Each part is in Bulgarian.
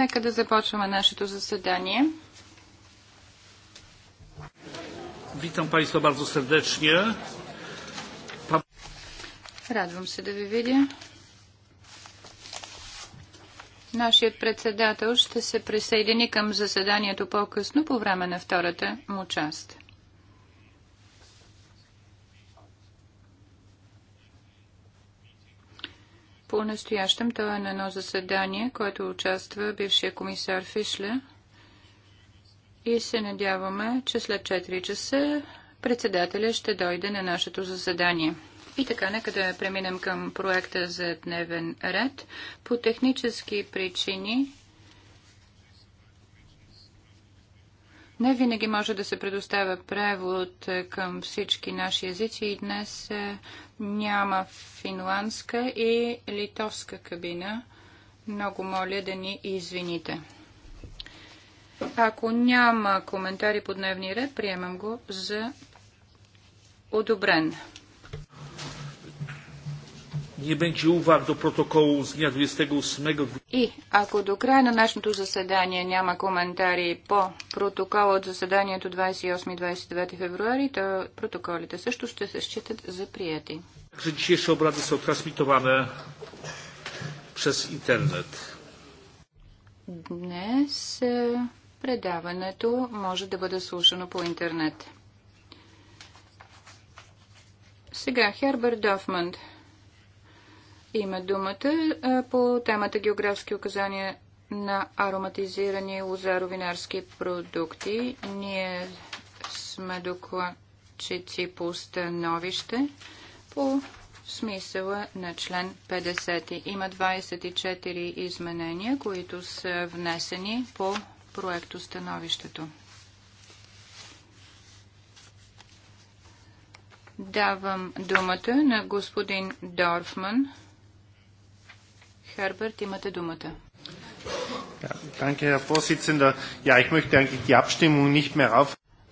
Нека да започваме нашето заседание. Witam Państwa bardzo serdecznie. Радвам се да ви видя. Нашият председател ще се присъедини към заседанието по-късно по време на втората му част. По-настоящем той е на едно заседание, което участва бившия комисар Фишле и се надяваме, че след 4 часа председателя ще дойде на нашето заседание. И така, нека да преминем към проекта за дневен ред. По технически причини Не винаги може да се предоставя превод е, към всички наши езици и днес е, няма финландска и литовска кабина. Много моля да ни извините. Ако няма коментари по дневния ред, приемам го за одобрен не będzie uwag do protokołu z dnia 28. И ако до края на нашето заседание няма коментари по протокола от заседанието 28-29 февруари, то протоколите също ще се считат за прияти. Dzisiejsze obrady są transmitowane przez интернет. Днес предаването може да бъде слушано по интернет. Сега Херберт Дофманд има думата по темата географски указания на ароматизирани лозаровинарски продукти. Ние сме докладчици по становище по смисъла на член 50. Има 24 изменения, които са внесени по проекто становището. Давам думата на господин Дорфман Herbert, имате думата.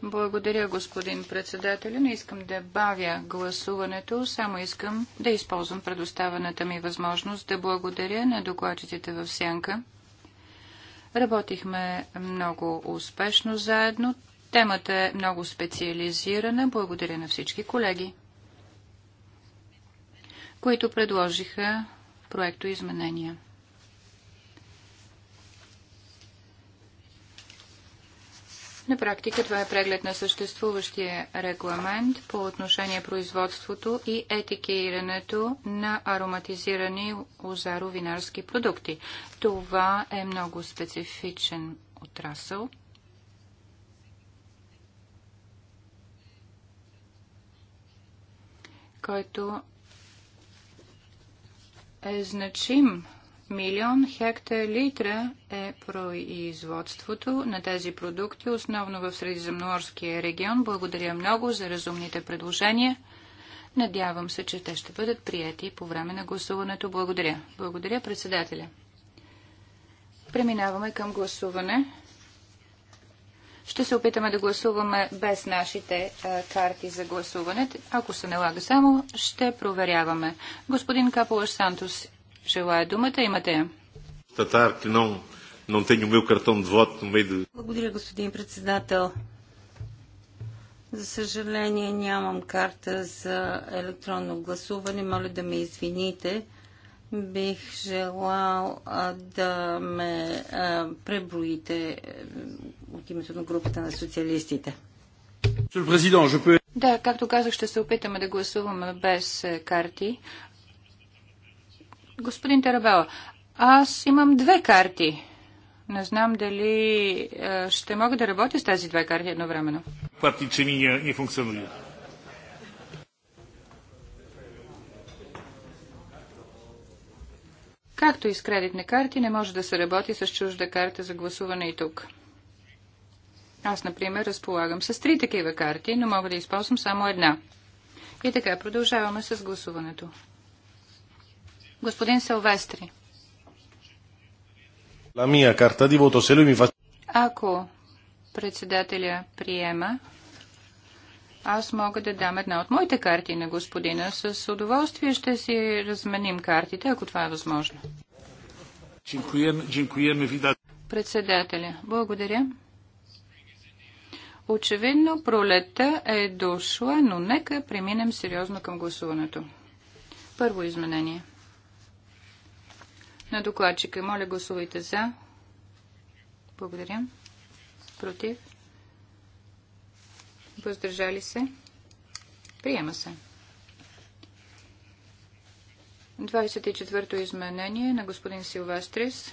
Благодаря, господин председател. Не искам да бавя гласуването, само искам да използвам предоставената ми възможност да благодаря на докладчиците в Сянка. Работихме много успешно заедно. Темата е много специализирана. Благодаря на всички колеги, които предложиха проекто изменения. На практика това е преглед на съществуващия регламент по отношение производството и етикирането на ароматизирани озаровинарски продукти. Това е много специфичен отрасъл. който е значим. Милион хектолитра е производството на тези продукти, основно в Средиземноморския регион. Благодаря много за разумните предложения. Надявам се, че те ще бъдат прияти по време на гласуването. Благодаря. Благодаря, председателя. Преминаваме към гласуване. Ще се опитаме да гласуваме без нашите карти за гласуване. Ако се налага само, ще проверяваме. Господин Капулаш Сантос, желая думата. Имате я. Благодаря, господин председател. За съжаление нямам карта за електронно гласуване. Моля да ме извините. Бих желал да ме преброите е, от името на групата на социалистите. Да, както казах, ще се опитаме да гласуваме без е, карти. Господин Тарабела, аз имам две карти. Не знам дали е, ще мога да работя с тези две карти едновременно. Партии, че ми не, функционират. Както и с кредитни карти, не може да се работи с чужда карта за гласуване и тук. Аз, например, разполагам с три такива карти, но мога да използвам само една. И така продължаваме с гласуването. Господин Селвестри, Ако председателя приема аз мога да дам една от моите карти на господина. С удоволствие ще си разменим картите, ако това е възможно. Председателя, благодаря. Очевидно пролетта е дошла, но нека преминем сериозно към гласуването. Първо изменение. На докладчика, моля гласувайте за. Благодаря. Против въздържали се, приема се. 24-то изменение на господин Силвастрис.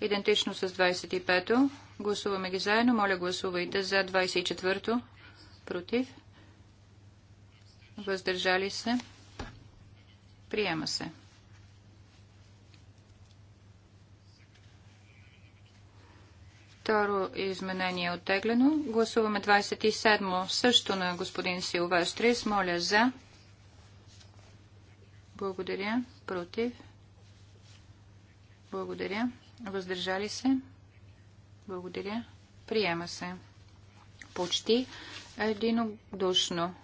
Идентично с 25-то. Гласуваме ги заедно. Моля, гласувайте за 24-то. Против. Въздържали се. Приема се. Второ изменение е оттеглено. Гласуваме 27-мо, също на господин Силвестрис. Моля за. Благодаря. Против. Благодаря. Въздържали се. Благодаря. Приема се. Почти единодушно.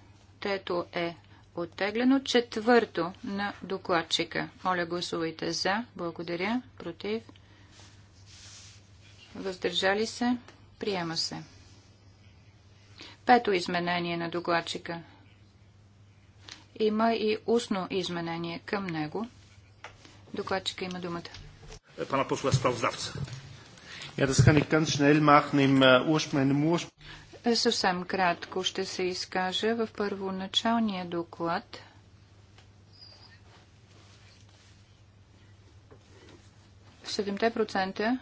Тето е оттеглено. Четвърто на докладчика. Моля, гласувайте за. Благодаря. Против въздържали се, приема се. Пето изменение на докладчика. Има и устно изменение към него. Докладчика има думата. Пана посла справздавца. Ja, das kann ich ganz schnell machen im äh, Ursprung. Е, съвсем кратко ще се изкажа в първоначалния доклад. Седемте процента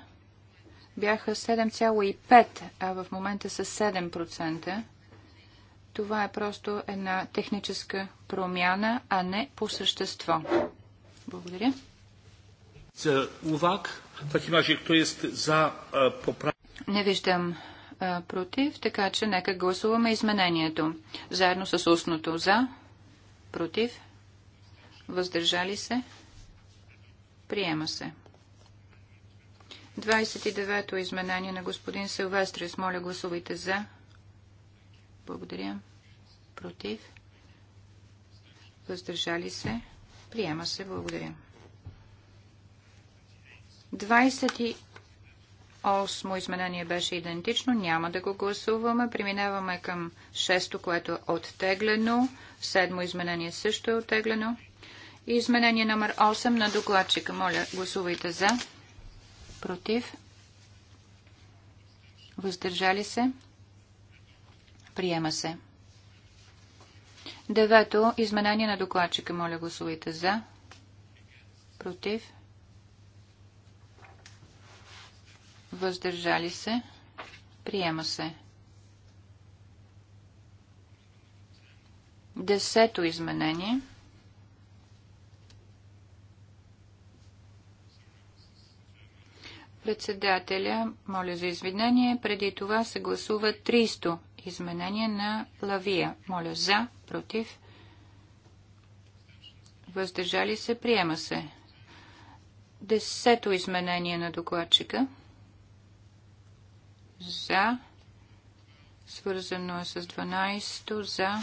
бяха 7,5, а в момента са 7%. Това е просто една техническа промяна, а не по същество. Благодаря. E, не виждам а, е, против, така че нека гласуваме изменението. Заедно с устното за, против, въздържали се, приема се. 29-то изменение на господин Силвестрис. Моля, гласувайте за. Благодаря. Против. Въздържали се. Приема се. Благодаря. 28 изменение беше идентично. Няма да го гласуваме. Преминаваме към 6, то което е оттеглено. 7 изменение също е оттеглено. изменение номер 8 на докладчика. Моля, гласувайте за против, въздържали се, приема се. Девето, изменение на докладчика. Моля гласувайте за, против, въздържали се, приема се. Десето изменение – Председателя, моля за извинение, преди това се гласува 300 изменения на лавия. Моля за, против, въздържали се, приема се. Десето изменение на докладчика. За. Свързано е с 12 за.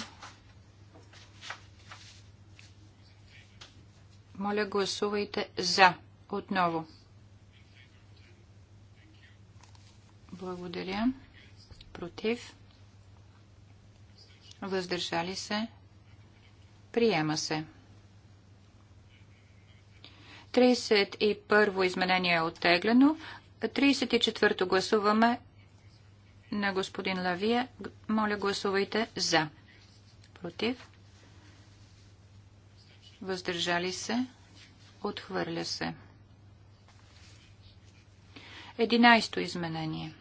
Моля, гласувайте за. Отново. Благодаря. Против. Въздържали се. Приема се. 31 во изменение е оттеглено. 34 то гласуваме на господин Лавия. Моля, гласувайте за. Против. Въздържали се. Отхвърля се. 11 изменение.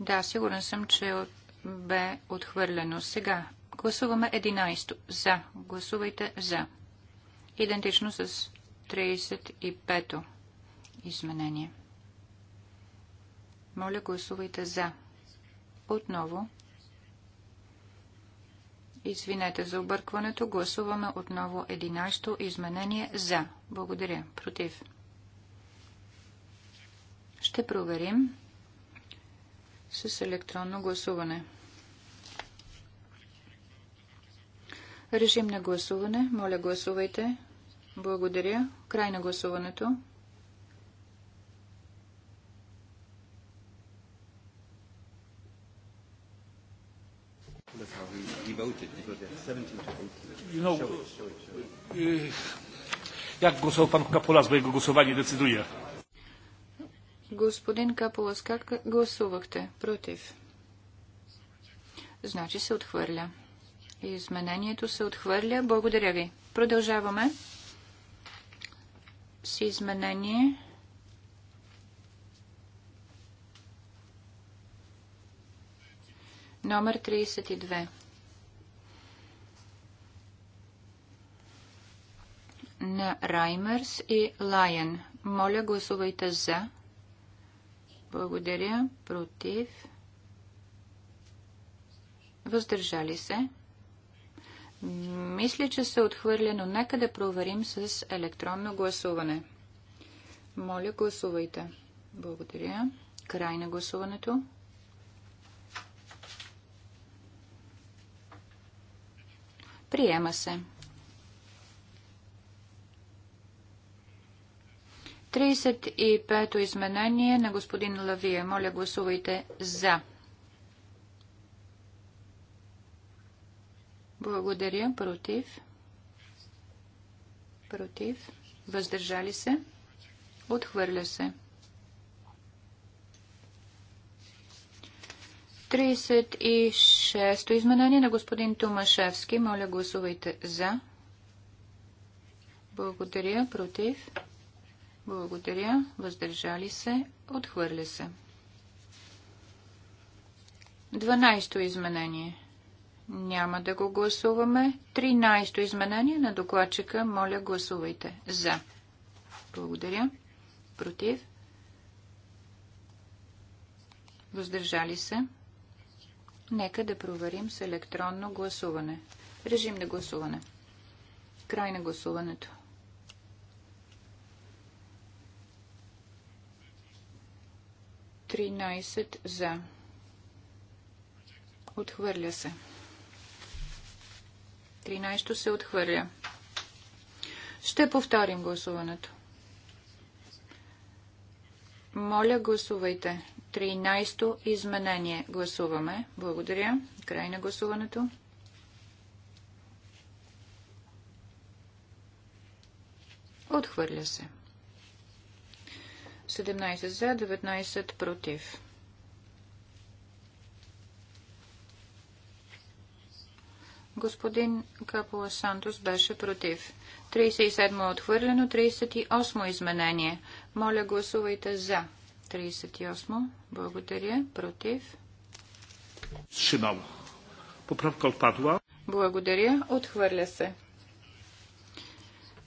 Да, сигурен съм, че бе отхвърлено. Сега гласуваме 11. За. Гласувайте за. Идентично с 35-то изменение. Моля, гласувайте за. Отново. Извинете за объркването. Гласуваме отново 11-то изменение за. Благодаря. Против. Ще проверим с електронно гласуване. Режим на гласуване. Моля, гласувайте. Благодаря. Край на гласуването. jak głosował pan Kapola, bo jego głosowanie decyduje. Господин Каполас, как гласувахте? Против. Значи се отхвърля. Изменението се отхвърля. Благодаря ви. Продължаваме с изменение. Номер 32. На Раймерс и Лайен. Моля, гласувайте за. Благодаря. Против. Въздържали се. Мисля, че се е отхвърля, но нека да проверим с електронно гласуване. Моля, гласувайте. Благодаря. Край на гласуването. Приема се. 35-то изменение на господин Лавия. Моля, гласувайте за. Благодаря. Против. Против. Въздържали се. Отхвърля се. 36-то изменение на господин Томашевски. Моля, гласувайте за. Благодаря. Против. Благодаря. Въздържали се. Отхвърля се. 12-то изменение. Няма да го гласуваме. 13-то изменение на докладчика. Моля, гласувайте. За. Благодаря. Против. Въздържали се. Нека да проверим с електронно гласуване. Режим на гласуване. Край на гласуването. 13 за. Отхвърля се. 13 то се отхвърля. Ще повторим гласуването. Моля, гласувайте. 13-то изменение. Гласуваме. Благодаря. Край на гласуването. Отхвърля се. 17 за, 19 против. Господин Капола Сантос беше против. 37 отхвърлено, 38 изменение. Моля, гласувайте за. 38. Благодаря. Против. Сшимал. Поправка отпадла. Благодаря. Отхвърля се.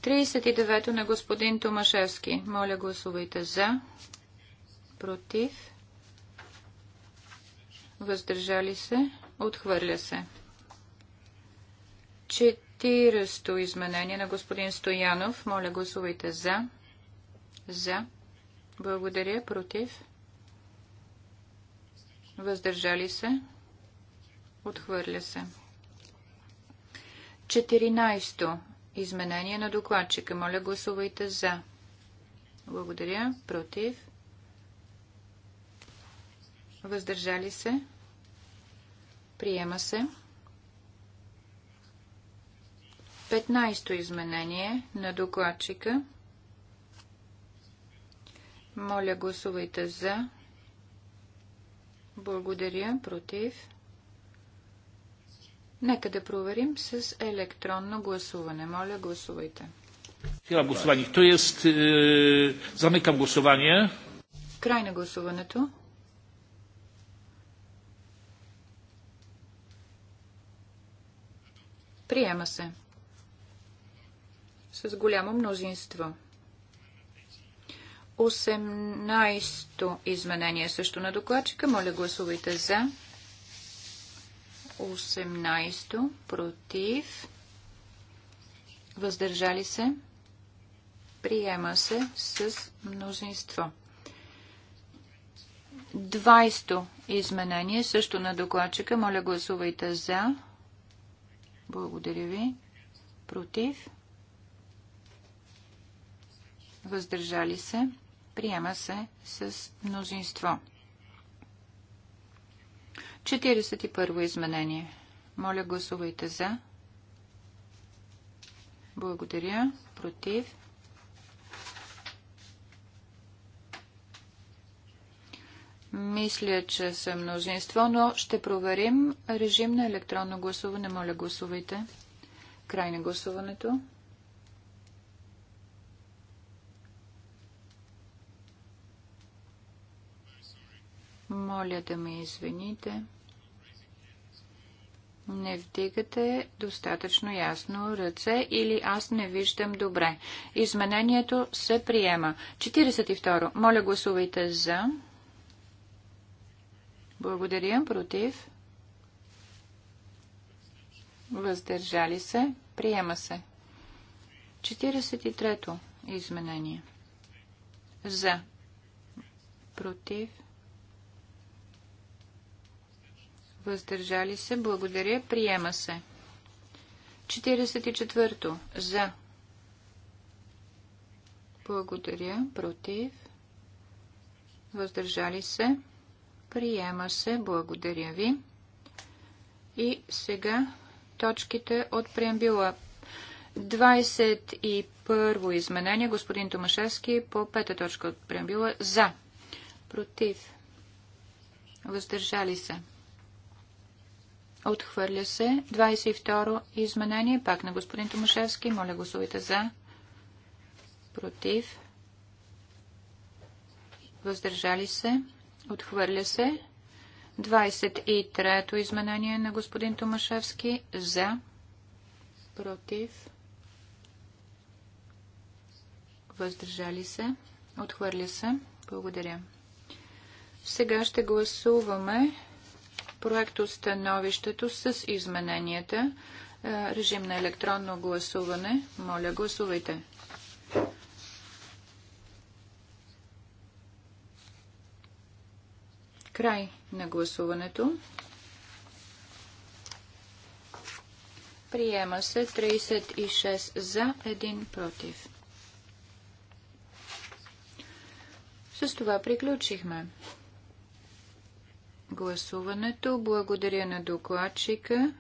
39 на господин Томашевски. Моля, гласувайте за. Против. Въздържали се. Отхвърля се. 40 изменение на господин Стоянов. Моля, гласувайте за. За. Благодаря. Против. Въздържали се. Отхвърля се. 14. Изменение на докладчика. Моля, гласувайте за. Благодаря. Против. Въздържали се. Приема се. 15-то изменение на докладчика. Моля, гласувайте за. Благодаря. Против. Нека да проверим с електронно гласуване. Моля, гласувайте. Хила гласуване. То е, замикам гласуване. Край на гласуването. Приема се. С голямо мнозинство. 18-то изменение също на докладчика. Моля гласувайте за. 18 против, въздържали се, приема се с мнозинство. 20 изменение, също на докладчика. Моля, гласувайте за. Благодаря ви. Против. Въздържали се. Приема се с мнозинство. 41 изменение. Моля, гласувайте за. Благодаря. Против. Мисля, че съм мнозинство, но ще проверим режим на електронно гласуване. Моля, гласувайте. Край на гласуването. Моля да ме извините. Не вдигате достатъчно ясно ръце или аз не виждам добре. Изменението се приема. 42. Моля гласувайте за. Благодаря. Против. Въздържали се. Приема се. 43-то изменение. За. Против. въздържали се, благодаря, приема се. 44. За. Благодаря, против, въздържали се, приема се, благодаря ви. И сега точките от преамбила. 21 изменение, господин Томашевски, по пета точка от преамбила. За. Против. Въздържали се. Отхвърля се. 22 изменение. Пак на господин Томашевски. Моля гласувайте за. Против. Въздържали се. Отхвърля се. 23-то изменение на господин Томашевски. За. Против. Въздържали се. Отхвърля се. Благодаря. Сега ще гласуваме проект становището с измененията. Е, режим на електронно гласуване. Моля, гласувайте. Край на гласуването. Приема се 36 за, 1 против. С това приключихме гласуването. Благодаря на докладчика.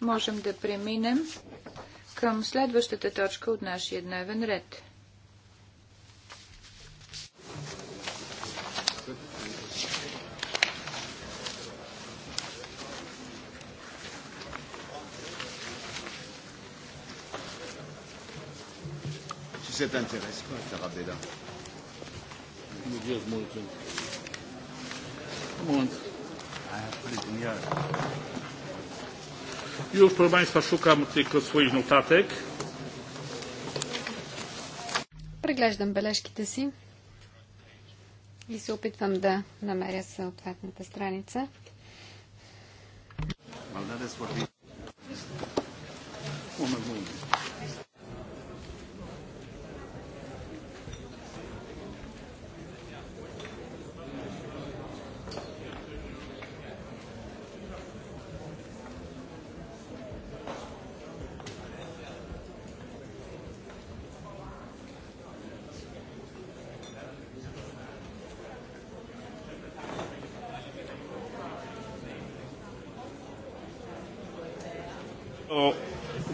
Можем да преминем към следващата точка от нашия дневен ред. Si Już, proszę Państwa, szukam tylko swoich notatek. Преглеждам бележките си и се опитвам да намеря съответната страница. Well, that is what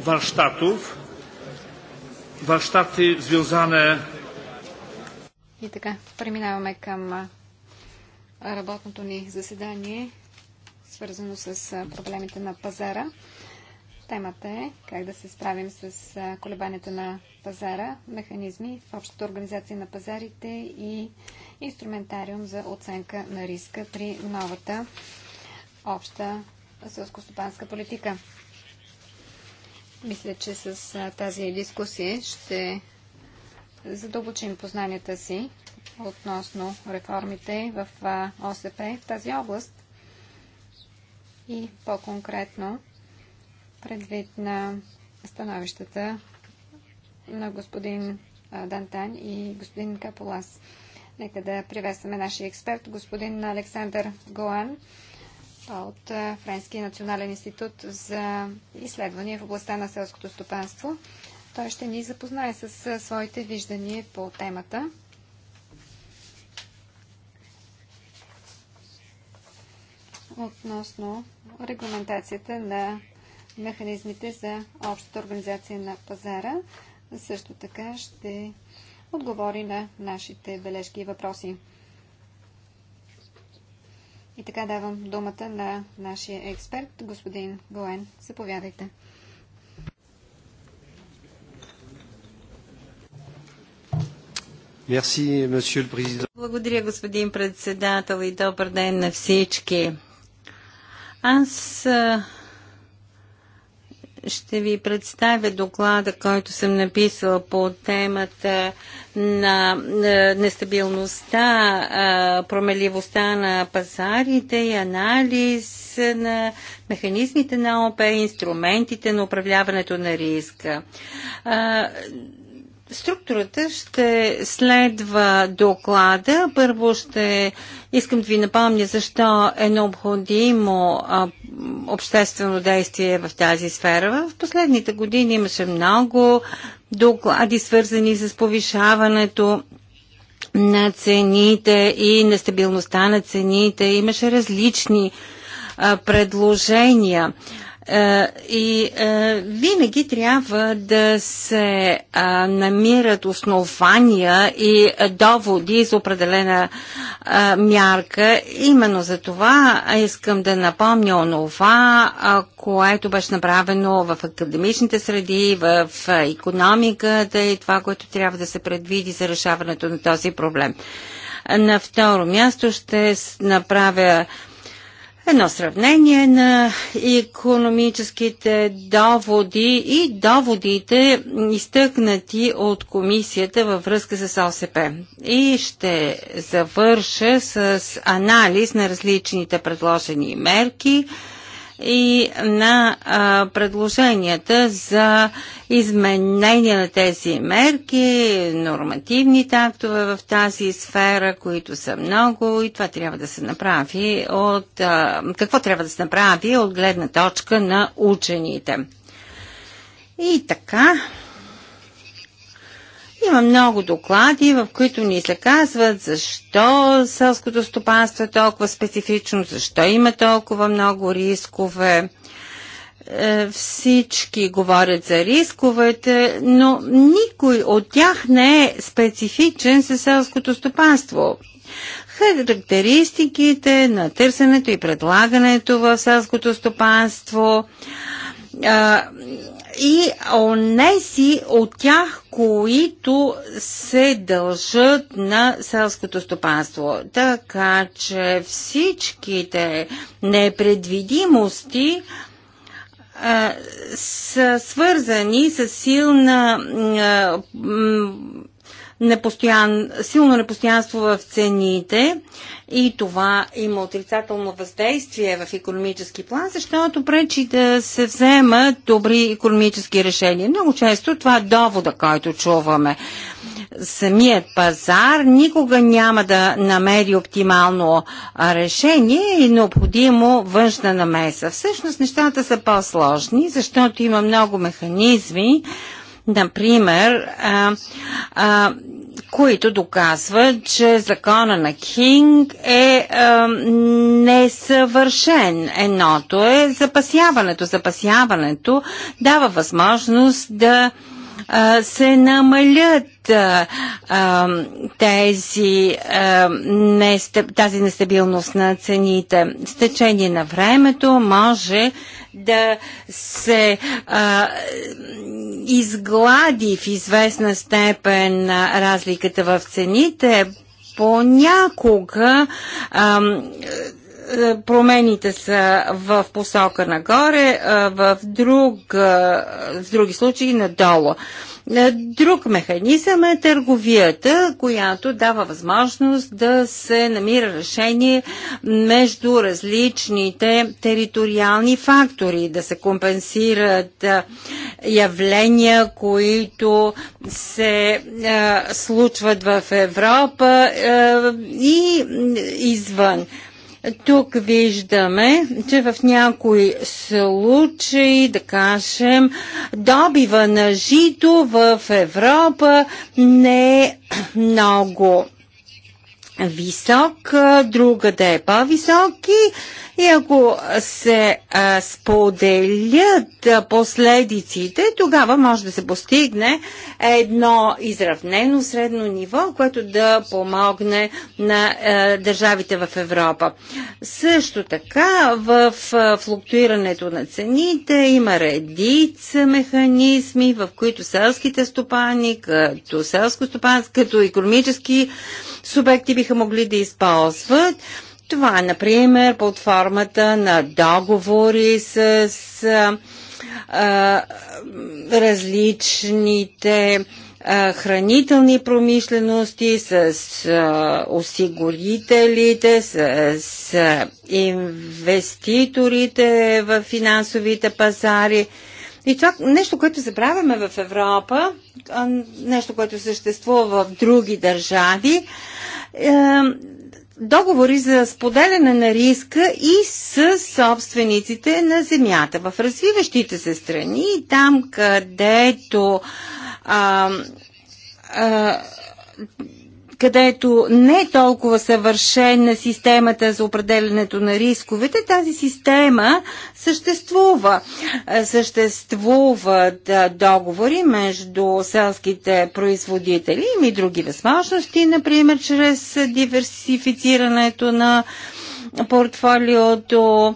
warsztatów, warsztaty związane. И така, преминаваме към работното ни заседание, свързано с проблемите на пазара. Темата е как да се справим с колебанията на пазара, механизми в общата организация на пазарите и инструментариум за оценка на риска при новата обща селскостопанска политика. Мисля, че с а, тази дискусия ще задълбочим познанията си относно реформите в а, ОСП в тази област и по-конкретно предвид на становищата на господин а, Дантан и господин Каполас. Нека да приветстваме нашия експерт, господин Александър Гоан от е, Френския национален институт за изследвания в областта на селското стопанство. Той ще ни запознае с е, своите виждания по темата. относно регламентацията на механизмите за общата организация на пазара. Също така ще отговори на нашите бележки и въпроси. И така давам думата на нашия експерт, господин Гоен. Заповядайте. Благодаря, господин председател и добър ден на всички. Аз ще ви представя доклада, който съм написала по темата на нестабилността, промеливостта на пазарите и анализ на механизмите на ОП, инструментите на управляването на риска. Структурата ще следва доклада. Първо ще искам да ви напомня защо е необходимо обществено действие в тази сфера. В последните години имаше много доклади, свързани с повишаването на цените и нестабилността на цените. Имаше различни предложения. Е, и е, винаги трябва да се намират основания и доводи за определена мярка. Именно за това искам да напомня онова, което беше направено в академичните среди, в економиката и това, което трябва да се предвиди за решаването на този проблем. На второ място ще направя едно сравнение на економическите доводи и доводите изтъкнати от комисията във връзка с ОСП. И ще завърша с анализ на различните предложени мерки – и на а, предложенията за изменение на тези мерки, нормативните актове в тази сфера, които са много и това трябва да се направи от... А, какво трябва да се направи от гледна точка на учените. И така, има много доклади, в които ни се казват защо селското стопанство е толкова специфично, защо има толкова много рискове. Е, всички говорят за рисковете, но никой от тях не е специфичен за селското стопанство характеристиките на търсенето и предлагането в селското стопанство, и онези от тях, които се дължат на селското стопанство. Така че всичките непредвидимости а, са свързани с силна а, непостоян, силно непостоянство в цените и това има отрицателно въздействие в економически план, защото пречи да се вземат добри економически решения. Много често това е довода, който чуваме. Самият пазар никога няма да намери оптимално решение и необходимо външна намеса. Всъщност нещата са по-сложни, защото има много механизми, например, а, а, които доказват, че закона на Кинг е а, несъвършен. Едното е запасяването. Запасяването дава възможност да се намалят а, а, тези, а, нестъп, тази нестабилност на цените. С течение на времето може да се а, изглади в известна степен разликата в цените, понякога а, е, промените са в посока нагоре, е, в, друг, в е, други случаи надолу. Друг механизъм е търговията, която дава възможност да се намира решение между различните териториални фактори, да се компенсират явления, които се е, случват в Европа е, и извън. Тук виждаме, че в някои случаи, да кажем, добива на жито в Европа не е много висок, другата е по-висок и, и ако се а, споделят а, последиците, тогава може да се постигне едно изравнено средно ниво, което да помогне на а, държавите в Европа. Също така в а, флуктуирането на цените има редица механизми, в които селските стопани, като селско стопан, като економически субекти биха могли да използват. Това е, например, под формата на договори с, а, различните а, хранителни промишлености, с а, осигурителите, с, с инвеститорите в финансовите пазари. И това нещо, което забравяме в Европа, нещо, което съществува в други държави, е, договори за споделяне на риска и с собствениците на земята. В развиващите се страни, там където е, е, където не е толкова съвършена системата за определенето на рисковете, тази система съществува. Съществуват договори между селските производители и други възможности, например, чрез диверсифицирането на портфолиото,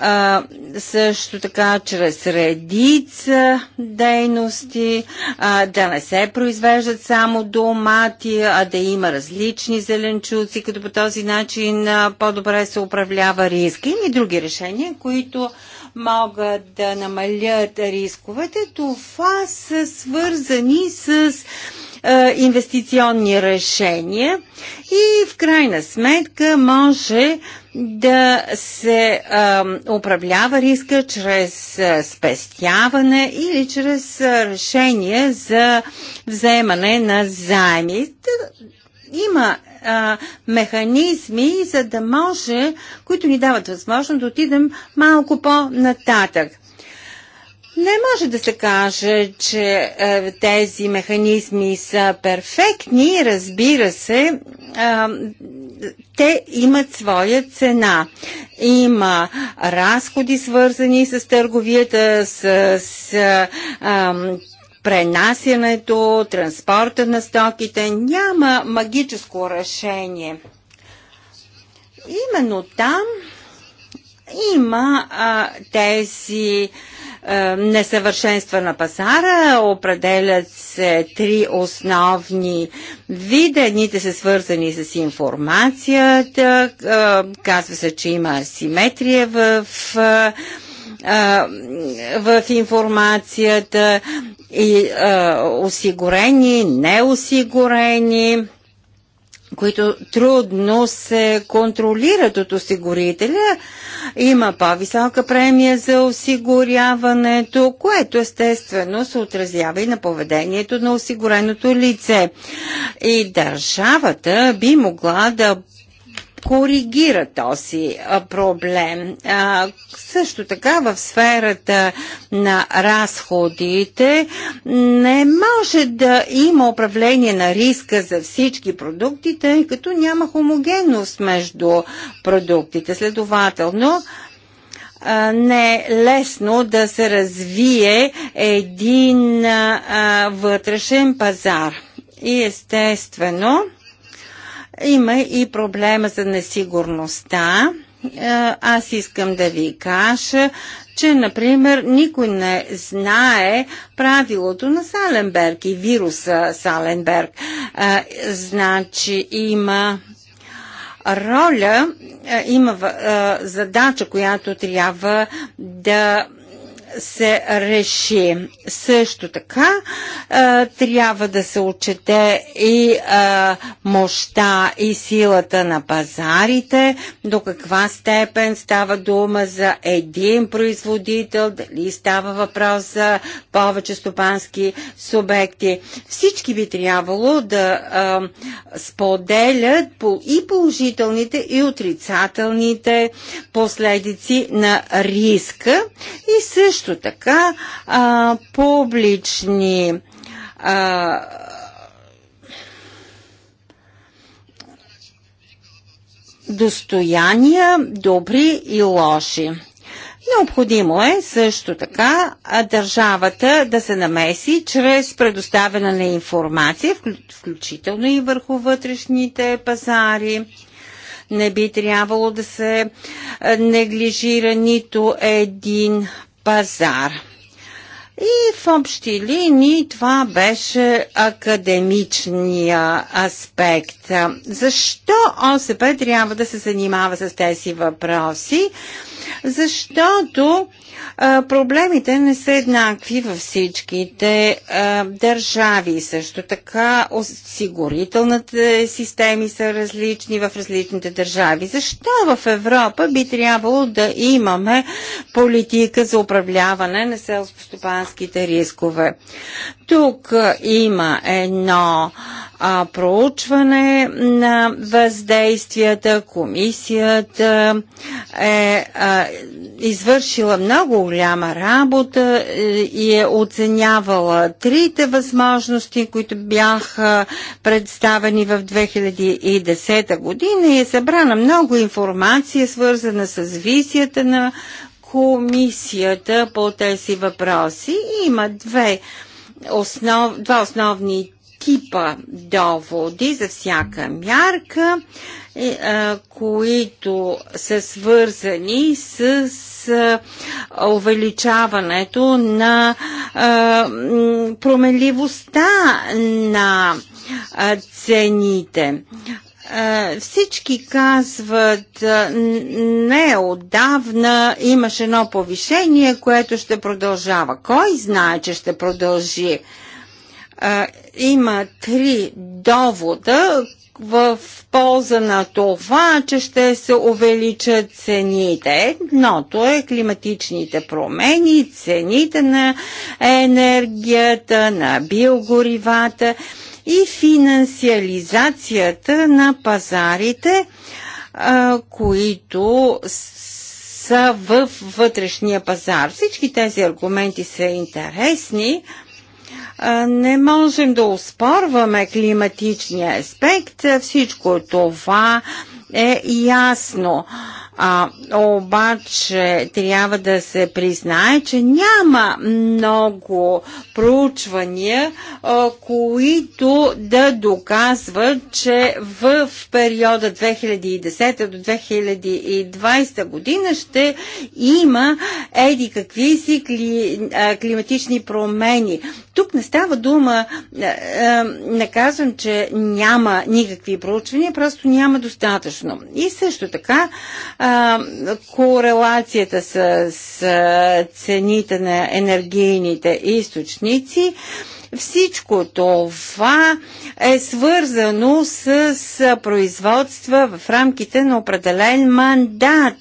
а, също така чрез редица дейности, а, да не се произвеждат само домати, а да има различни зеленчуци, като по този начин по-добре се управлява риска. Има и други решения, които могат да намалят рисковете. Това са свързани с е, инвестиционни решения и в крайна сметка може да се а, е, управлява риска чрез е, спестяване или чрез решение за вземане на заеми. Има а, механизми, за да може, които ни дават възможност да отидем малко по-нататък. Не може да се каже, че е, тези механизми са перфектни, разбира се, е, те имат своя цена. Има разходи свързани с търговията, с, с е, пренасянето, транспорта на стоките. Няма магическо решение. Именно там има а, тези а, е, несъвършенства на пазара. Определят се три основни вида. Едните са свързани с информацията. Е, казва се, че има симетрия в е, в информацията и а, осигурени, неосигурени които трудно се контролират от осигурителя. Има по-висока премия за осигуряването, което естествено се отразява и на поведението на осигуреното лице. И държавата би могла да коригира този проблем. също така в сферата на разходите не може да има управление на риска за всички продукти, тъй като няма хомогенност между продуктите. Следователно, не е лесно да се развие един вътрешен пазар. И естествено, има и проблема за несигурността. Е, аз искам да ви кажа, че, например, никой не знае правилото на Саленберг и вируса Саленберг. Е, значи има роля, е, има задача, която трябва да се реши. Също така а, трябва да се отчете и а, мощта и силата на пазарите, до каква степен става дума за един производител, дали става въпрос за повече стопански субекти. Всички би трябвало да а, споделят по и положителните, и отрицателните последици на риска и също също така а, публични а, достояния, добри и лоши. Необходимо е също така държавата да се намеси чрез предоставяне на информация, включително и върху вътрешните пазари. Не би трябвало да се неглижира нито един пазар. И в общи линии това беше академичния аспект. Защо ОСП трябва да се занимава с тези въпроси? защото а, проблемите не са еднакви във всичките а, държави. Също така осигурителните системи са различни в различните държави. Защо в Европа би трябвало да имаме политика за управляване на селско селско-стопанските рискове? Тук има едно а, проучване на въздействията. Комисията е а, извършила много голяма работа е, и е оценявала трите възможности, които бяха представени в 2010 година и е събрана много информация, свързана с визията на комисията по тези въпроси. има две основ, два основни типа доводи за всяка мярка, е, които са свързани с увеличаването на променливостта на цените всички казват, не отдавна имаш едно повишение, което ще продължава. Кой знае, че ще продължи? а, има три довода в полза на това, че ще се увеличат цените. Едното е климатичните промени, цените на енергията, на биогоривата и финансиализацията на пазарите, а, които са в вътрешния пазар. Всички тези аргументи са интересни. А, не можем да успорваме климатичния аспект. Всичко това е ясно. А, обаче трябва да се признае, че няма много проучвания, а, които да доказват, че в периода 2010 до 2020 година ще има еди какви си кли, а, климатични промени. Тук не става дума, а, а, не казвам, че няма никакви проучвания, просто няма достатъчно. И също така, а, корелацията с, с цените на енергийните източници. Всичко това е свързано с производства в рамките на определен мандат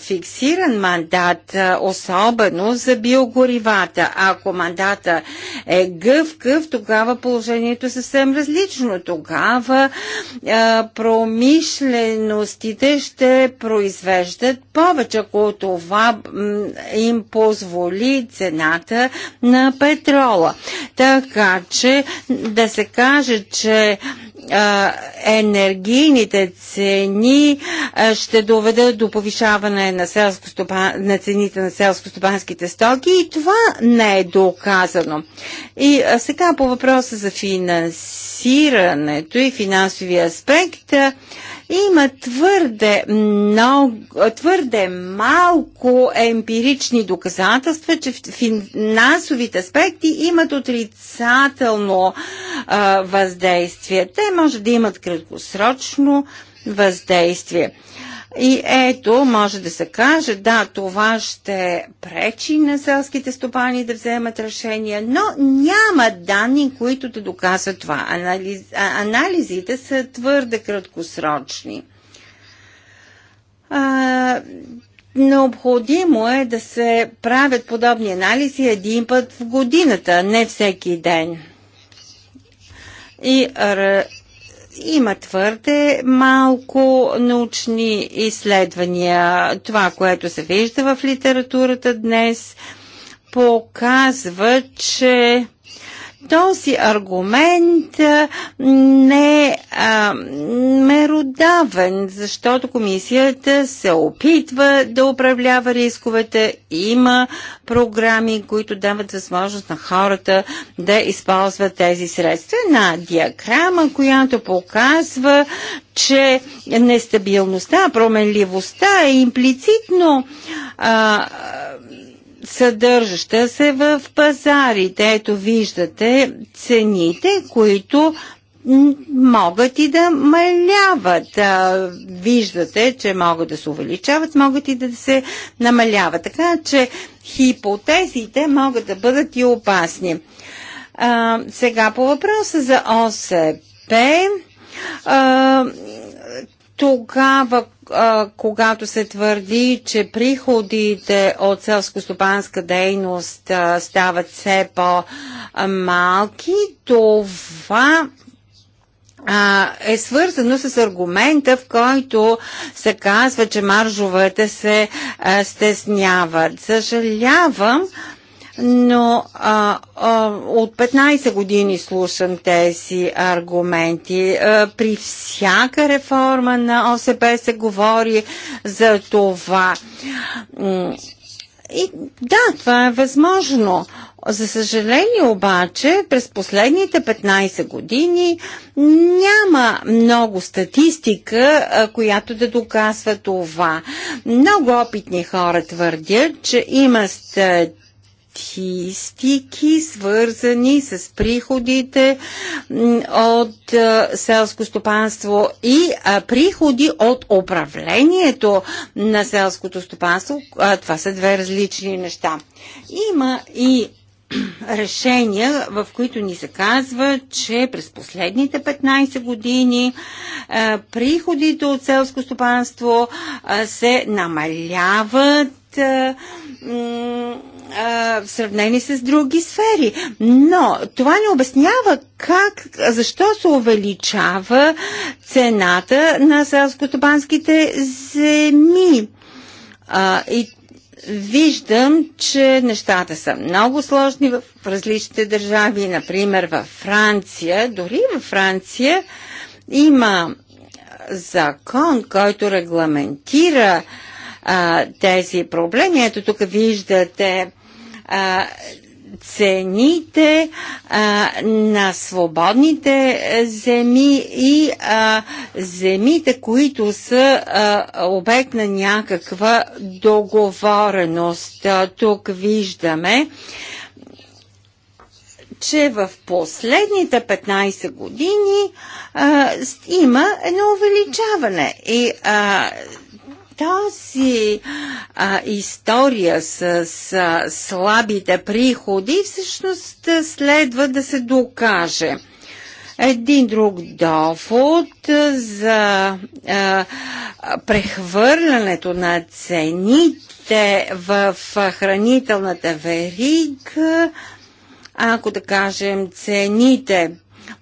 фиксиран мандат, особено за биогоривата. Ако мандата е гъвкъв, тогава положението е съвсем различно. Тогава промишленостите ще произвеждат повече, ако това им позволи цената на петрола. Така че да се каже, че енергийните цени ще доведат до повишението повишаване на, на цените на селско-стопанските стоки и това не е доказано. И сега по въпроса за финансирането и финансовия аспект има твърде, много, твърде малко емпирични доказателства, че финансовите аспекти имат отрицателно а, въздействие. Те може да имат краткосрочно въздействие. И ето, може да се каже, да, това ще пречи на селските стопани да вземат решения, но няма данни, които да доказват това. Анализ, а, анализите са твърде краткосрочни. А, необходимо е да се правят подобни анализи един път в годината, не всеки ден. И има твърде малко научни изследвания. Това, което се вижда в литературата днес, показва, че този аргумент не е меродавен, защото комисията се опитва да управлява рисковете. Има програми, които дават възможност на хората да използват тези средства. На диаграма, която показва, че нестабилността, променливостта е имплицитно а, съдържаща се в пазарите. Ето виждате цените, които могат и да маляват. Виждате, че могат да се увеличават, могат и да се намаляват. Така че хипотезите могат да бъдат и опасни. А, сега по въпроса за ОСП. А, тогава когато се твърди, че приходите от селско-стопанска дейност стават все по-малки, това е свързано с аргумента, в който се казва, че маржовете се стесняват. Съжалявам, но а, а, от 15 години слушам тези аргументи. А, при всяка реформа на ОСП се говори за това. И да, това е възможно. За съжаление обаче, през последните 15 години няма много статистика, която да доказва това. Много опитни хора твърдят, че има статистика статистики, свързани с приходите от селско стопанство и приходи от управлението на селското стопанство. Това са две различни неща. Има и решения, в които ни се казва, че през последните 15 години приходите от селско стопанство се намаляват а, в сравнение с други сфери. Но това не обяснява как, защо се увеличава цената на селскостопанските земи. А, и виждам, че нещата са много сложни в различните държави. Например, във Франция, дори във Франция има закон, който регламентира а, тези проблеми. Ето тук виждате а, цените а, на свободните е, земи и а, земите, които са а, обект на някаква договореност. тук виждаме че в последните 15 години а, има едно увеличаване и а, тази а, история с, с слабите приходи всъщност следва да се докаже. Един друг довод за а, прехвърлянето на цените в хранителната верига, ако да кажем цените,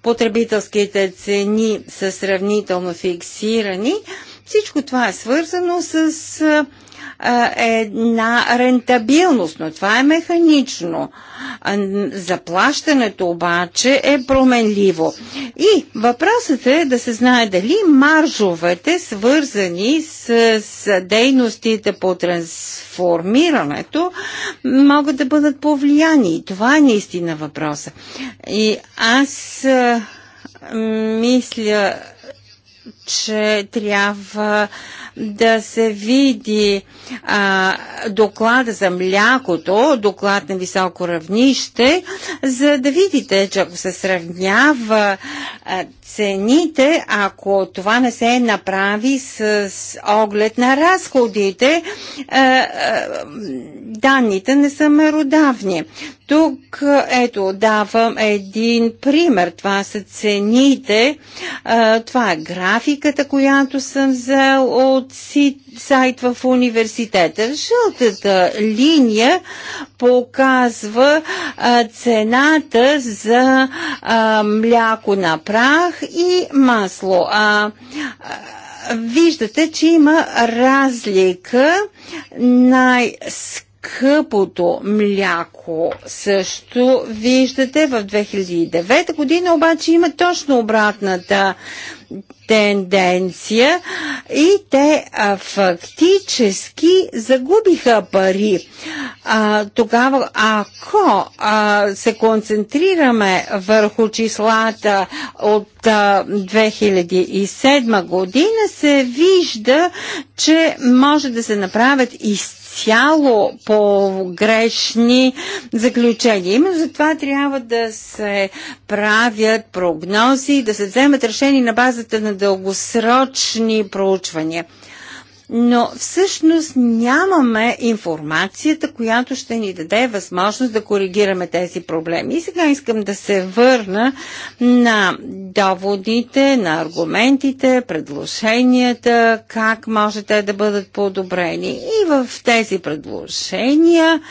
потребителските цени са сравнително фиксирани, всичко това е свързано с една рентабилност, но това е механично. Заплащането обаче е променливо. И въпросът е да се знае дали маржовете, свързани с, с дейностите по трансформирането, могат да бъдат повлияни. И това е наистина въпроса. И аз мисля, че трябва да се види а, доклада за млякото, доклад на високо равнище, за да видите, че ако се сравнява а, цените, ако това не се направи с, с оглед на разходите, а, а, данните не са меродавни. Тук, ето, давам един пример. Това са цените, а, това е график, статистиката, която съм взел от сайт в университета. Жълтата линия показва а, цената за а, мляко на прах и масло. А, а виждате, че има разлика най-скъпо къпото мляко също виждате в 2009 година, обаче има точно обратната тенденция и те а, фактически загубиха пари. А, тогава, ако а, се концентрираме върху числата от а, 2007 година, се вижда, че може да се направят изцелени изцяло погрешни заключения. Именно за това трябва да се правят прогнози и да се вземат решения на базата на дългосрочни проучвания но всъщност нямаме информацията, която ще ни даде възможност да коригираме тези проблеми. И сега искам да се върна на доводите, на аргументите, предложенията, как може те да бъдат подобрени. И в тези предложения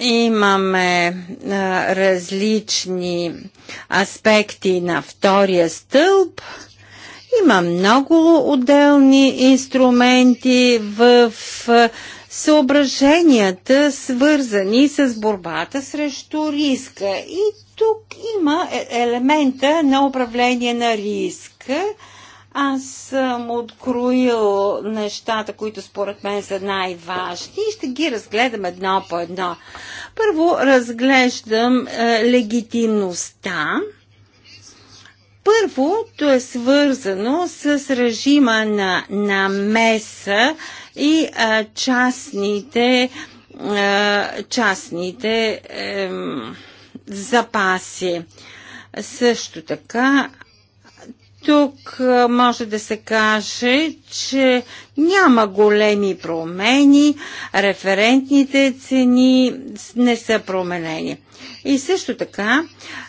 имаме а, различни аспекти на втория стълб – има много отделни инструменти в съображенията, свързани с борбата срещу риска. И тук има е, елемента на управление на риска. Аз съм откроил нещата, които според мен са най-важни и ще ги разгледам едно по едно. Първо разглеждам е, легитимността Първото е свързано с режима на намеса и а, частните, а, частните а, запаси. Също така тук може да се каже, че няма големи промени, референтните цени не са променени. И също така,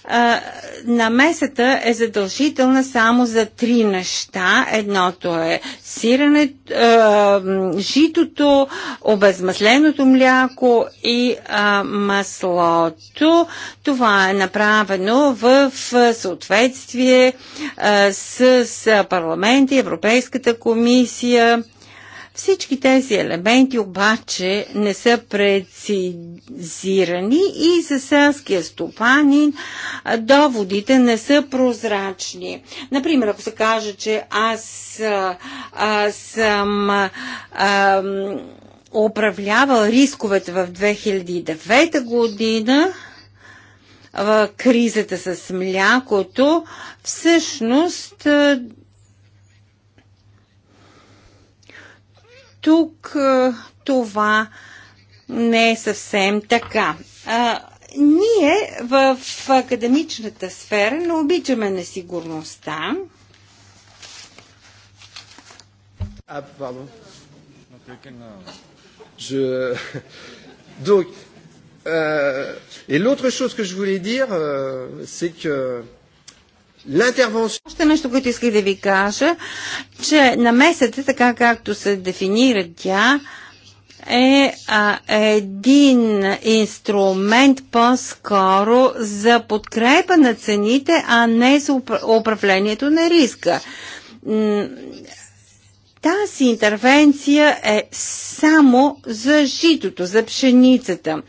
а, намесата е задължителна само за три неща. Едното е сирене, житото, обезмасленото мляко и а, маслото. Това е направено в съответствие а, с парламент и Европейската комисия всички тези елементи обаче не са прецизирани и за селския стопанин доводите не са прозрачни. Например, ако се каже, че аз, а, съм а, управлявал рисковете в 2009 година, кризата с млякото, всъщност Тук това не е съвсем така. А, ние в академичната сфера не обичаме несигурността. А, пардон. Je... Donc, euh, et l'autre chose que je voulais dire, euh, c'est que още нещо, което исках да ви кажа, че намесата, така както се дефинира тя, е а, един инструмент по-скоро за подкрепа на цените, а не за управлението на риска. Тази интервенция е само за житото, за пшеницата.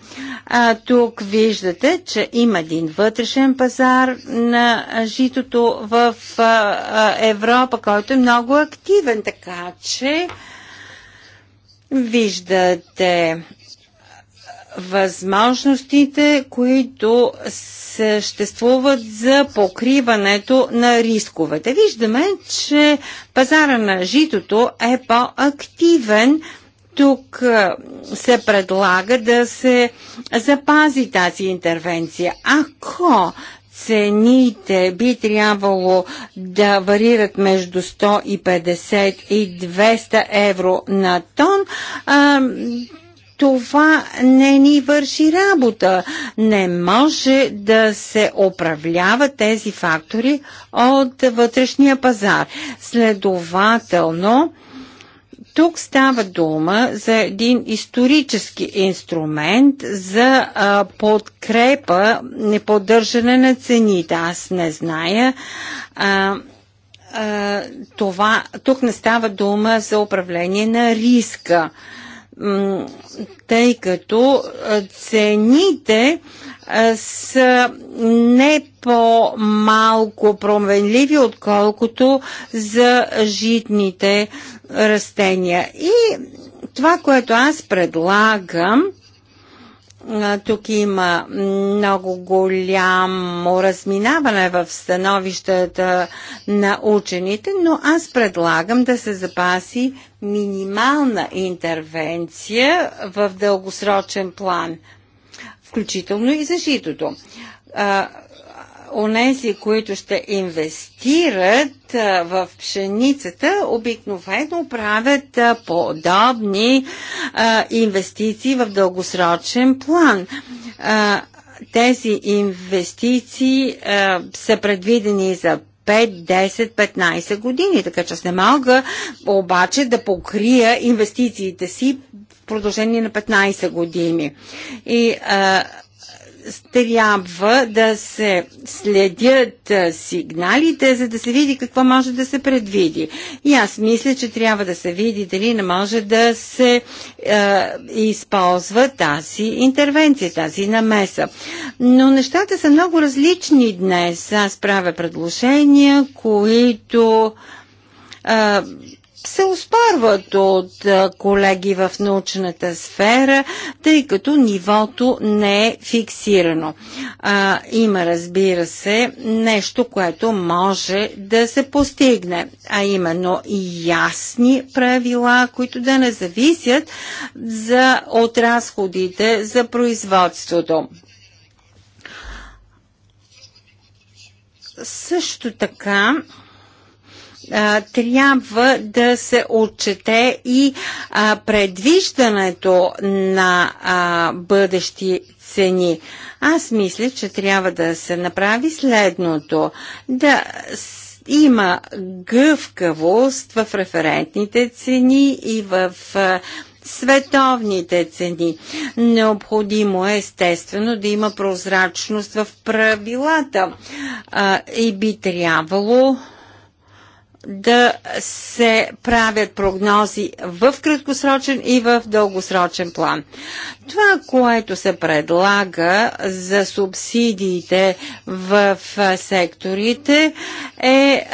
А, тук виждате, че има един вътрешен пазар на житото в а, а, Европа, който е много активен, така че виждате възможностите, които съществуват за покриването на рисковете. Виждаме, че пазара на житото е по-активен. Тук се предлага да се запази тази интервенция. Ако цените би трябвало да варират между 150 и 200 евро на тон, това не ни върши работа. Не може да се управляват тези фактори от вътрешния пазар. Следователно, тук става дума за един исторически инструмент за а, подкрепа, неподдържане на цените. Аз не зная. А, а, това, тук не става дума за управление на риска. А, тъй като цените са не по-малко променливи, отколкото за житните растения. И това, което аз предлагам, тук има много голямо разминаване в становищата на учените, но аз предлагам да се запаси минимална интервенция в дългосрочен план, включително и за житото онези, които ще инвестират в пшеницата, обикновено правят подобни инвестиции в дългосрочен план тези инвестиции са предвидени за 5, 10, 15 години, така че аз не мога обаче да покрия инвестициите си в продължение на 15 години. И а, трябва да се следят сигналите, за да се види какво може да се предвиди. И аз мисля, че трябва да се види дали не може да се е, използва тази интервенция, тази намеса. Но нещата са много различни днес. Аз правя предложения, които е, се оспорват от колеги в научната сфера, тъй като нивото не е фиксирано. А, има, разбира се, нещо, което може да се постигне, а именно ясни правила, които да не зависят за, от разходите за производството. Също така, трябва да се отчете и предвиждането на бъдещи цени. Аз мисля, че трябва да се направи следното. Да има гъвкавост в референтните цени и в световните цени. Необходимо е естествено да има прозрачност в правилата а, и би трябвало да се правят прогнози в краткосрочен и в дългосрочен план. Това, което се предлага за субсидиите в секторите е,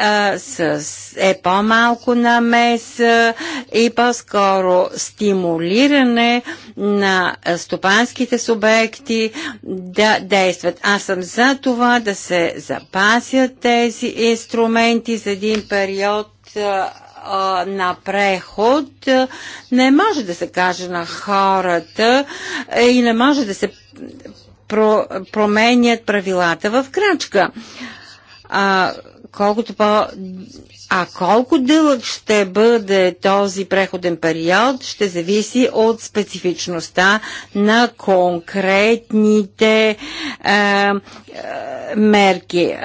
е по-малко намеса и по-скоро стимулиране на стопанските субекти да действат. Аз съм за това да се запасят тези инструменти за един период период на преход не може да се каже на хората е, и не може да се променят правилата в крачка колкото по... А колко дълъг ще бъде този преходен период, ще зависи от специфичността на конкретните е, е, мерки. Е,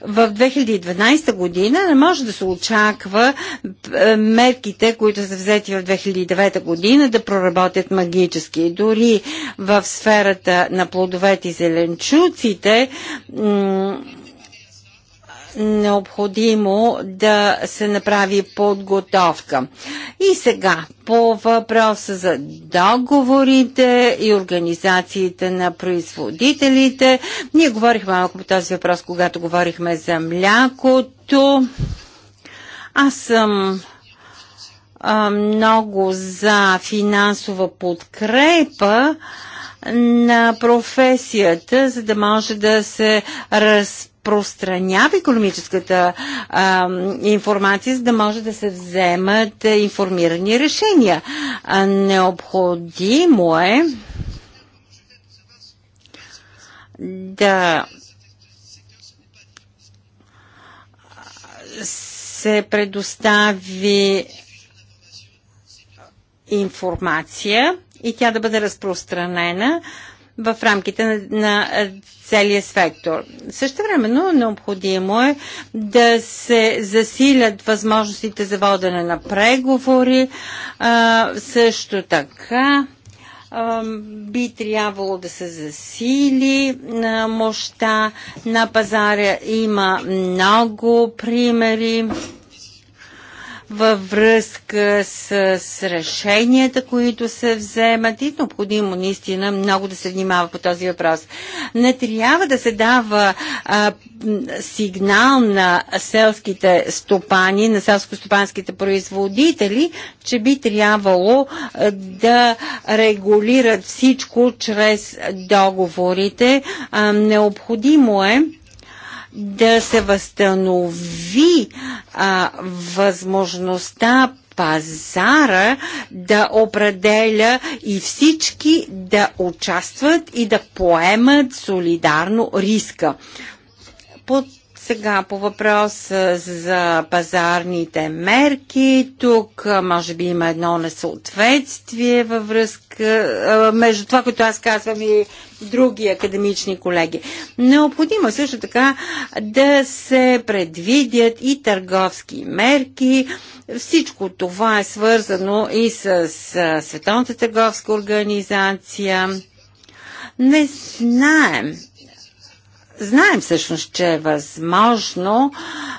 в 2012 година не може да се очаква е, мерките, които са взети в 2009 година, да проработят магически. Дори в сферата на плодовете и зеленчуците необходимо да се направи подготовка. И сега по въпроса за договорите и организациите на производителите. Ние говорихме малко по този въпрос, когато говорихме за млякото. Аз съм а, много за финансова подкрепа на професията, за да може да се разпространява економическата а, информация, за да може да се вземат информирани решения. А, необходимо е да се предостави информация и тя да бъде разпространена в рамките на, на целия сектор. Също времено необходимо е да се засилят възможностите за водене на преговори. А, също така а, би трябвало да се засили на мощта на пазара. Има много примери във връзка с, с решенията, които се вземат и необходимо наистина много да се внимава по този въпрос. Не трябва да се дава а, сигнал на селските стопани, на селско-стопанските производители, че би трябвало да регулират всичко чрез договорите. А, необходимо е да се възстанови а, възможността пазара да определя и всички да участват и да поемат солидарно риска. Под сега по въпрос за пазарните мерки, тук може би има едно несъответствие във връзка между това, което аз казвам и други академични колеги. Необходимо е също така да се предвидят и търговски мерки. Всичко това е свързано и с Световната търговска организация. Не знаем Знаем всъщност, че е възможно,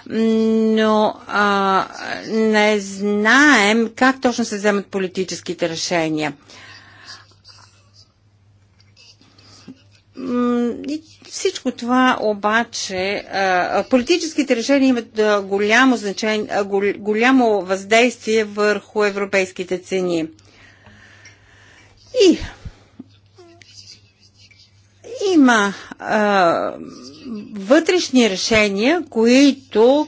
но а, не знаем как точно се вземат политическите решения. И всичко това обаче, политическите решения имат голямо, значение, голямо въздействие върху европейските цени. И има а, вътрешни решения, които а,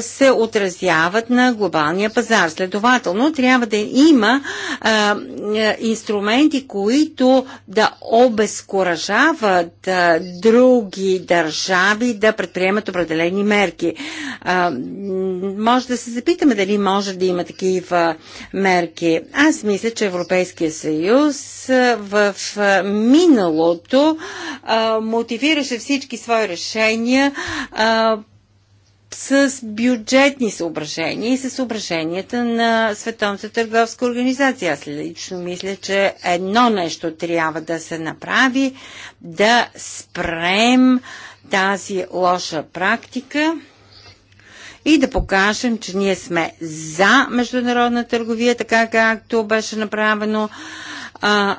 се отразяват на глобалния пазар. Следователно, трябва да има а, е, инструменти, които да обезкуражават а, други държави да предприемат определени мерки. А, може да се запитаме дали може да има такива мерки. Аз мисля, че Европейския съюз в миналото а, мотивираше всички свои решения а, с бюджетни съображения и с съображенията на Световната търговска организация. Аз лично мисля, че едно нещо трябва да се направи, да спрем тази лоша практика и да покажем, че ние сме за международна търговия, така както беше направено а,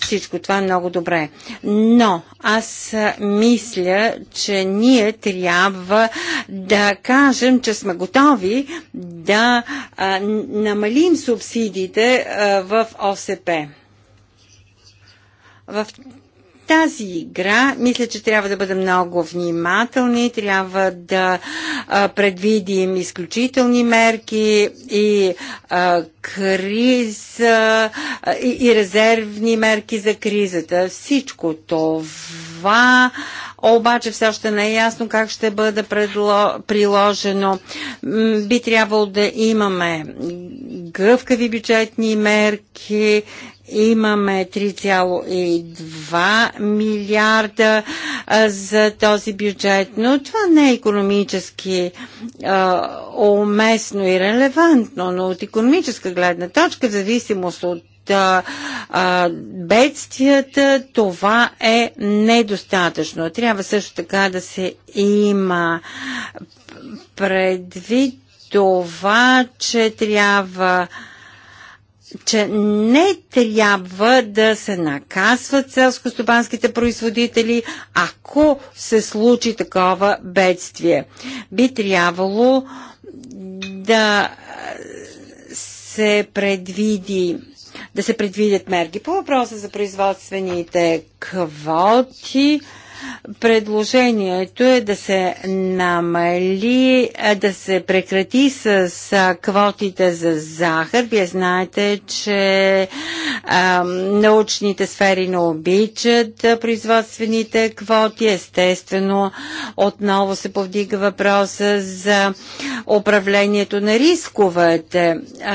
всичко това е много добре. Но аз мисля, че ние трябва да кажем, че сме готови да а, намалим субсидиите а, в ОСП. В тази игра, мисля, че трябва да бъдем много внимателни, трябва да а, предвидим изключителни мерки и а, криза и, и резервни мерки за кризата. Всичко това обаче все още не е ясно как ще бъде предло, приложено. Би трябвало да имаме гъвкави бюджетни мерки Имаме 3,2 милиарда за този бюджет, но това не е економически а, уместно и релевантно, но от економическа гледна точка, в зависимост от бедствията, това е недостатъчно. Трябва също така да се има предвид това, че трябва а, че не трябва да се наказват селскостопанските производители, ако се случи такова бедствие. Би трябвало да се предвиди да се предвидят мерки. По въпроса за производствените квоти, Предложението е да се намали, е, да се прекрати с квотите за захар. Вие знаете, че а, научните сфери не обичат производствените квоти. Естествено, отново се повдига въпроса за управлението на рисковете.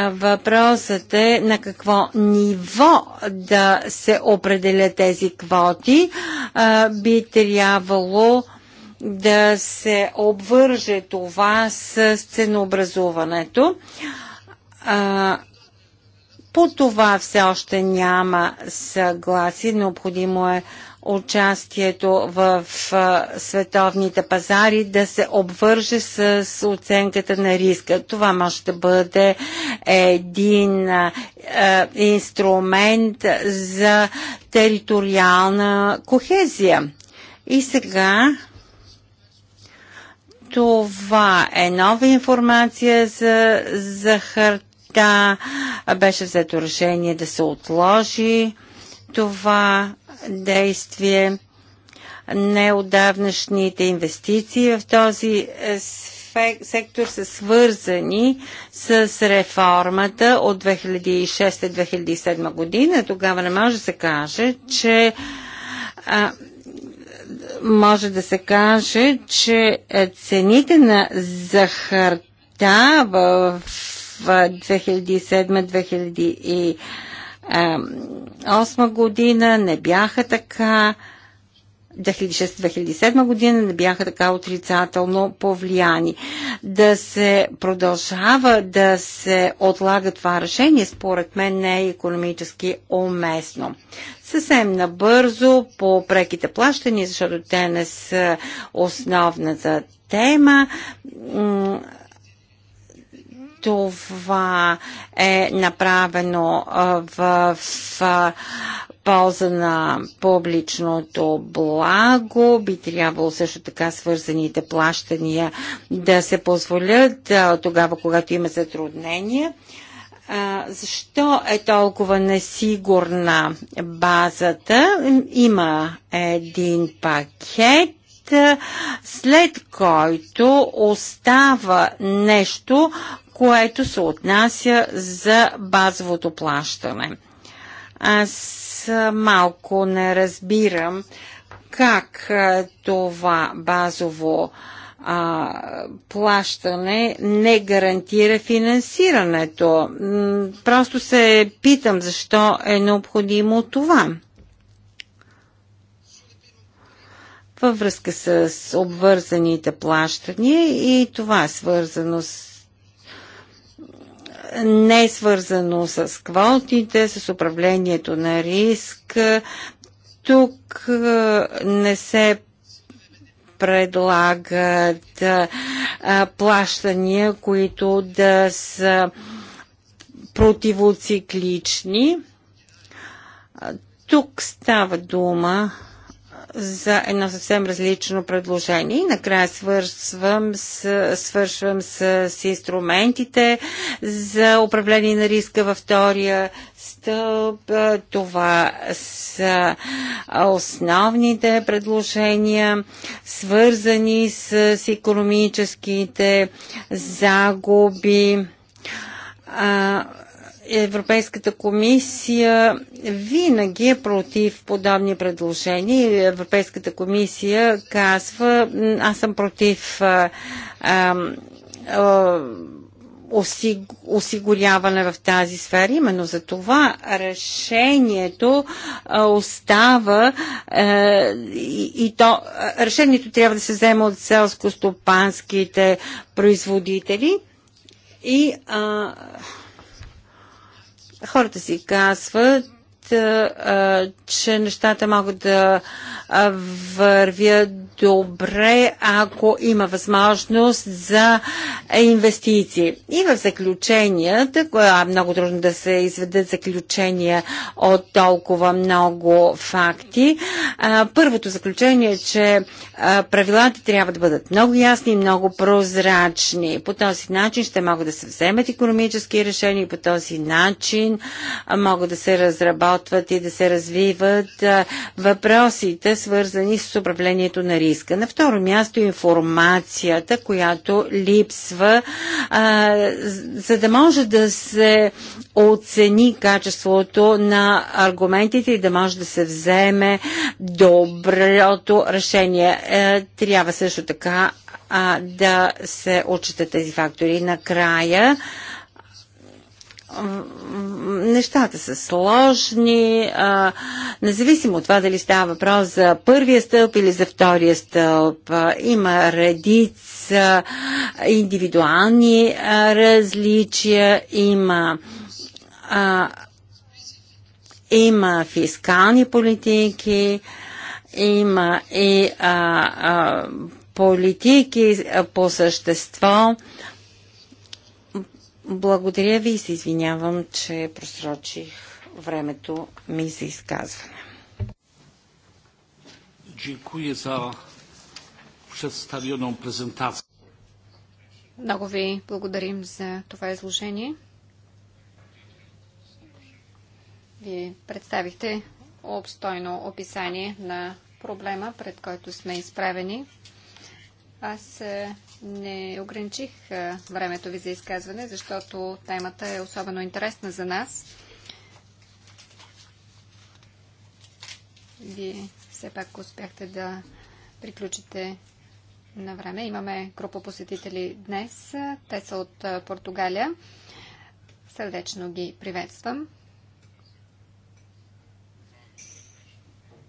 Въпросът е на какво ниво да се определят тези квоти. А, бите трябвало да се обвърже това с ценообразуването. А, по това все още няма съгласи. Необходимо е участието в световните пазари да се обвърже с оценката на риска. Това може да бъде един а, инструмент за териториална кохезия. И сега това е нова информация за захарта. Беше взето решение да се отложи това действие. Неодавнашните инвестиции в този е, сектор са свързани с реформата от 2006-2007 година. Тогава не може да се каже, че а, може да се каже, че цените на захарта в 2007-2008 година не бяха така 2006-2007 година не бяха така отрицателно повлияни. Да се продължава да се отлага това решение, според мен не е економически уместно. Съвсем набързо по преките плащания, защото те не са основната тема. Това е направено в, в полза на публичното благо. Би трябвало също така свързаните плащания да се позволят тогава, когато има затруднения. Защо е толкова несигурна базата? Има един пакет след който остава нещо, което се отнася за базовото плащане. Аз малко не разбирам как това базово а, плащане не гарантира финансирането. Просто се питам защо е необходимо това. Във връзка с обвързаните плащания и това е свързано с не е свързано с квотите, с управлението на риск. Тук е, не се предлагат е, плащания, които да са противоциклични. Тук става дума за едно съвсем различно предложение. накрая свършвам с, свършвам с, с инструментите за управление на риска във втория стълб. Това са основните предложения, свързани с, с економическите загуби. А, Европейската комисия винаги е против подобни предложения и Европейската комисия казва, аз съм против а, а, осигуряване в тази сфера. Именно за това решението остава и, и то решението трябва да се вземе от селско-стопанските производители и а, хората си казват, че нещата могат да вървят добре, ако има възможност за инвестиции. И в заключенията, е много трудно да се изведат заключения от толкова много факти, първото заключение е, че правилата трябва да бъдат много ясни и много прозрачни. По този начин ще могат да се вземат економически решения и по този начин могат да се разработят разработват и да се развиват въпросите, свързани с управлението на риска. На второ място информацията, която липсва, за да може да се оцени качеството на аргументите и да може да се вземе доброто решение. Е, трябва също така да се отчитат тези фактори. Накрая, нещата са сложни, а, независимо от това дали става въпрос за първия стълб или за втория стълб. А, има редица индивидуални а, различия, има а, има фискални политики, има и а, а, политики по същество, благодаря ви и се извинявам, че просрочих времето ми за изказване. Много ви благодарим за това изложение. Вие представихте обстойно описание на проблема, пред който сме изправени. Аз е, не ограничих е, времето ви за изказване, защото темата е особено интересна за нас. Вие все пак успяхте да приключите на време. Имаме група посетители днес. Те са от е, Португалия. Сърдечно ги приветствам.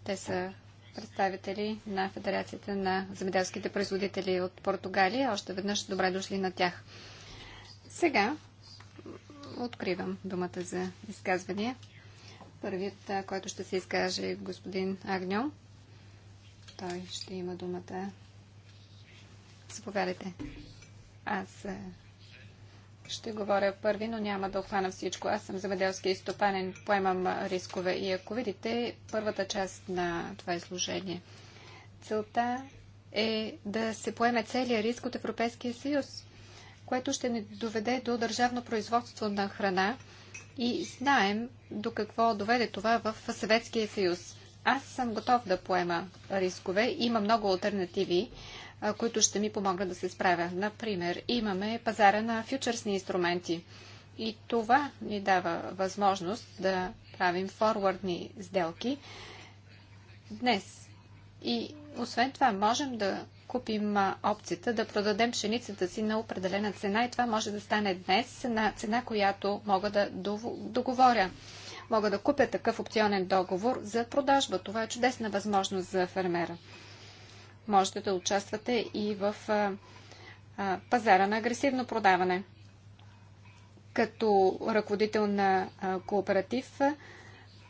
Те са представители на Федерацията на земеделските производители от Португалия. Още веднъж добре дошли на тях. Сега откривам думата за изказвания. Първият, който ще се изкаже, е господин Агньо. Той ще има думата. Заповядайте. Аз ще говоря първи, но няма да охвана всичко. Аз съм заведелски и стопанен, поемам рискове. И ако видите първата част на това изложение, целта е да се поеме целият риск от Европейския съюз, което ще ни доведе до държавно производство на храна и знаем до какво доведе това в Съветския съюз. Аз съм готов да поема рискове. Има много альтернативи които ще ми помогнат да се справя. Например, имаме пазара на фьючерсни инструменти. И това ни дава възможност да правим форвардни сделки днес. И освен това, можем да купим опцията да продадем пшеницата си на определена цена и това може да стане днес на цена, която мога да договоря. Мога да купя такъв опционен договор за продажба. Това е чудесна възможност за фермера можете да участвате и в пазара на агресивно продаване. Като ръководител на кооператив,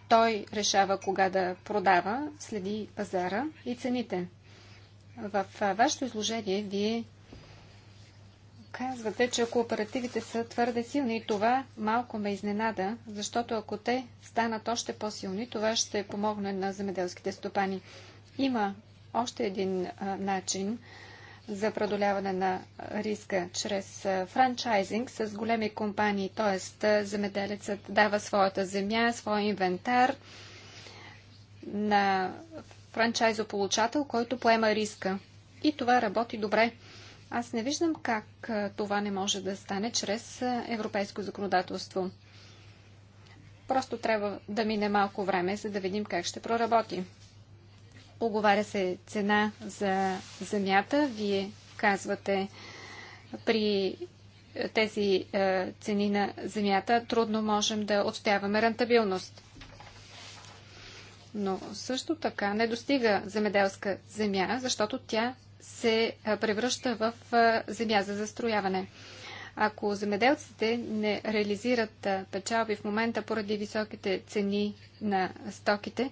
той решава кога да продава, следи пазара и цените. В вашето изложение вие казвате, че кооперативите са твърде силни и това малко ме изненада, защото ако те станат още по-силни, това ще помогне на земеделските стопани. Има още един начин за продоляване на риска чрез франчайзинг с големи компании, т.е. земеделецът дава своята земя, своя инвентар на франчайзополучател, който поема риска. И това работи добре. Аз не виждам как това не може да стане чрез европейско законодателство. Просто трябва да мине малко време, за да видим как ще проработи оговаря се цена за земята. Вие казвате при тези е, цени на земята трудно можем да отстояваме рентабилност. Но също така не достига земеделска земя, защото тя се е, превръща в е, земя за застрояване. Ако земеделците не реализират е, печалби в момента поради високите цени на стоките,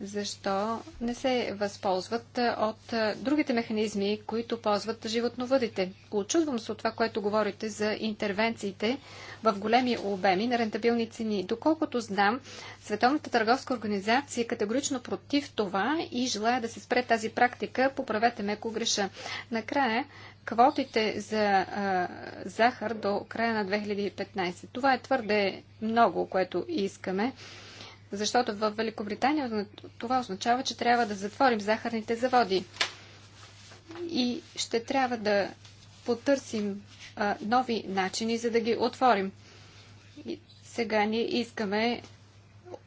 защо не се възползват е, от е, другите механизми, които ползват животновъдите. Очудвам се от това, което говорите за интервенциите в големи обеми на рентабилни цени. Доколкото знам, Световната търговска организация е категорично против това и желая да се спре тази практика. Поправете ме, ако греша. Накрая, квотите за а, е, захар до края на 2015. Това е твърде много, което искаме. Защото в Великобритания това означава, че трябва да затворим захарните заводи. И ще трябва да потърсим а, нови начини, за да ги отворим. И сега ние искаме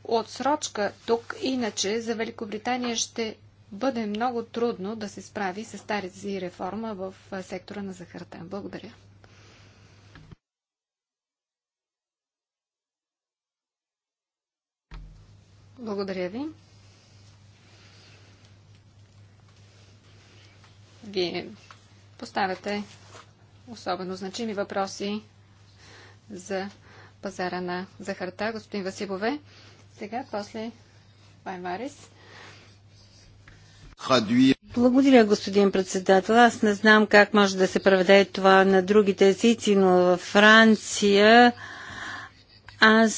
отсрочка тук, иначе за Великобритания ще бъде много трудно да се справи с тази реформа в сектора на захарта. Благодаря. Благодаря ви. Вие поставяте особено значими въпроси за пазара на захарта, господин Васибове. Сега, после Ваймарис. Благодаря, господин председател. Аз не знам как може да се преведе това на другите езици, но във Франция аз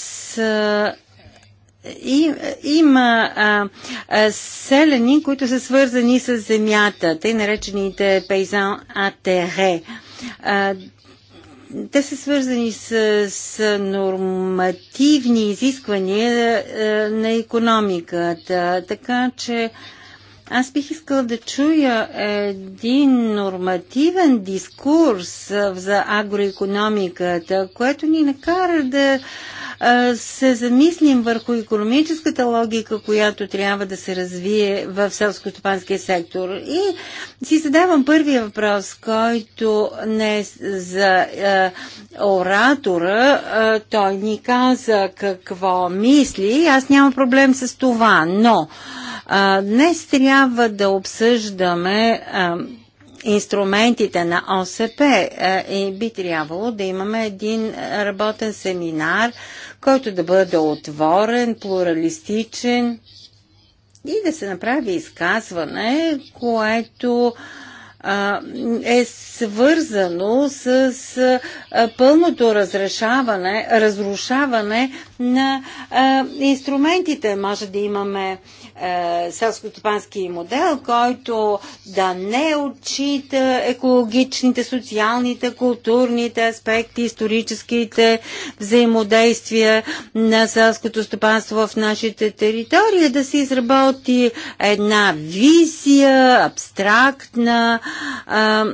и, има а, а, селени, които са свързани с земята, тъй наречените пейзан атере. те са свързани с, с нормативни изисквания а, на економиката, така че аз бих искала да чуя един нормативен дискурс за агроекономиката, което ни накара да се замислим върху економическата логика, която трябва да се развие в селско-стопанския сектор. И си задавам първия въпрос, който не е за е, оратора. Е, той ни каза какво мисли. Аз нямам проблем с това, но е, днес трябва да обсъждаме. Е, инструментите на ОСП е, и би трябвало да имаме един работен семинар, който да бъде отворен, плуралистичен и да се направи изказване, което е свързано с пълното разрешаване, разрушаване на а, инструментите. Може да имаме селско-стопански модел, който да не отчита екологичните, социалните, културните аспекти, историческите взаимодействия на селското стопанство в нашите територии, да се изработи една визия, абстрактна, а,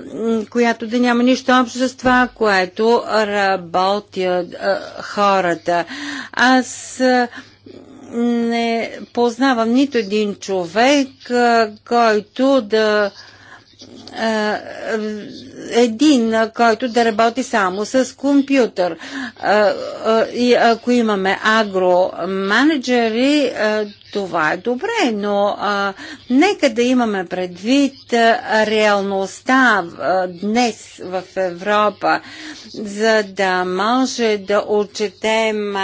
която да няма нищо общо с това, което работят а, хората. Аз не познавам нито един човек, който да е, един, който да работи само с компютър. Е, е, и ако имаме менеджери, това е добре, но нека да имаме предвид реалността днес в Европа, за да може да отчетем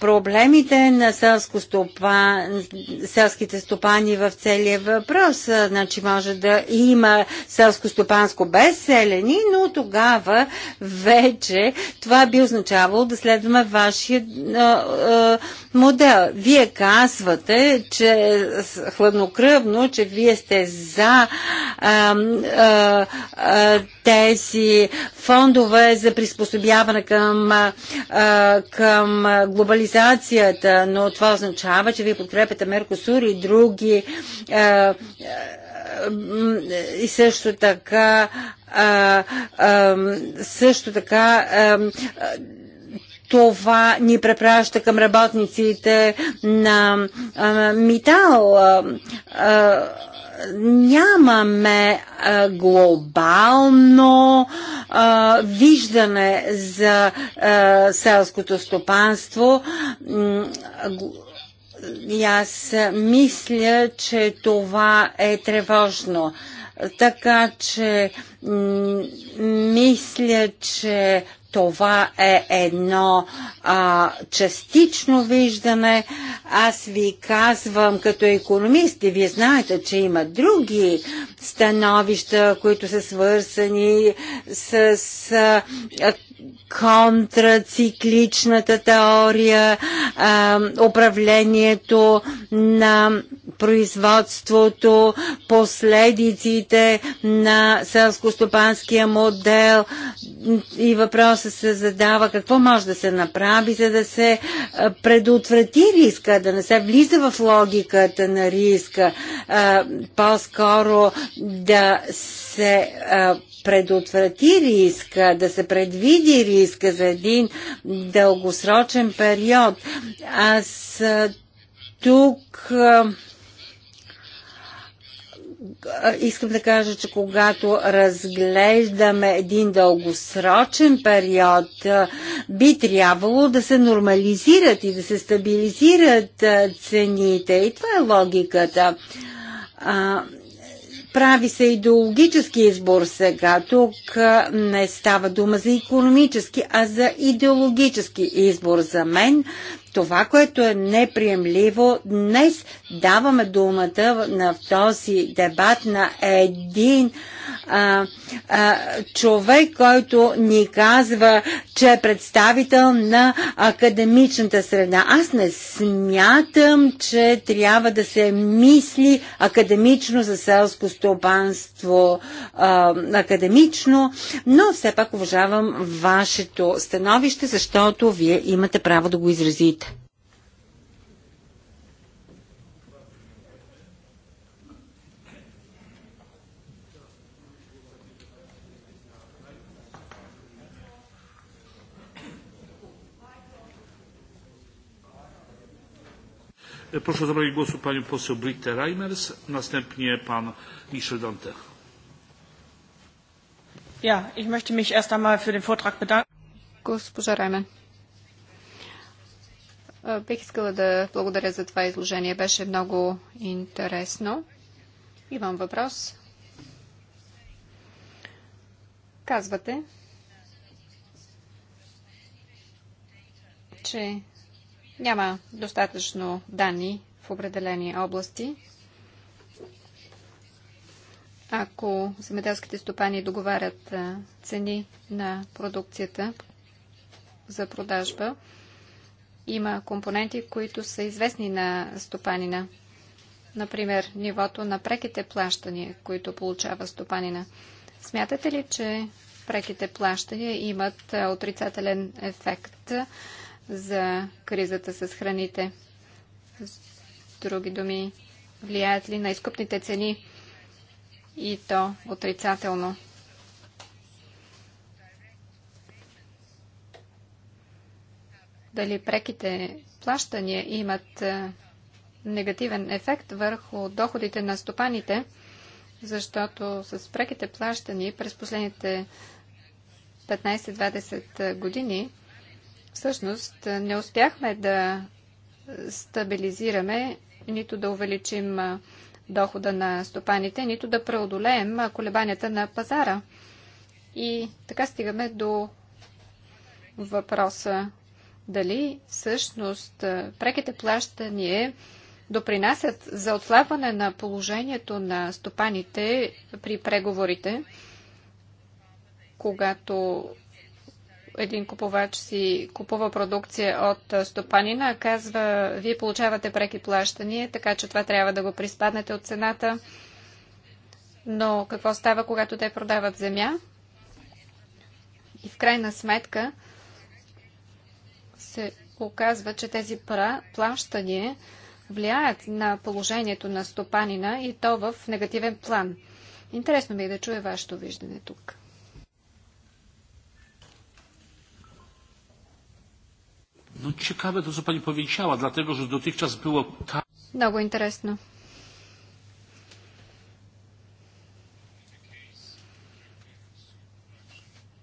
проблемите на селските стопани в целия въпрос. значи може да има селско стопанско без селени, но тогава вече това би означавало да следваме вашия а, а, модел. Вие казвате, че хладнокръвно, че вие сте за а, а, а, тези фондове за приспособяване към, а, към глобализацията, но това означава, че вие подкрепяте Меркосур и други а, и също така също така това ни препраща към работниците на метал. Митал. нямаме глобално виждане за селското стопанство. И аз мисля, че това е тревожно. Така че мисля, че това е едно а, частично виждане. Аз ви казвам като економисти, вие знаете, че има други становища, които са свързани с а, контрацикличната теория, а, управлението на производството, последиците на селско-стопанския модел и въпроса се задава какво може да се направи, за да се предотврати риска, да не се влиза в логиката на риска, по-скоро да се се а, предотврати риска, да се предвиди риска за един дългосрочен период. Аз а, тук а, искам да кажа, че когато разглеждаме един дългосрочен период, би трябвало да се нормализират и да се стабилизират цените. И това е логиката. Прави се идеологически избор сега. Тук не става дума за економически, а за идеологически избор. За мен това, което е неприемливо, днес даваме думата на този дебат на един а, а, човек, който ни казва, че е представител на академичната среда. Аз не смятам, че трябва да се мисли академично за селско стопанство, а, академично, но все пак уважавам вашето становище, защото вие имате право да го изразите. Proszę o zabranie głosu panią poseł Brittę Reimers, następnie pan Michel Dante. Ja, ich möchte mich erst einmal für den Vortrag bedanken. Госпожа Раймен. Бих искала да благодаря за това изложение. Беше много интересно. Имам въпрос. Казвате, че няма достатъчно данни в определени области. Ако земеделските стопани договарят цени на продукцията за продажба, има компоненти, които са известни на стопанина. Например, нивото на преките плащания, които получава стопанина. Смятате ли, че преките плащания имат отрицателен ефект за кризата с храните? С други думи, влияят ли на изкупните цени и то отрицателно? Дали преките плащания имат негативен ефект върху доходите на стопаните, защото с преките плащани през последните 15-20 години Всъщност не успяхме да стабилизираме, нито да увеличим дохода на стопаните, нито да преодолеем колебанията на пазара. И така стигаме до въпроса дали всъщност преките плащания допринасят за отслабване на положението на стопаните при преговорите, когато един купувач си купува продукция от стопанина, казва, вие получавате преки плащания, така че това трябва да го приспаднете от цената. Но какво става, когато те продават земя? И в крайна сметка се оказва, че тези плащания влияят на положението на стопанина и то в негативен план. Интересно ми е да чуя вашето виждане тук. No ciekawe to, co pani powiedziała, dlatego, że dotychczas było tak... No, Много интересно.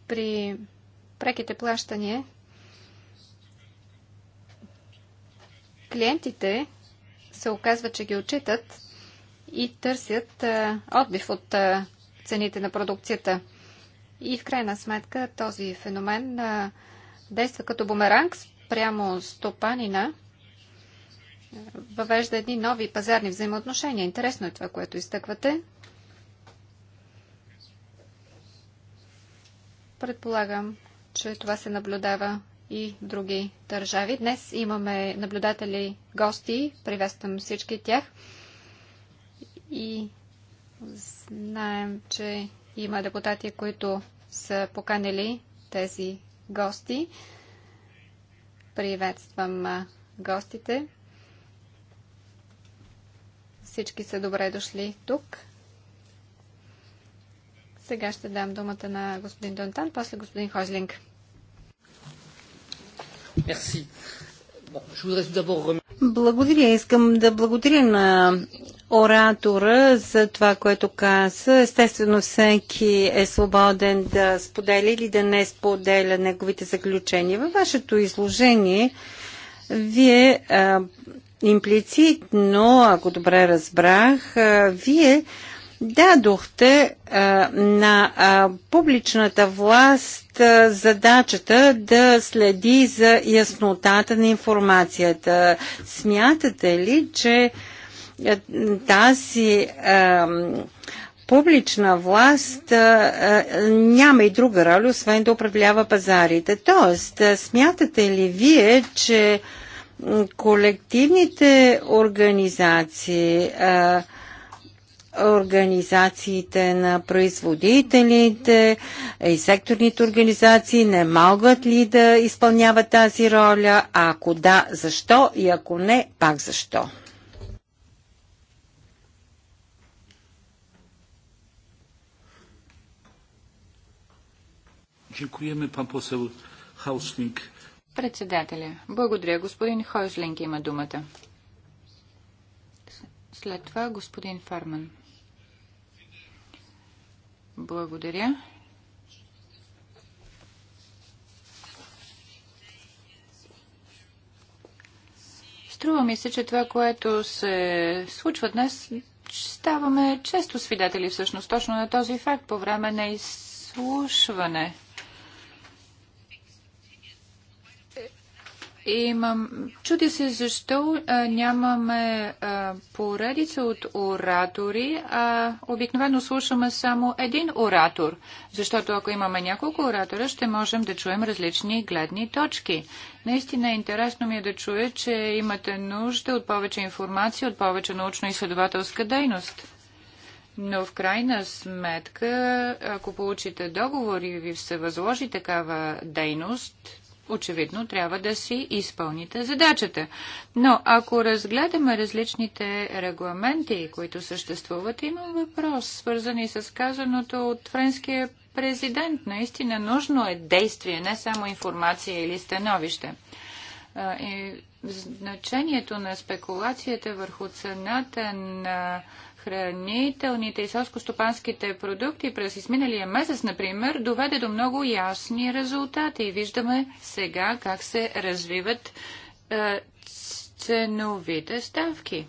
При преките плащания клиентите се оказва, че ги отчитат и търсят отбив от цените на продукцията. И в крайна сметка този феномен действа като бумеранг, спрямо стопанина въвежда едни нови пазарни взаимоотношения. Интересно е това, което изтъквате. Предполагам, че това се наблюдава и в други държави. Днес имаме наблюдатели гости. Приветствам всички тях. И знаем, че има депутати, които са поканили тези гости. Приветствам гостите. Всички са добре дошли тук. Сега ще дам думата на господин Донтан, после господин Хозлинг. Благодаря. Искам да благодаря на оратора за това, което каза. Естествено, всеки е свободен да споделя или да не споделя неговите заключения. Във вашето изложение, вие а, имплицитно, ако добре разбрах, а, вие дадохте а, на а, публичната власт а, задачата да следи за яснотата на информацията. Смятате ли, че а, е, тази е, публична власт е, е, няма и друга роля, освен да управлява пазарите. Тоест, е, смятате ли вие, че колективните организации, е, организациите на производителите и секторните организации не могат ли да изпълняват тази роля? ако да, защо? И ако не, пак защо? Дякуваме, пан посел Хауслинг. Председателя. Благодаря. Господин Хойслинг има думата. След това господин Фарман. Благодаря. Струва ми се, че това, което се случва днес, ставаме често свидетели всъщност точно на този факт по време на изслушване. Имам... Чуди се защо а, нямаме а, поредица от оратори, а обикновено слушаме само един оратор, защото ако имаме няколко оратора, ще можем да чуем различни гледни точки. Наистина е интересно ми е да чуя, че имате нужда от повече информация, от повече научно-изследователска дейност. Но в крайна сметка, ако получите договор и ви се възложи такава дейност, очевидно трябва да си изпълните задачата. Но ако разгледаме различните регламенти, които съществуват, има въпрос, свързани с казаното от френския президент. Наистина нужно е действие, не само информация или становище. И значението на спекулацията върху цената на хранителните и селскостопанските продукти през изминалия месец, например, доведе до много ясни резултати. И виждаме сега как се развиват е, ценовите ставки.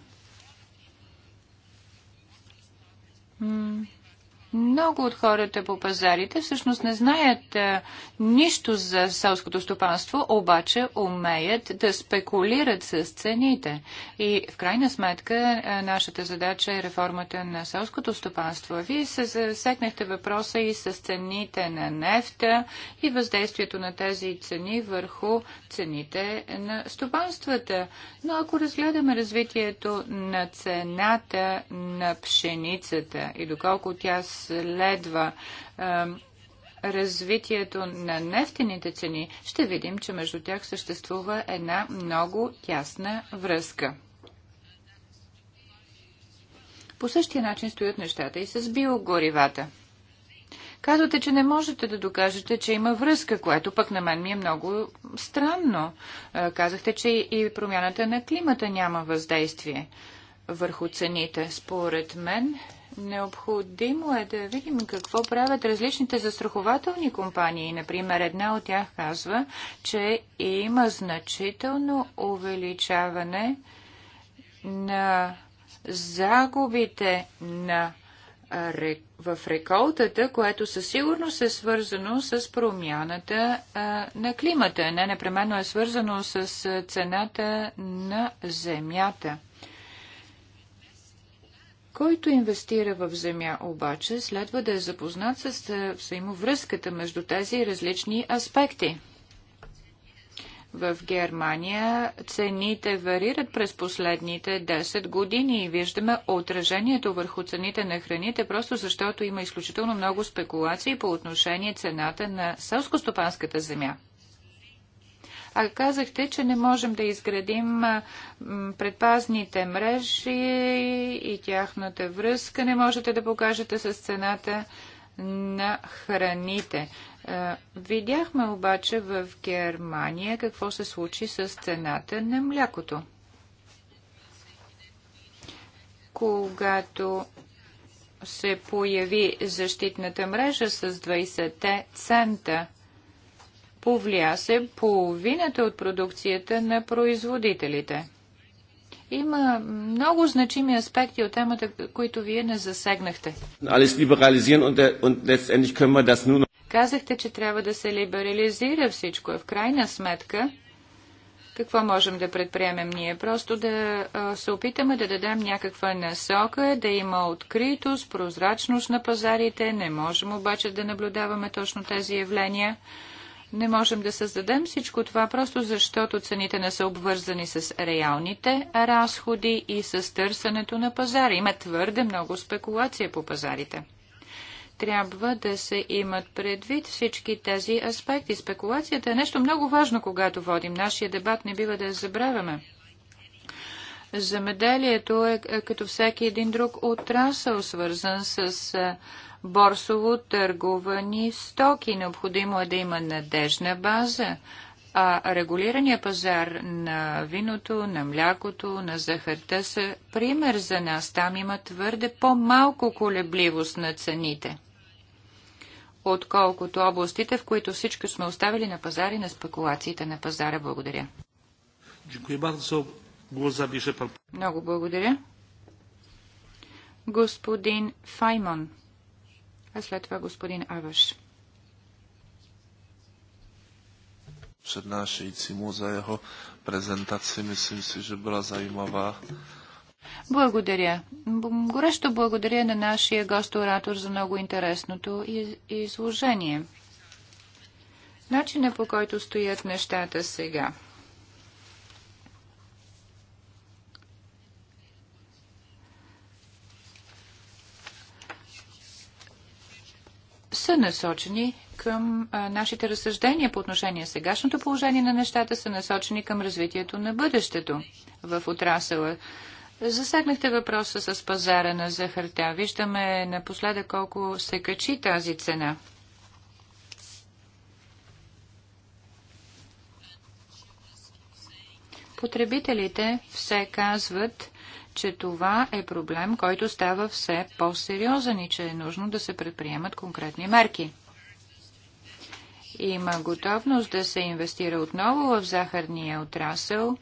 Много от хората по пазарите всъщност не знаят а, е, нищо за селското стопанство, обаче умеят да спекулират с цените. И в крайна сметка а, е, нашата задача е реформата на селското стопанство. Вие се засекнахте въпроса и с цените на нефта и въздействието на тези цени върху цените на стопанствата. Но ако разгледаме развитието на цената на пшеницата и доколко тя следва развитието на нефтените цени, ще видим, че между тях съществува една много тясна връзка. По същия начин стоят нещата и с биогоривата. Казвате, че не можете да докажете, че има връзка, което пък на мен ми е много странно. Казахте, че и промяната на климата няма въздействие върху цените. Според мен Необходимо е да видим какво правят различните застрахователни компании. Например, една от тях казва, че има значително увеличаване на загубите на в реколтата, което със сигурност е свързано с промяната на климата. Не непременно е свързано с цената на земята. Който инвестира в земя обаче, следва да е запознат с е, взаимовръзката между тези различни аспекти. В Германия цените варират през последните 10 години и виждаме отражението върху цените на храните, просто защото има изключително много спекулации по отношение цената на селскостопанската земя. А казахте, че не можем да изградим предпазните мрежи и тяхната връзка. Не можете да покажете с цената на храните. Видяхме обаче в Германия какво се случи с цената на млякото. Когато се появи защитната мрежа с 20 цента, повлия се половината от продукцията на производителите. Има много значими аспекти от темата, които вие не засегнахте. Казахте, че трябва да се либерализира всичко. В крайна сметка, какво можем да предприемем ние? Просто да се опитаме да дадем някаква насока, да има откритост, прозрачност на пазарите. Не можем обаче да наблюдаваме точно тези явления не можем да създадем всичко това просто защото цените не са обвързани с реалните разходи и с търсенето на пазара. Има твърде много спекулация по пазарите. Трябва да се имат предвид всички тези аспекти. Спекулацията е нещо много важно, когато водим нашия дебат. Не бива да я забравяме. Замеделието е, е като всеки един друг отрасъл, свързан с е, борсово търговани стоки. Необходимо е да има надежна база, а регулирания пазар на виното, на млякото, на захарта са пример за нас. Там има твърде по-малко колебливост на цените отколкото областите, в които всичко сме оставили на пазари на спекулациите на пазара. Благодаря. Много благодаря. Господин Файмон а след това господин Аваш. Přednášejícímu za jeho prezentaci. Myslím si, že byla zajímavá. Благодаря. Горещо благодаря на нашия гост-оратор за много интересното изложение. Начина по който стоят нещата сега – са насочени към а, нашите разсъждения по отношение сегашното положение на нещата, са насочени към развитието на бъдещето в отрасъла. Засегнахте въпроса с пазара на захарта. Виждаме напоследък колко се качи тази цена. Потребителите все казват, че това е проблем, който става все по-сериозен и че е нужно да се предприемат конкретни мерки. Има готовност да се инвестира отново в захарния отрасъл,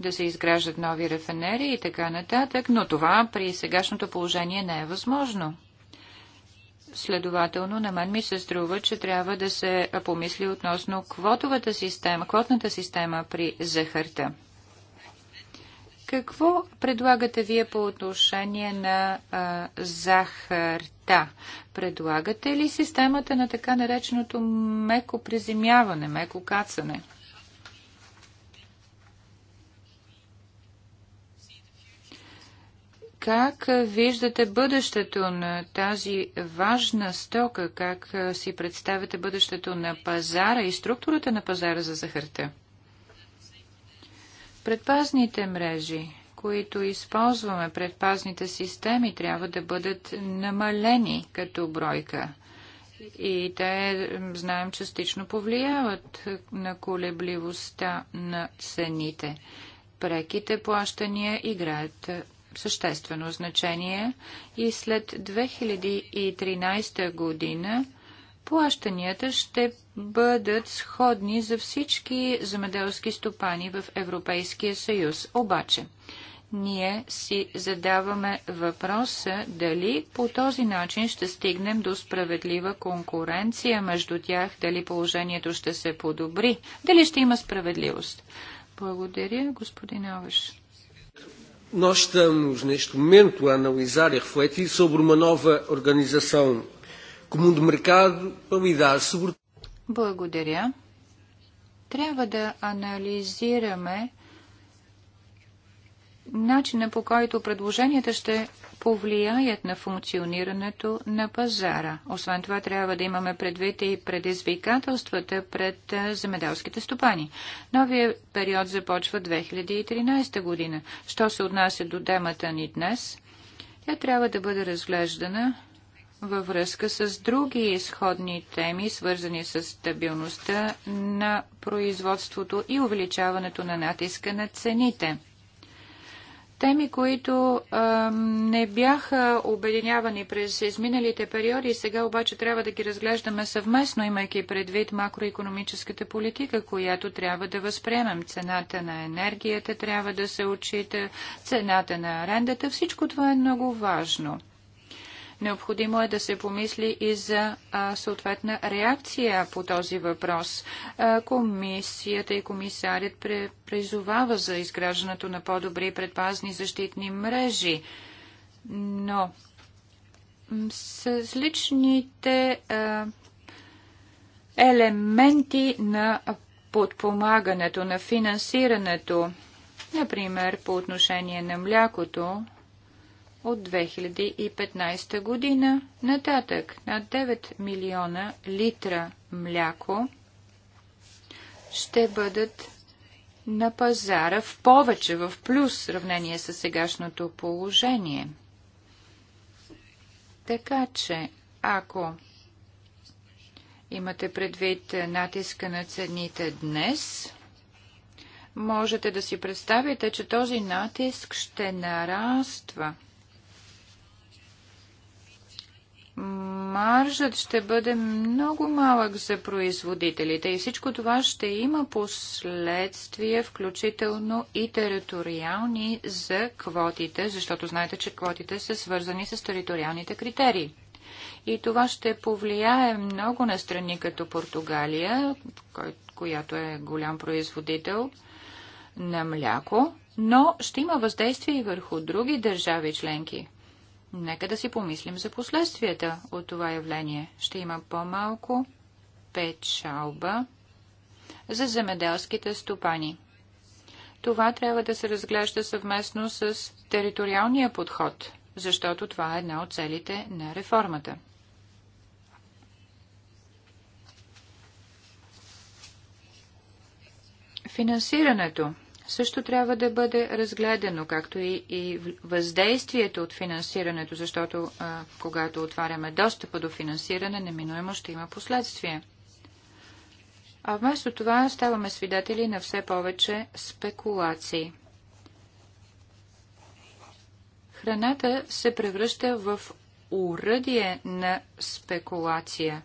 да се изграждат нови рефенери и така нататък, но това при сегашното положение не е възможно. Следователно, на мен ми се струва, че трябва да се помисли относно квотовата система, квотната система при захарта. Какво предлагате вие по отношение на а, захарта? Предлагате ли системата на така нареченото меко приземяване, меко кацане? Как виждате бъдещето на тази важна стока? Как си представяте бъдещето на пазара и структурата на пазара за захарта? Предпазните мрежи, които използваме, предпазните системи трябва да бъдат намалени като бройка. И те, знаем, частично повлияват на колебливостта на цените. Преките плащания играят е, съществено значение и след 2013 година плащанията ще бъдат сходни за всички земеделски стопани в Европейския съюз. Обаче, ние си задаваме въпроса дали по този начин ще стигнем до справедлива конкуренция между тях, дали положението ще се подобри, дали ще има справедливост. Благодаря, господин Овеш. Nós estamos, neste momento, a analisar e refletir sobre uma nova organização comum de mercado para lidar sobre... Благодаря. Трябва да анализираме начина по който предложенията ще повлияят на функционирането на пазара. Освен това, трябва да имаме предвид и предизвикателствата пред земеделските стопани. Новия период започва 2013 година. Що се отнася до темата ни днес, тя трябва да бъде разглеждана във връзка с други изходни теми, свързани с стабилността на производството и увеличаването на натиска на цените. Теми, които а, не бяха обединявани през изминалите периоди, сега обаче трябва да ги разглеждаме съвместно, имайки предвид макроекономическата политика, която трябва да възприемем. Цената на енергията трябва да се отчита, цената на арендата. Всичко това е много важно. Необходимо е да се помисли и за а, съответна реакция по този въпрос. А, комисията и комисарят призовава за изграждането на по-добри предпазни защитни мрежи. Но с личните а, елементи на подпомагането, на финансирането, например по отношение на млякото, от 2015 година нататък на 9 милиона литра мляко ще бъдат на пазара в повече, в плюс, в сравнение с сегашното положение. Така че, ако имате предвид натиска на цените днес, можете да си представите, че този натиск ще нараства – маржът ще бъде много малък за производителите и всичко това ще има последствия, включително и териториални за квотите, защото знаете, че квотите са свързани с териториалните критерии. И това ще повлияе много на страни като Португалия, която е голям производител на мляко, но ще има въздействие и върху други държави членки – Нека да си помислим за последствията от това явление. Ще има по-малко печалба за земеделските стопани. Това трябва да се разглежда съвместно с териториалния подход, защото това е една от целите на реформата. Финансирането също трябва да бъде разгледано, както и, и въздействието от финансирането, защото а, когато отваряме достъпа до финансиране, неминуемо ще има последствия. А вместо това ставаме свидетели на все повече спекулации. Храната се превръща в уръдие на спекулация.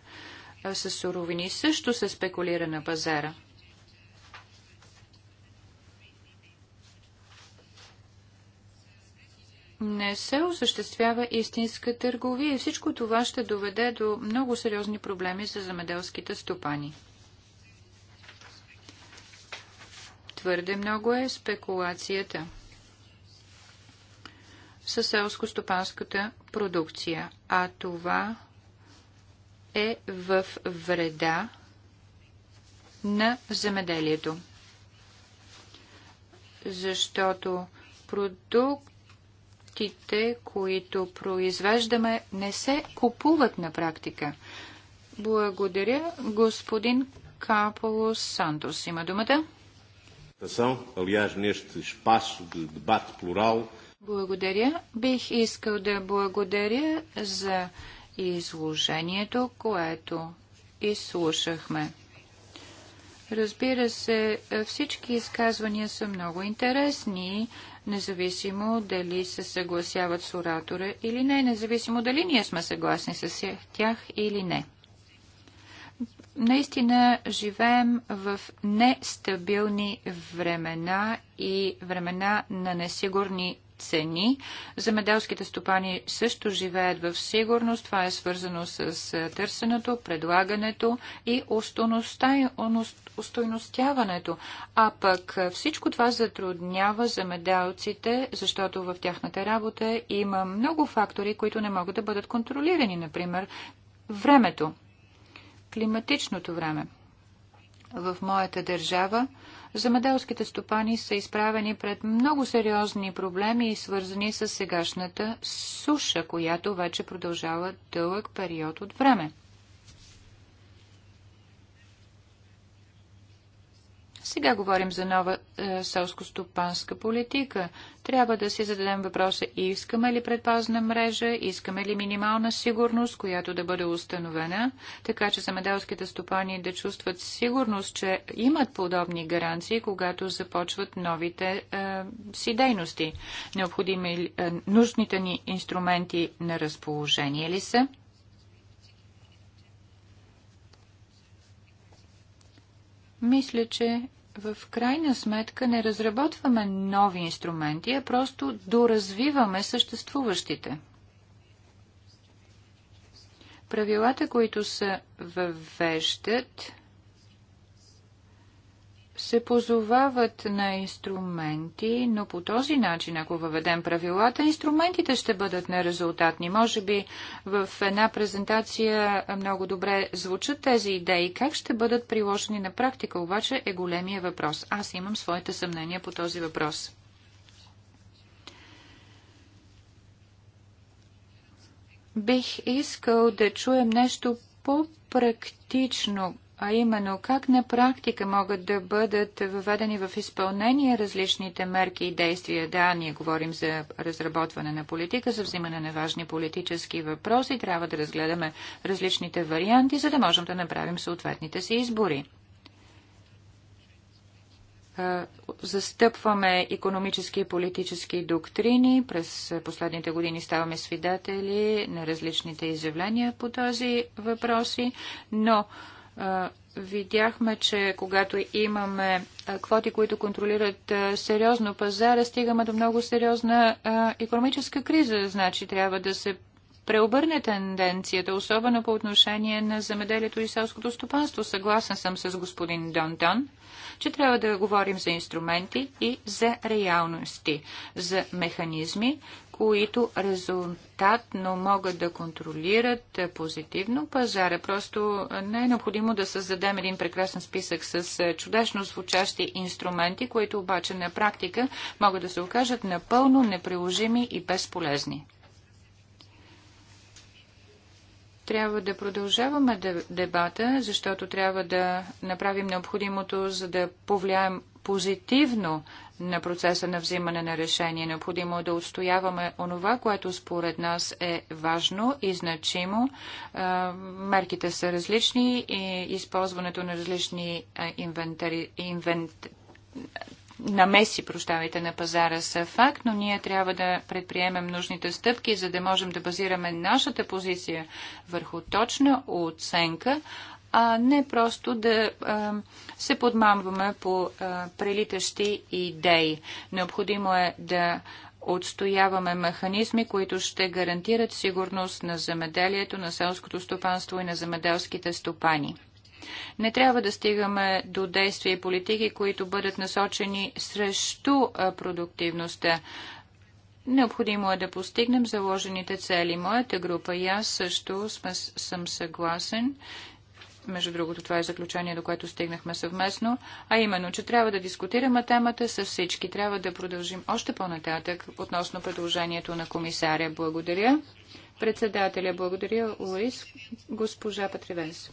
С суровини също се спекулира на пазара. не се осъществява истинска търговия. и Всичко това ще доведе до много сериозни проблеми за замеделските стопани. Твърде много е спекулацията със селско-стопанската продукция, а това е в вреда на земеделието. Защото продукт продуктите, които произвеждаме, не се купуват на практика. Благодаря, господин Капало Сантос. Има думата. Благодаря. Бих искал да благодаря за изложението, което изслушахме. Разбира се, е, всички изказвания са много интересни, независимо дали се съгласяват с оратора или не, независимо дали ние сме съгласни с е, тях или не. Наистина живеем в нестабилни времена и времена на несигурни цени. Замеделските стопани също живеят в сигурност. Това е свързано с е, търсенето, предлагането и устойностяването. А пък е, всичко това затруднява замеделците, защото в тяхната работа има много фактори, които не могат да бъдат контролирани. Например, времето, климатичното време. В моята държава Замеделските стопани са изправени пред много сериозни проблеми, свързани с сегашната суша, която вече продължава дълъг период от време. Сега говорим за нова е, селско-стопанска политика. Трябва да си зададем въпроса, искаме ли предпазна мрежа, искаме ли минимална сигурност, която да бъде установена, така че замеделските стопани да чувстват сигурност, че имат подобни гаранции, когато започват новите е, си дейности. Необходими е, нужните ни инструменти на разположение ли са? Мисля, че в крайна сметка не разработваме нови инструменти, а просто доразвиваме съществуващите. Правилата, които се въвеждат, се позовават на инструменти, но по този начин, ако въведем правилата, инструментите ще бъдат нерезултатни. Може би в една презентация много добре звучат тези идеи. Как ще бъдат приложени на практика, обаче е големия въпрос. Аз имам своите съмнения по този въпрос. Бих искал да чуем нещо по-практично а именно как на практика могат да бъдат въведени в изпълнение различните мерки и действия. Да, ние говорим за разработване на политика, за взимане на важни политически въпроси, трябва да разгледаме различните варианти, за да можем да направим съответните си избори застъпваме економически и политически доктрини. През последните години ставаме свидетели на различните изявления по този въпроси, но видяхме, че когато имаме квоти, които контролират сериозно пазара, стигаме до много сериозна економическа криза. Значи трябва да се преобърне тенденцията, особено по отношение на земеделието и селското стопанство. Съгласен съм с господин Дон Дон че трябва да говорим за инструменти и за реалности, за механизми, които резултатно могат да контролират е, позитивно пазара. Просто е, не е необходимо да създадем един прекрасен списък с е, чудесно звучащи инструменти, които обаче на практика могат да се окажат напълно неприложими и безполезни. трябва да продължаваме дебата, защото трябва да направим необходимото, за да повлияем позитивно на процеса на взимане на решение. Необходимо е да отстояваме онова, което според нас е важно и значимо. Мерките са различни и използването на различни инвентари, инвент, намеси, прощавайте, на пазара са факт, но ние трябва да предприемем нужните стъпки, за да можем да базираме нашата позиция върху точна оценка, а не просто да а, се подмамваме по а, прелитащи идеи. Необходимо е да отстояваме механизми, които ще гарантират сигурност на земеделието, на селското стопанство и на земеделските стопани. Не трябва да стигаме до действия и политики, които бъдат насочени срещу продуктивността. Необходимо е да постигнем заложените цели. Моята група и аз също сме, съм съгласен. Между другото, това е заключение, до което стигнахме съвместно, а именно, че трябва да дискутираме темата с всички. Трябва да продължим още по-нататък относно предложението на комисаря. Благодаря. Председателя, благодаря, Луис. Госпожа Патривенс.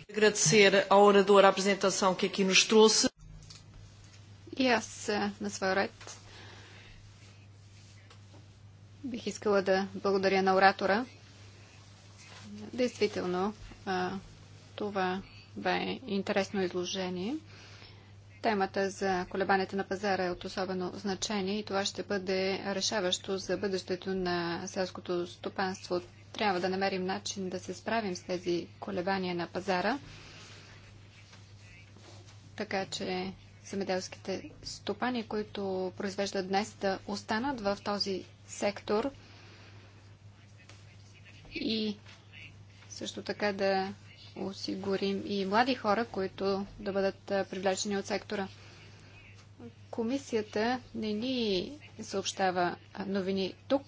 И аз е, на своя ред бих искала да благодаря на оратора. Действително, е, това бе интересно изложение. Темата за колебанията на пазара е от особено значение и това ще бъде решаващо за бъдещето на селското стопанство. от. Трябва да намерим начин да се справим с тези колебания на пазара, така че земеделските стопани, които произвеждат днес, да останат в този сектор и също така да осигурим и млади хора, които да бъдат привлечени от сектора. Комисията не ни съобщава новини тук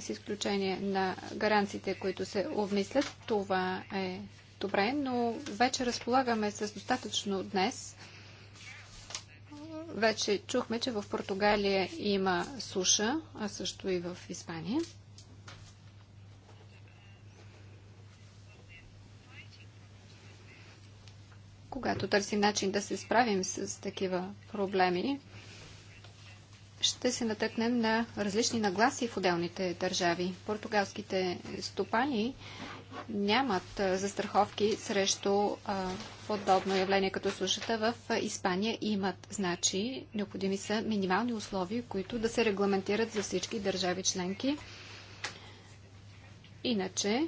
с изключение на гаранциите, които се обмислят. Това е добре, но вече разполагаме с достатъчно днес. Вече чухме, че в Португалия има суша, а също и в Испания. Когато търсим начин да се справим с такива проблеми, ще се натъкнем на различни нагласи в отделните държави. Португалските стопани нямат застраховки срещу подобно явление като сушата. В Испания имат, значи, необходими са минимални условия, които да се регламентират за всички държави членки. Иначе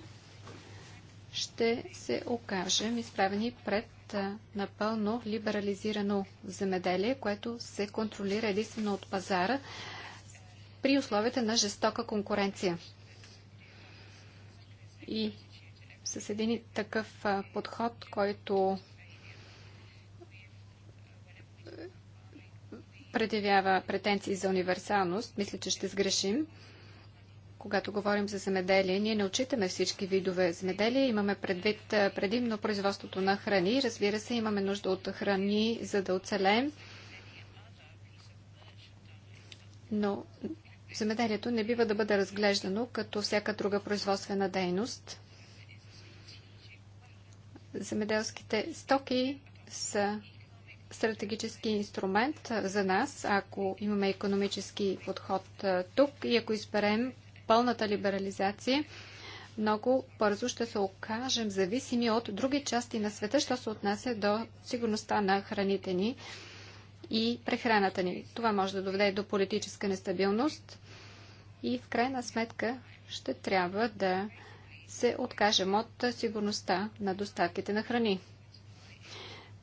ще се окажем изправени пред напълно либерализирано земеделие, което се контролира единствено от пазара при условията на жестока конкуренция. И с един такъв подход, който предявява претенции за универсалност, мисля, че ще сгрешим когато говорим за земеделие, ние не отчитаме всички видове земеделие. Имаме предвид предимно производството на храни. Разбира се, имаме нужда от храни, за да оцелеем. Но земеделието не бива да бъде разглеждано като всяка друга производствена дейност. Земеделските стоки са стратегически инструмент за нас, ако имаме економически подход тук и ако изберем пълната либерализация, много бързо ще се окажем зависими от други части на света, що се отнася до сигурността на храните ни и прехраната ни. Това може да доведе до политическа нестабилност и в крайна сметка ще трябва да се откажем от сигурността на доставките на храни.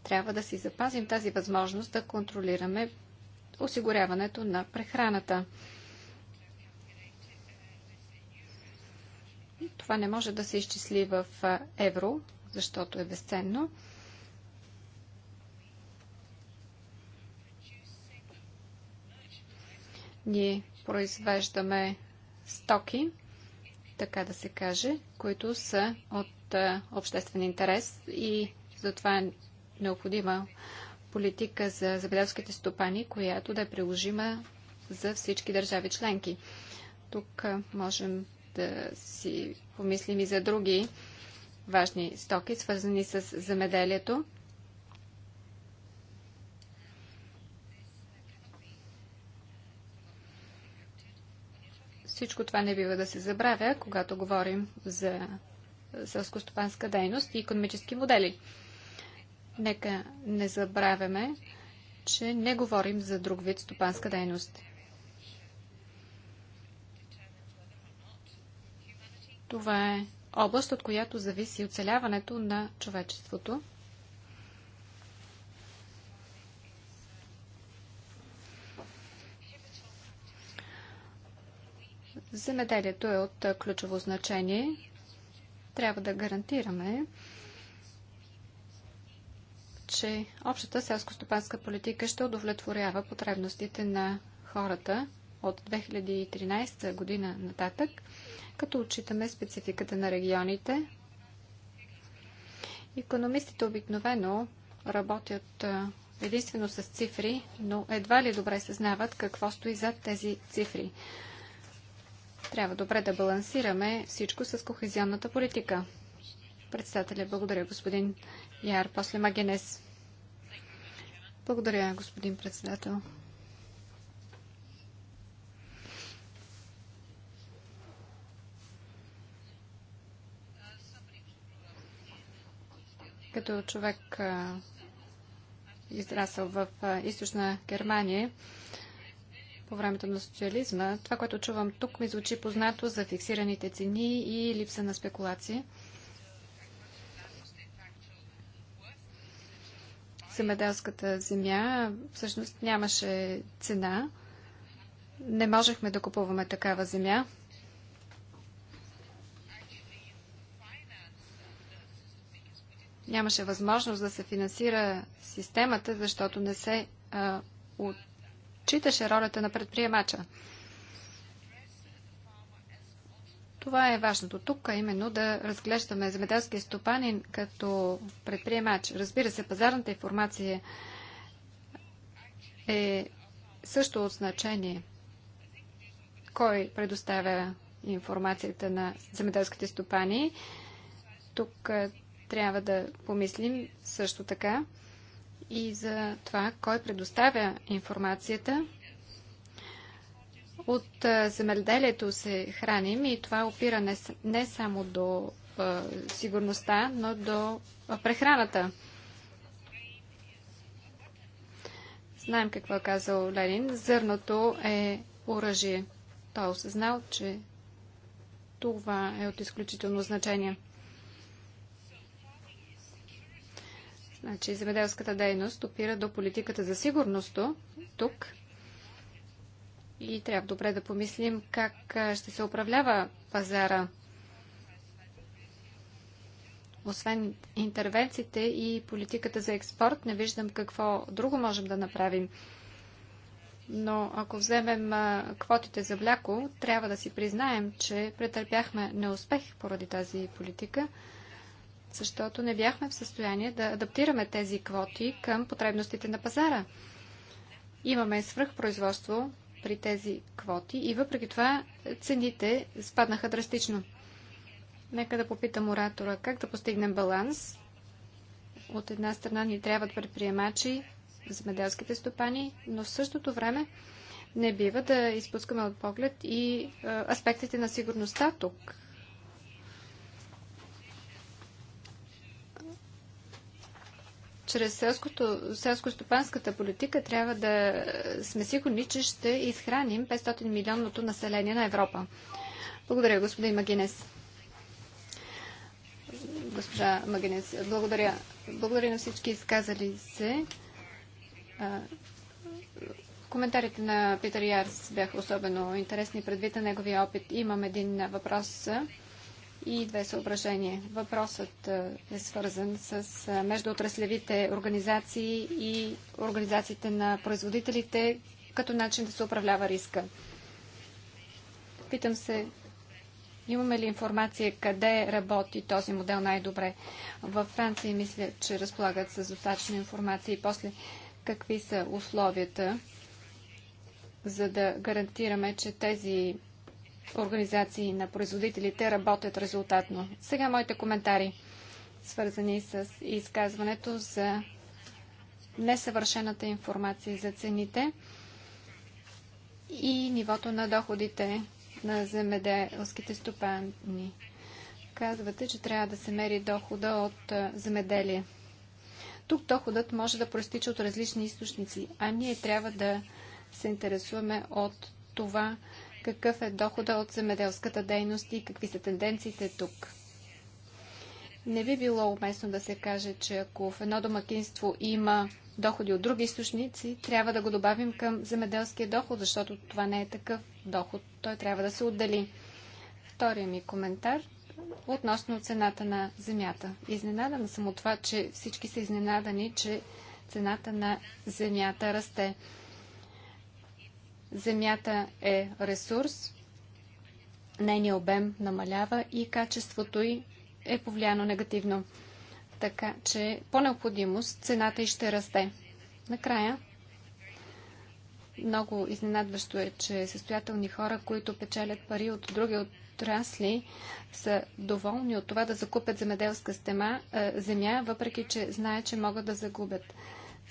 Трябва да си запазим тази възможност да контролираме осигуряването на прехраната. Това не може да се изчисли в евро, защото е безценно. Ние произвеждаме стоки, така да се каже, които са от обществен интерес и затова е необходима политика за земеделските стопани, която да е приложима за всички държави членки. Тук можем да си помислим и за други важни стоки, свързани с земеделието. Всичко това не бива да се забравя, когато говорим за сълскостопанска дейност и економически модели. Нека не забравяме, че не говорим за друг вид стопанска дейност. Това е област, от която зависи оцеляването на човечеството. Земеделието е от ключово значение. Трябва да гарантираме, че общата селско-стопанска политика ще удовлетворява потребностите на хората от 2013 година нататък като отчитаме спецификата на регионите. Економистите обикновено работят единствено с цифри, но едва ли добре съзнават какво стои зад тези цифри. Трябва добре да балансираме всичко с кохезионната политика. Председателя, благодаря господин Яр, после Магенес. Благодаря, господин председател. Като човек израсъл в източна Германия, по времето на социализма, това, което чувам тук, ми звучи познато за фиксираните цени и липса на спекулации. земеделската земя всъщност нямаше цена. Не можехме да купуваме такава земя. нямаше възможност да се финансира системата, защото не се а, отчиташе ролята на предприемача. Това е важното тук, а именно да разглеждаме земеделския стопанин като предприемач. Разбира се, пазарната информация е също от значение. Кой предоставя информацията на земеделските стопани? Тук трябва да помислим също така и за това, кой предоставя информацията. От земеделието се храним и това опира не, не само до е, сигурността, но до прехраната. Знаем какво е казал Ленин. Зърното е оръжие. Той е осъзнал, че това е от изключително значение. Значи, земеделската дейност опира до политиката за сигурност тук и трябва добре да помислим как ще се управлява пазара. Освен интервенциите и политиката за експорт, не виждам какво друго можем да направим. Но ако вземем квотите за мляко, трябва да си признаем, че претърпяхме неуспех поради тази политика – защото не бяхме в състояние да адаптираме тези квоти към потребностите на пазара. Имаме свръхпроизводство при тези квоти и въпреки това цените спаднаха драстично. Нека да попитам оратора как да постигнем баланс. От една страна ни трябват предприемачи, земеделските стопани, но в същото време не бива да изпускаме от поглед и аспектите на сигурността тук. чрез селското, селско-стопанската политика трябва да е, сме сигурни, че ще изхраним 500 милионното население на Европа. Благодаря, господин Магинес. Госпожа Магинес, благодаря. Благодаря на всички изказали се. Коментарите на Питър Ярс бяха особено интересни предвид на неговия опит. Имам един въпрос. Въпрос и две съображения. Въпросът е, е свързан с е, междуотраслевите организации и организациите на производителите като начин да се управлява риска. Питам се, имаме ли информация къде работи този модел най-добре? Във Франция мисля, че разполагат с достатъчно информация и после какви са условията, за да гарантираме, че тези организации на производителите работят резултатно. Сега моите коментари, свързани с изказването за несъвършената информация за цените и нивото на доходите на земеделските стопани. Казвате, че трябва да се мери дохода от земеделие. Тук доходът може да проистича от различни източници, а ние трябва да се интересуваме от това, какъв е дохода от земеделската дейност и какви са тенденциите тук. Не би било уместно да се каже, че ако в едно домакинство има доходи от други източници, трябва да го добавим към земеделския доход, защото това не е такъв доход. Той трябва да се отдели. Втория ми коментар относно цената на земята. Изненадана съм от това, че всички са изненадани, че цената на земята расте. Земята е ресурс, нейният обем намалява и качеството й е повлияно негативно. Така че по необходимост цената й ще расте. Накрая, много изненадващо е, че състоятелни хора, които печелят пари от други отрасли, са доволни от това да закупят земеделска стема, е, земя, въпреки че знаят, че могат да загубят.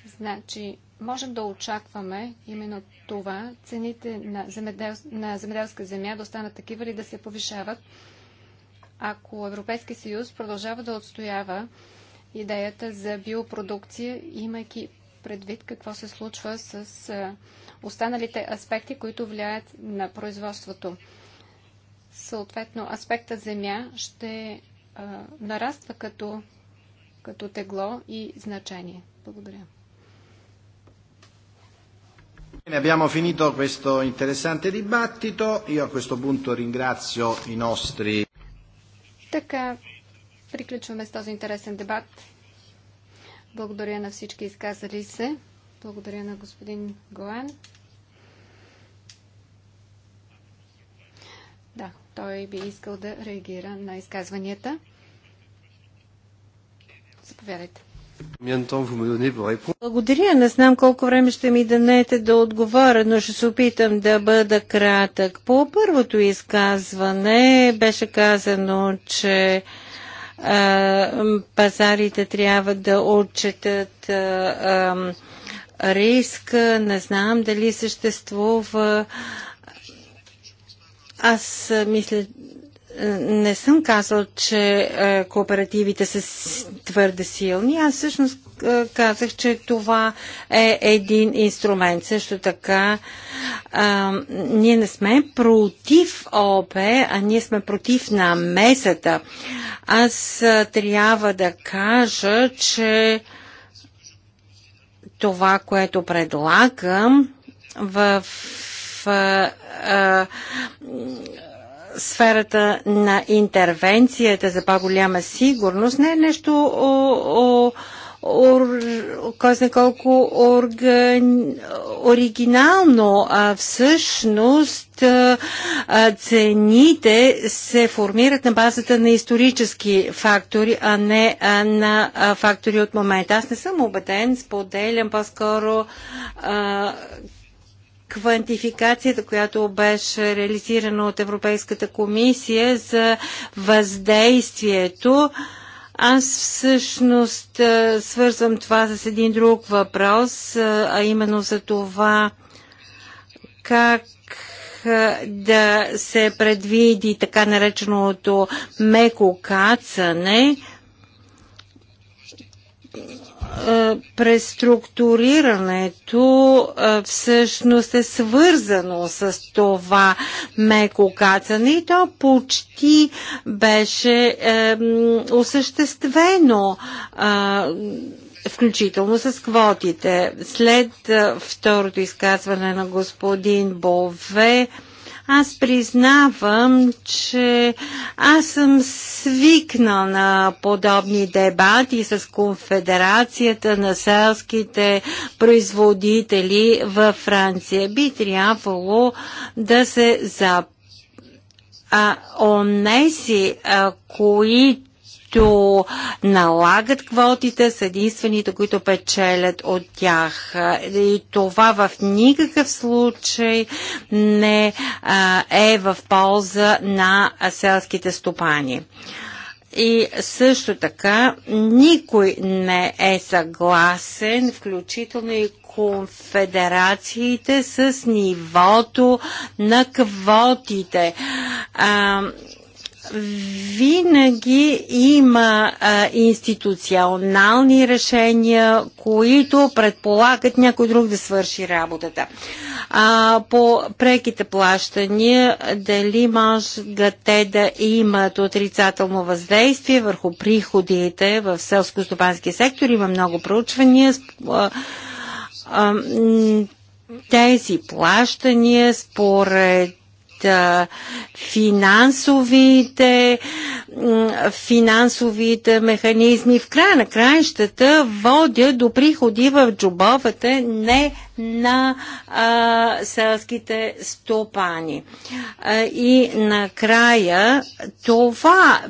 Значи, можем да очакваме именно това, цените на, земедел, на земеделска земя да останат такива или да се повишават, ако Европейски съюз продължава да отстоява идеята за биопродукция, имайки предвид какво се случва с останалите аспекти, които влияят на производството. Съответно, аспекта земя ще а, нараства като, като тегло и значение. Благодаря. Bene, Abbiamo finito questo interessante dibattito. Io a questo punto ringrazio i nostri. Така, приключваме с този интересен дебат. Благодаря на всички изказали се. Благодаря на господин Гоан. Да, той би искал да реагира на изказванията. Заповядайте. Благодаря. Не знам колко време ще ми данете да отговоря, но ще се опитам да бъда кратък. По първото изказване беше казано, че а, пазарите трябва да отчетат а, а, риска. Не знам дали съществува. Аз мисля, не съм казал, че е, кооперативите са твърде силни. Аз всъщност е, казах, че това е един инструмент. Също така, а, е, ние не сме против ОП, а ние сме против намесата. Аз трябва да кажа, че това, което предлагам в а, а, сферата на интервенцията за по-голяма сигурност не е нещо о, о, кой знае колко орган, оригинално, а всъщност а, цените се формират на базата на исторически фактори, а не а, на а, фактори от момента. Аз не съм убеден, споделям по-скоро квантификацията, която беше реализирана от Европейската комисия за въздействието. Аз всъщност свързвам това с един друг въпрос, а именно за това как да се предвиди така нареченото меко кацане преструктурирането всъщност е свързано с това меко кацане и то почти беше осъществено. включително с квотите. След второто изказване на господин Бове, аз признавам, че аз съм свикнал на подобни дебати с Конфедерацията на селските производители във Франция. Би трябвало да се за а онези, а, които които налагат квотите, са единствените, които печелят от тях. И това в никакъв случай не е в полза на селските стопани. И също така никой не е съгласен, включително и конфедерациите с нивото на квотите. А, винаги има а, институционални решения, които предполагат някой друг да свърши работата. А, по преките плащания, дали може да те да имат отрицателно въздействие върху приходите в селско-стопанския сектор? Има много проучвания. А, а, тези плащания според финансовите, финансовите механизми в края на краищата водят до приходи в джобовете не на а, селските стопани. А, и накрая това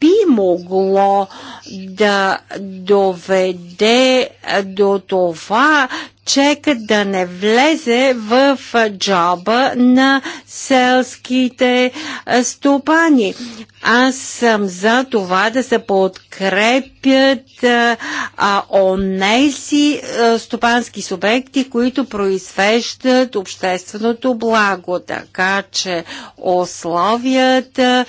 би могло да доведе до това, чека да не влезе в джоба на селските стопани. Аз съм за това да се подкрепя подкрепят а, онези а, стопански субекти, които произвеждат общественото благо. Така че условията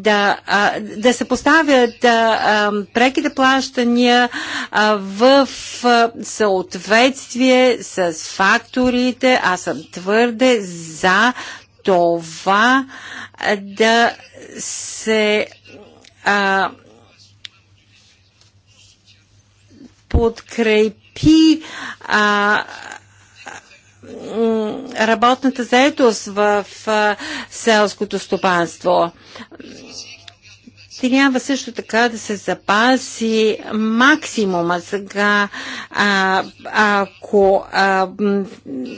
да, а, да се поставят а, а, преките плащания а, в а, съответствие с факторите. Аз съм твърде за това да се а, подкрепи а, работната заетост в а, селското стопанство. Трябва също така да се запаси максимума. Сега, а, ако а,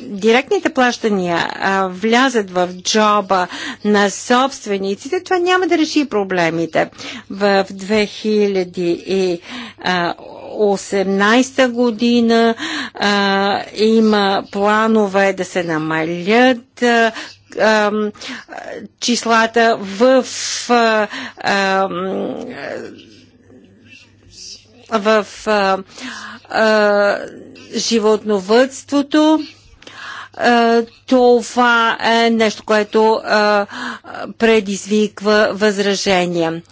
директните плащания а, влязат в джоба на собствениците, това няма да реши проблемите. В 2000 и, а, 2018 година а, има планове да се намалят а, а, числата в а, а, в а, а, животновътството това е нещо, което предизвиква възражения.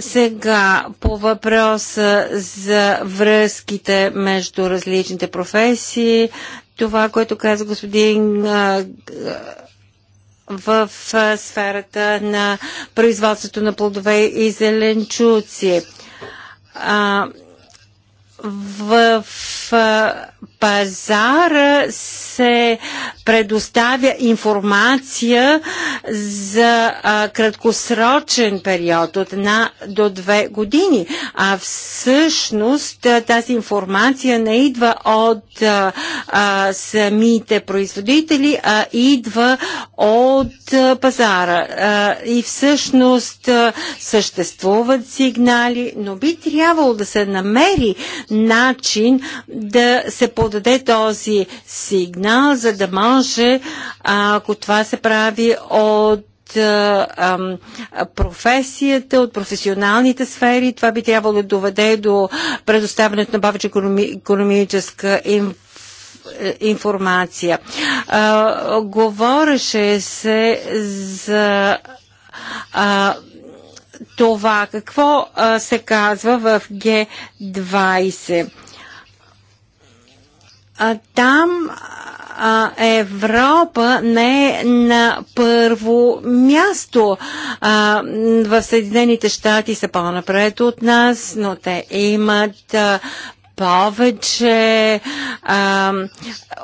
Сега по въпроса за връзките между различните професии, това, което каза господин в сферата на производството на плодове и зеленчуци. В пазара се предоставя информация за а, краткосрочен период от една до две години, а всъщност тази информация не идва от а, а, самите производители, а идва от а, пазара. А, и всъщност а, съществуват сигнали, но би трябвало да се намери начин да се се подаде този сигнал, за да може, ако това се прави от професията, от професионалните сфери. Това би трябвало да доведе до предоставянето на повече економическа информация говореше се за това какво се казва в Г20 там а, Европа не е на първо място. А, в Съединените щати са по-напред от нас, но те имат а, повече а,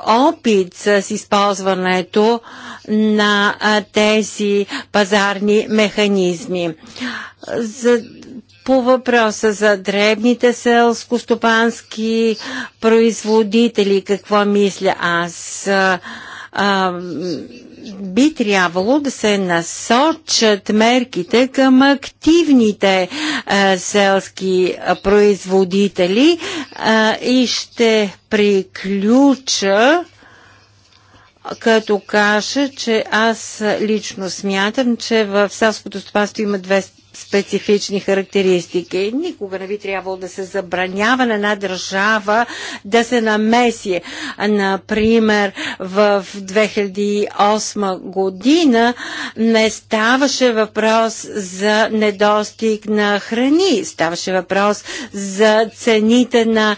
опит с използването на а, тези пазарни механизми. За, по въпроса за дребните селско-стопански производители, какво мисля аз? А, а, би трябвало да се насочат мерките към активните а, селски а, производители а, и ще приключа като кажа, че аз лично смятам, че в селското стопанство има 200 специфични характеристики. Никога не би трябвало да се забранява на една държава да се намеси. Например, в 2008 година не ставаше въпрос за недостиг на храни, ставаше въпрос за цените на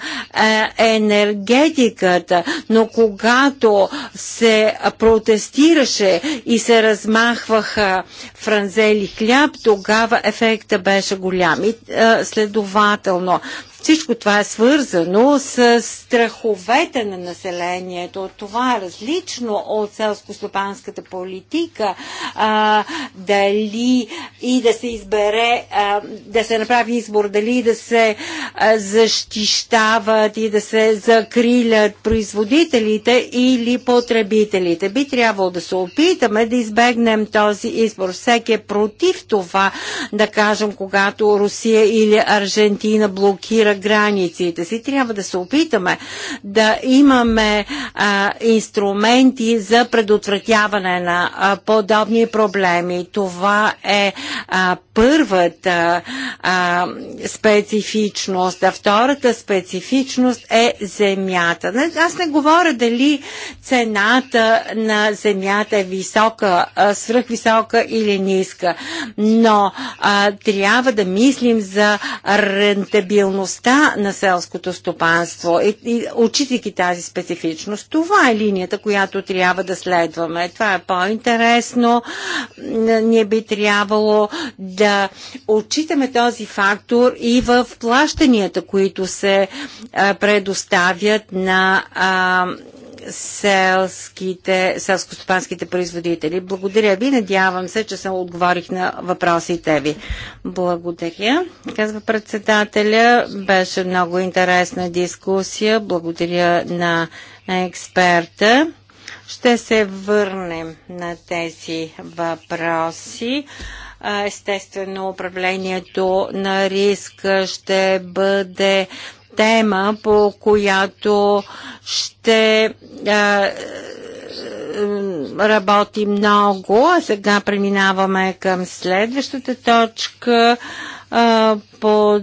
е, енергетиката, но когато се протестираше и се размахваха франзели хляб, тогава ефекта беше голям. И, следователно, всичко това е свързано с страховете на населението. Това е различно от селско-стопанската политика. А, дали и да се избере, а, да се направи избор, дали да се а, защищават и да се закрилят производителите или потребителите. Би трябвало да се опитаме да избегнем този избор. Всеки е против това, да кажем, когато Русия или Аржентина блокира границите си. Трябва да се опитаме да имаме а, инструменти за предотвратяване на а, подобни проблеми. Това е а, първата а, специфичност, а втората специфичност е земята. Аз не говоря дали цената на земята е висока, свръхвисока или ниска, но а, трябва да мислим за рентабилност специфичността на селското стопанство и, и отчитайки тази специфичност. Това е линията, която трябва да следваме. Това е по-интересно. Ние би трябвало да отчитаме този фактор и в плащанията, които се а, предоставят на а, селските, стопанските производители. Благодаря ви. Надявам се, че съм отговорих на въпросите ви. Благодаря. Казва председателя. Беше много интересна дискусия. Благодаря на експерта. Ще се върнем на тези въпроси. Естествено, управлението на риска ще бъде тема, по която ще а, е, е, работи много. А сега преминаваме към следващата точка а, е, по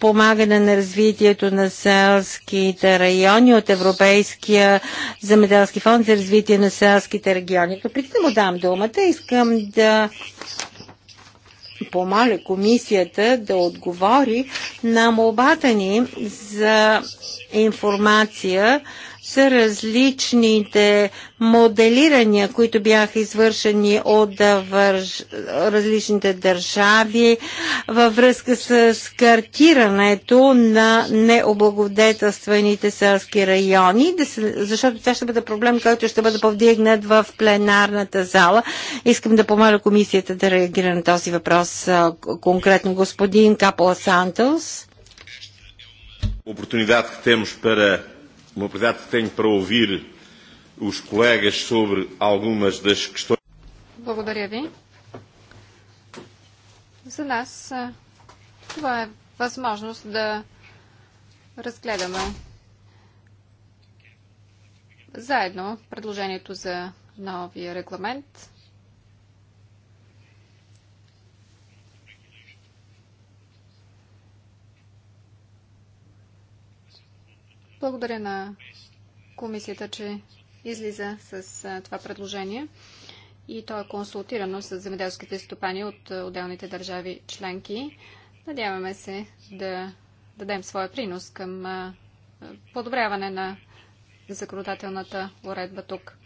помагане на развитието на селските райони от Европейския земеделски фонд за развитие на селските региони. Преди да му дам думата, искам да помоля комисията да отговори на молбата ни за информация са различните моделирания, които бяха извършени от върж... различните държави във връзка с картирането на необлагодетелстваните селски райони, защото това ще бъде проблем, който ще бъде повдигнат в пленарната зала. Искам да помоля комисията да реагира на този въпрос конкретно господин Капола Сантос. Oportunidade que temos para uma oportunidade que tenho para ouvir os colegas sobre algumas das questões. Благодаря ви. За нас това е възможност да разгледаме заедно предложението за новия регламент Благодаря на комисията, че излиза с това предложение и то е консултирано с земеделските стопани от отделните държави членки. Надяваме се да дадем своя принос към подобряване на законодателната уредба тук.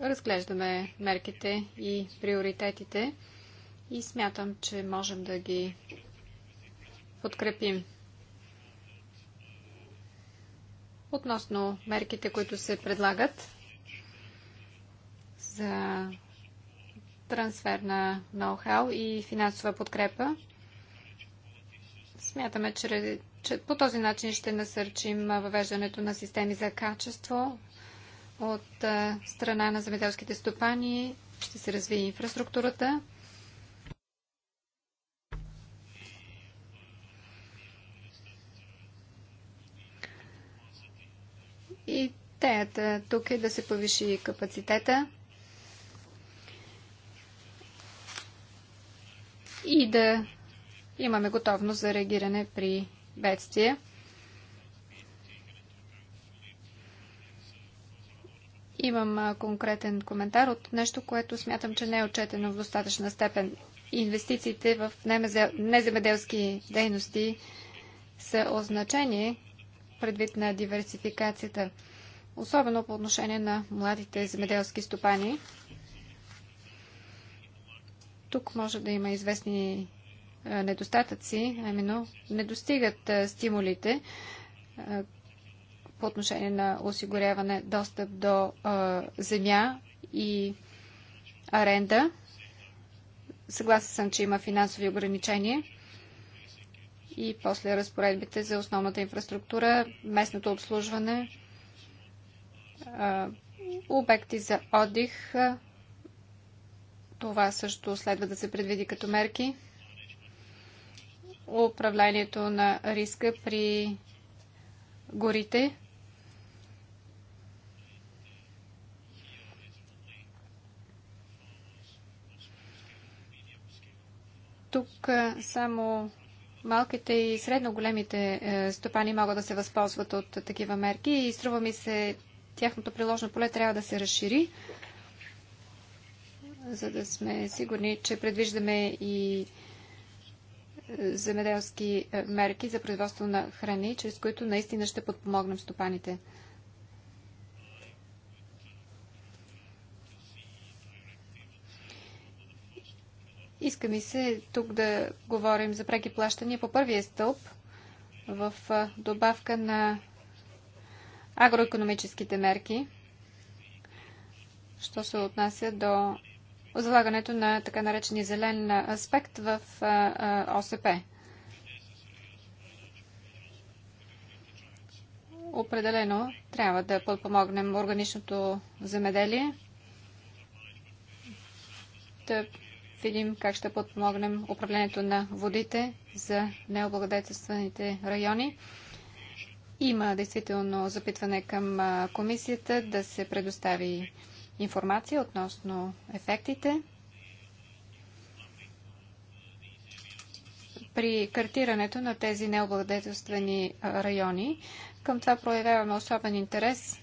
Разглеждаме мерките и приоритетите и смятам, че можем да ги подкрепим. относно мерките, които се предлагат за трансфер на ноу-хау и финансова подкрепа. Смятаме, че, че по този начин ще насърчим въвеждането на системи за качество от страна на земеделските стопани, ще се развие инфраструктурата. И теята тук е да се повиши капацитета и да имаме готовност за реагиране при бедствие. Имам конкретен коментар от нещо, което смятам, че не е отчетено в достатъчна степен. Инвестициите в неземеделски дейности са от предвид на диверсификацията, особено по отношение на младите земеделски стопани. Тук може да има известни недостатъци, а именно не достигат стимулите по отношение на осигуряване достъп до земя и аренда. Съгласен съм, че има финансови ограничения и после разпоредбите за основната инфраструктура, местното обслужване, обекти за отдих. Това също следва да се предвиди като мерки. Управлението на риска при горите. Тук само малките и средно големите е, стопани могат да се възползват от такива мерки и струва ми се, тяхното приложно поле трябва да се разшири, за да сме сигурни, че предвиждаме и е, земеделски е, мерки за производство на храни, чрез които наистина ще подпомогнем стопаните. Иска ми се тук да говорим за преки плащания по първия стълб в добавка на агроекономическите мерки, що се отнася до залагането на така наречения зелен аспект в ОСП. Определено трябва да подпомогнем органичното земеделие, да видим как ще подпомогнем управлението на водите за необлагодетелстваните райони. Има действително запитване към комисията да се предостави информация относно ефектите. При картирането на тези необлагодетелствани райони към това проявяваме особен интерес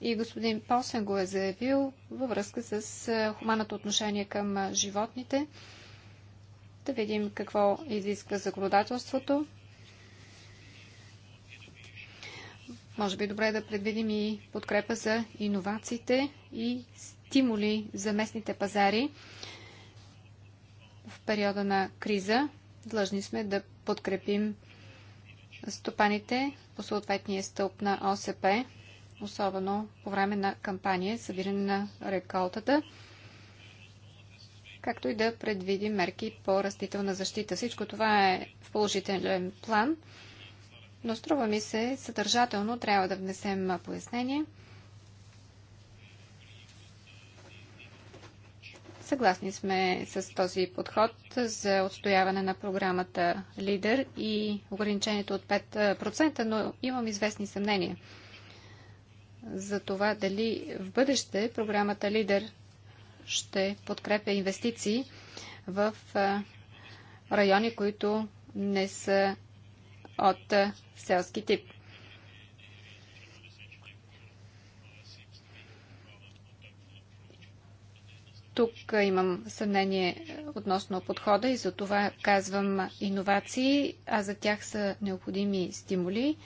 и господин Посен го е заявил във връзка с хуманното отношение към животните. Да видим какво изисква законодателството. Може би добре да предвидим и подкрепа за иновациите и стимули за местните пазари в периода на криза. Длъжни сме да подкрепим стопаните по съответния стълб на ОСП особено по време на кампания, събиране на реколтата, както и да предвиди мерки по растителна защита. Всичко това е в положителен план, но струва ми се, съдържателно трябва да внесем пояснение. Съгласни сме с този подход за отстояване на програмата Лидер и ограничението от 5%, но имам известни съмнения – за това дали в бъдеще програмата Лидер ще подкрепя инвестиции в райони, които не са от селски тип. Тук имам съмнение относно подхода и за това казвам иновации, а за тях са необходими стимули.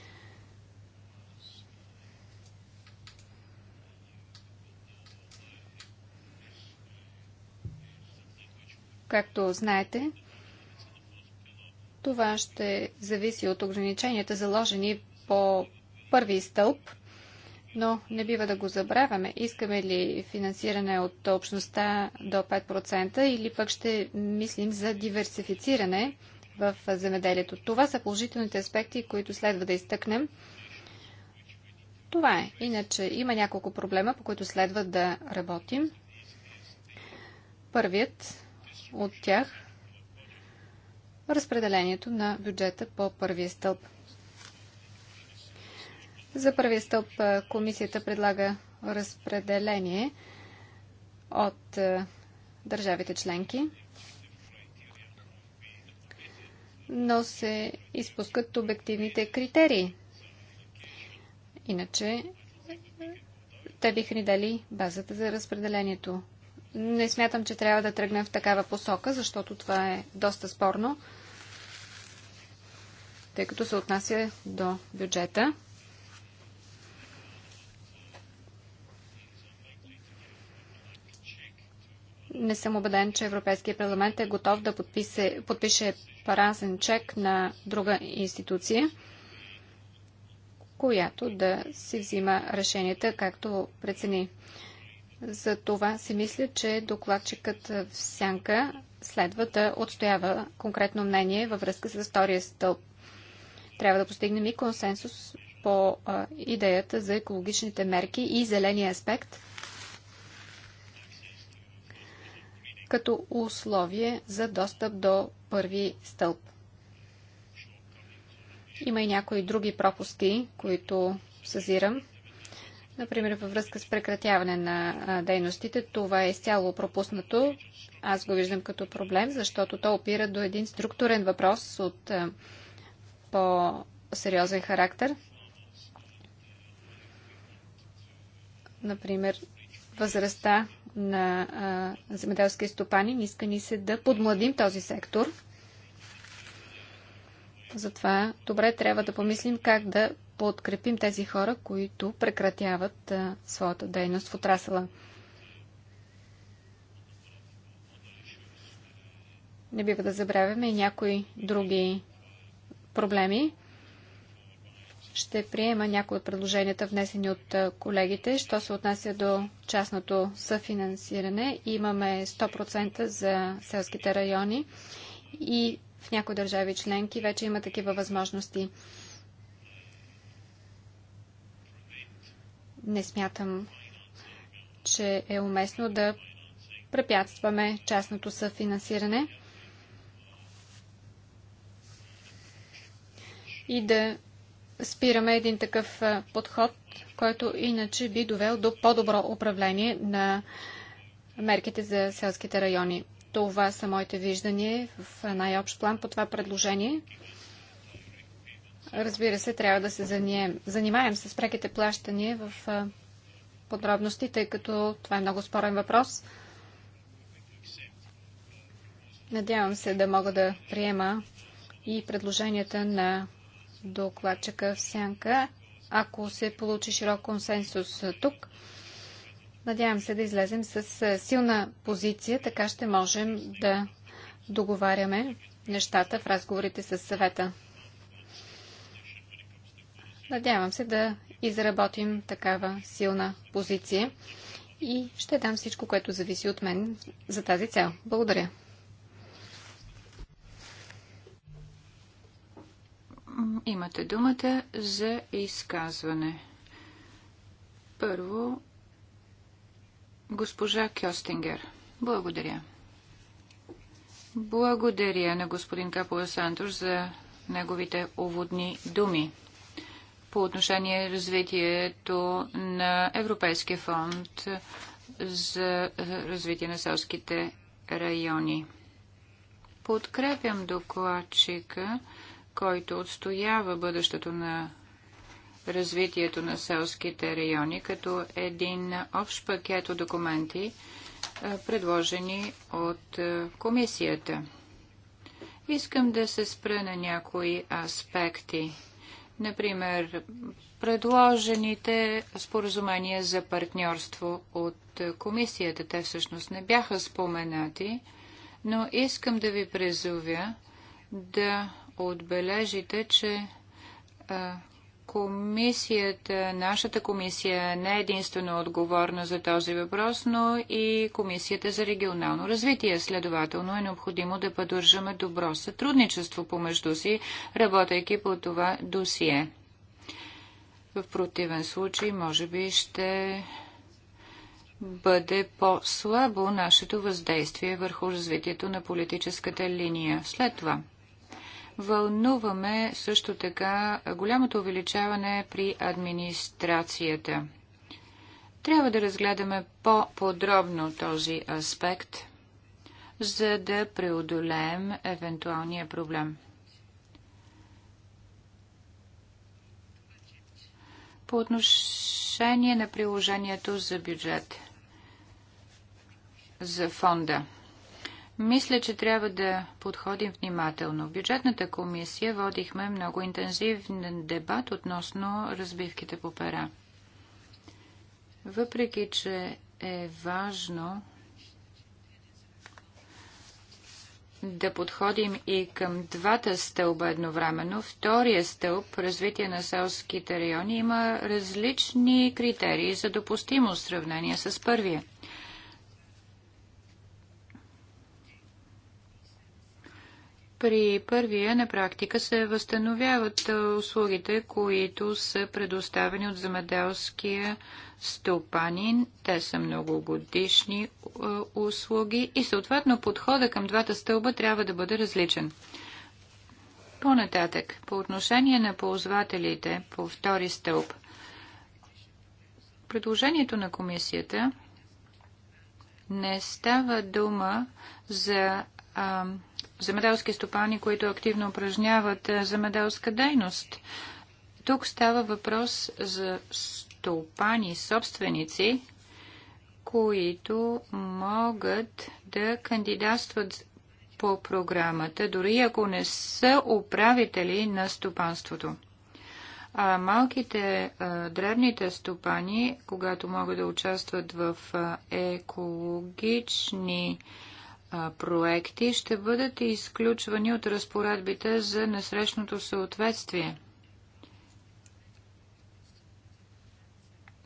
Както знаете, това ще зависи от ограниченията, заложени по първи стълб, но не бива да го забравяме. Искаме ли финансиране от общността до 5% или пък ще мислим за диверсифициране в земеделието. Това са положителните аспекти, които следва да изтъкнем. Това е. Иначе има няколко проблема, по които следва да работим. Първият от тях разпределението на бюджета по първия стълб. За първия стълб комисията предлага разпределение от държавите членки, но се изпускат обективните критерии. Иначе те биха ни дали базата за разпределението. Не смятам, че трябва да тръгнем в такава посока, защото това е доста спорно, тъй като се отнася до бюджета. Не съм убеден, че Европейския парламент е готов да подпише, подпише паразен чек на друга институция, която да си взима решенията както прецени. За това си мисля, че докладчикът в сянка следва да отстоява конкретно мнение във връзка с втория стълб. Трябва да постигнем и консенсус по а, идеята за екологичните мерки и зеления аспект като условие за достъп до първи стълб. Има и някои други пропуски, които съзирам. Например, във връзка с прекратяване на дейностите, това е изцяло пропуснато. Аз го виждам като проблем, защото то опира до един структурен въпрос от по-сериозен характер. Например, възрастта на земеделски стопани, иска ни се да подмладим този сектор – затова добре трябва да помислим как да подкрепим тези хора, които прекратяват а, своята дейност в отрасъла. Не бива да забравяме и някои други проблеми. Ще приема някои от предложенията, внесени от колегите. Що се отнася до частното съфинансиране, имаме 100% за селските райони и в някои държави членки вече има такива възможности. Не смятам, че е уместно да препятстваме частното съфинансиране и да спираме един такъв подход, който иначе би довел до по-добро управление на мерките за селските райони. Това са моите виждания в най-общ план по това предложение. Разбира се, трябва да се занием, занимаем с преките плащания в подробности, тъй като това е много спорен въпрос. Надявам се да мога да приема и предложенията на докладчика в сянка, ако се получи широк консенсус тук. Надявам се да излезем с е, силна позиция, така ще можем да договаряме нещата в разговорите с съвета. Надявам се да изработим такава силна позиция и ще дам всичко, което зависи от мен за тази цел. Благодаря. Имате думата за изказване. Първо Госпожа Кьостингер, благодаря. Благодаря на господин Капола Сантош за неговите уводни думи по отношение развитието на Европейския фонд за развитие на селските райони. Подкрепям докладчика, който отстоява бъдещето на развитието на селските райони като един общ пакет от документи, предложени от комисията. Искам да се спра на някои аспекти. Например, предложените споразумения за партньорство от комисията. Те всъщност не бяха споменати, но искам да ви призовя да отбележите, че комисията, нашата комисия не е единствено отговорна за този въпрос, но и комисията за регионално развитие. Следователно е необходимо да поддържаме добро сътрудничество помежду си, работейки по това досие. В противен случай, може би, ще бъде по-слабо нашето въздействие върху развитието на политическата линия. След това, Вълнуваме също така голямото увеличаване при администрацията. Трябва да разгледаме по-подробно този аспект, за да преодолеем евентуалния проблем. По отношение на приложението за бюджет за фонда – мисля, че трябва да подходим внимателно. В бюджетната комисия водихме много интензивен дебат относно разбивките по пера. Въпреки, че е важно да подходим и към двата стълба едновременно. Втория стълб, развитие на селските райони, има различни критерии за допустимо в сравнение с първия. При първия на практика се възстановяват услугите, които са предоставени от замеделския стопанин. Те са многогодишни услуги и съответно подхода към двата стълба трябва да бъде различен. По-нататък, по отношение на ползвателите по втори стълб, предложението на комисията не става дума за а, земеделски стопани, които активно упражняват е, земеделска дейност. Тук става въпрос за стопани, собственици, които могат да кандидатстват по програмата, дори ако не са управители на стопанството. А малките, древните стопани, когато могат да участват в екологични а, проекти ще бъдат изключвани от разпоредбите за насрещното съответствие.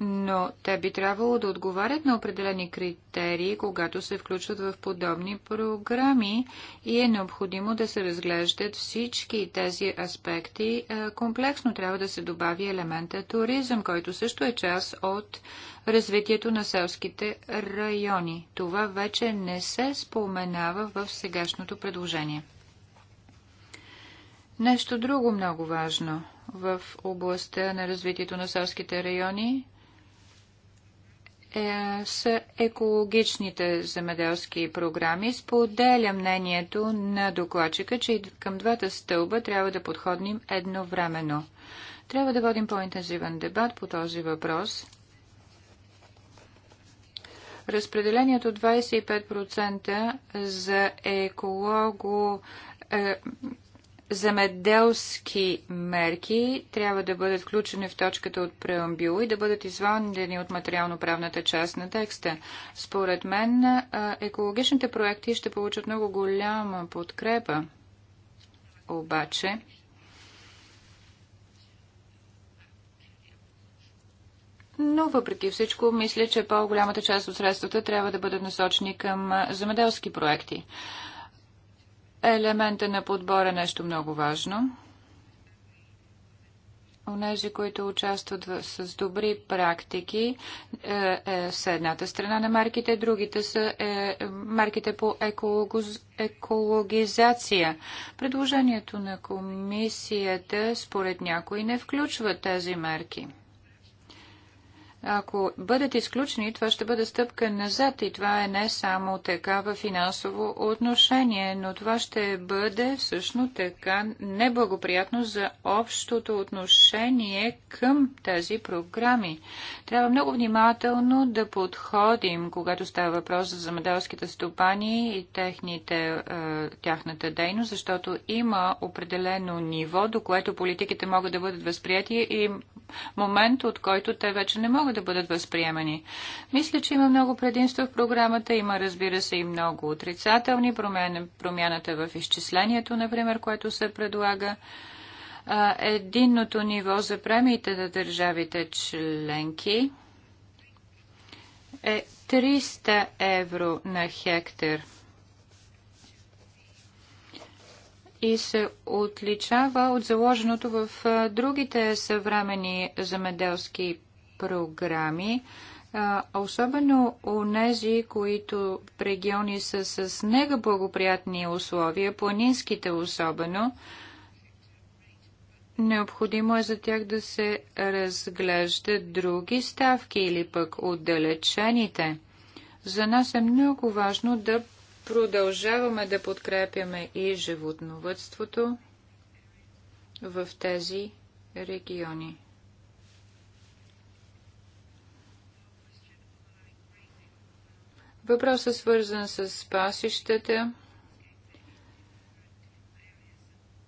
Но те би трябвало да отговарят на определени критерии, когато се включват в подобни програми и е необходимо да се разглеждат всички тези аспекти. Комплексно трябва да се добави елемента туризъм, който също е част от развитието на селските райони. Това вече не се споменава в сегашното предложение. Нещо друго много важно в областта на развитието на селските райони е, са екологичните земеделски програми. Споделя мнението на докладчика, че към двата стълба трябва да подходим едновременно. Трябва да водим по-интензивен дебат по този въпрос – Разпределението 25% за еколого е, земеделски мерки трябва да бъдат включени в точката от преамбюл и да бъдат извънени от материално-правната част на текста. Според мен е, екологичните проекти ще получат много голяма подкрепа. Обаче, но въпреки всичко мисля, че по-голямата част от средствата трябва да бъдат насочени към земеделски проекти. Елемента на подбор е нещо много важно. Онези, които участват в, с добри практики, е, е, са едната страна на марките, другите са е, марките по екологоз, екологизация. Предложението на комисията, според някои, не включва тези мерки. Ако бъдат изключени, това ще бъде стъпка назад и това е не само така в финансово отношение, но това ще бъде всъщност така неблагоприятно за общото отношение към тези програми. Трябва много внимателно да подходим, когато става въпрос за замеделските стопани и техните, е, тяхната дейност, защото има определено ниво, до което политиките могат да бъдат възприяти и момент, от който те вече не могат да бъдат възприемани. Мисля, че има много предимства в програмата. Има, разбира се, и много отрицателни. Промяна, промяната в изчислението, например, което се предлага единното ниво за премиите на държавите членки е 300 евро на хектар и се отличава от заложеното в другите съвремени замеделски програми, особено у нези, които в региони са с благоприятни условия, планинските особено, необходимо е за тях да се разглеждат други ставки или пък отдалечените. За нас е много важно да продължаваме да подкрепяме и животновътството в тези региони. Въпросът е свързан с пасищата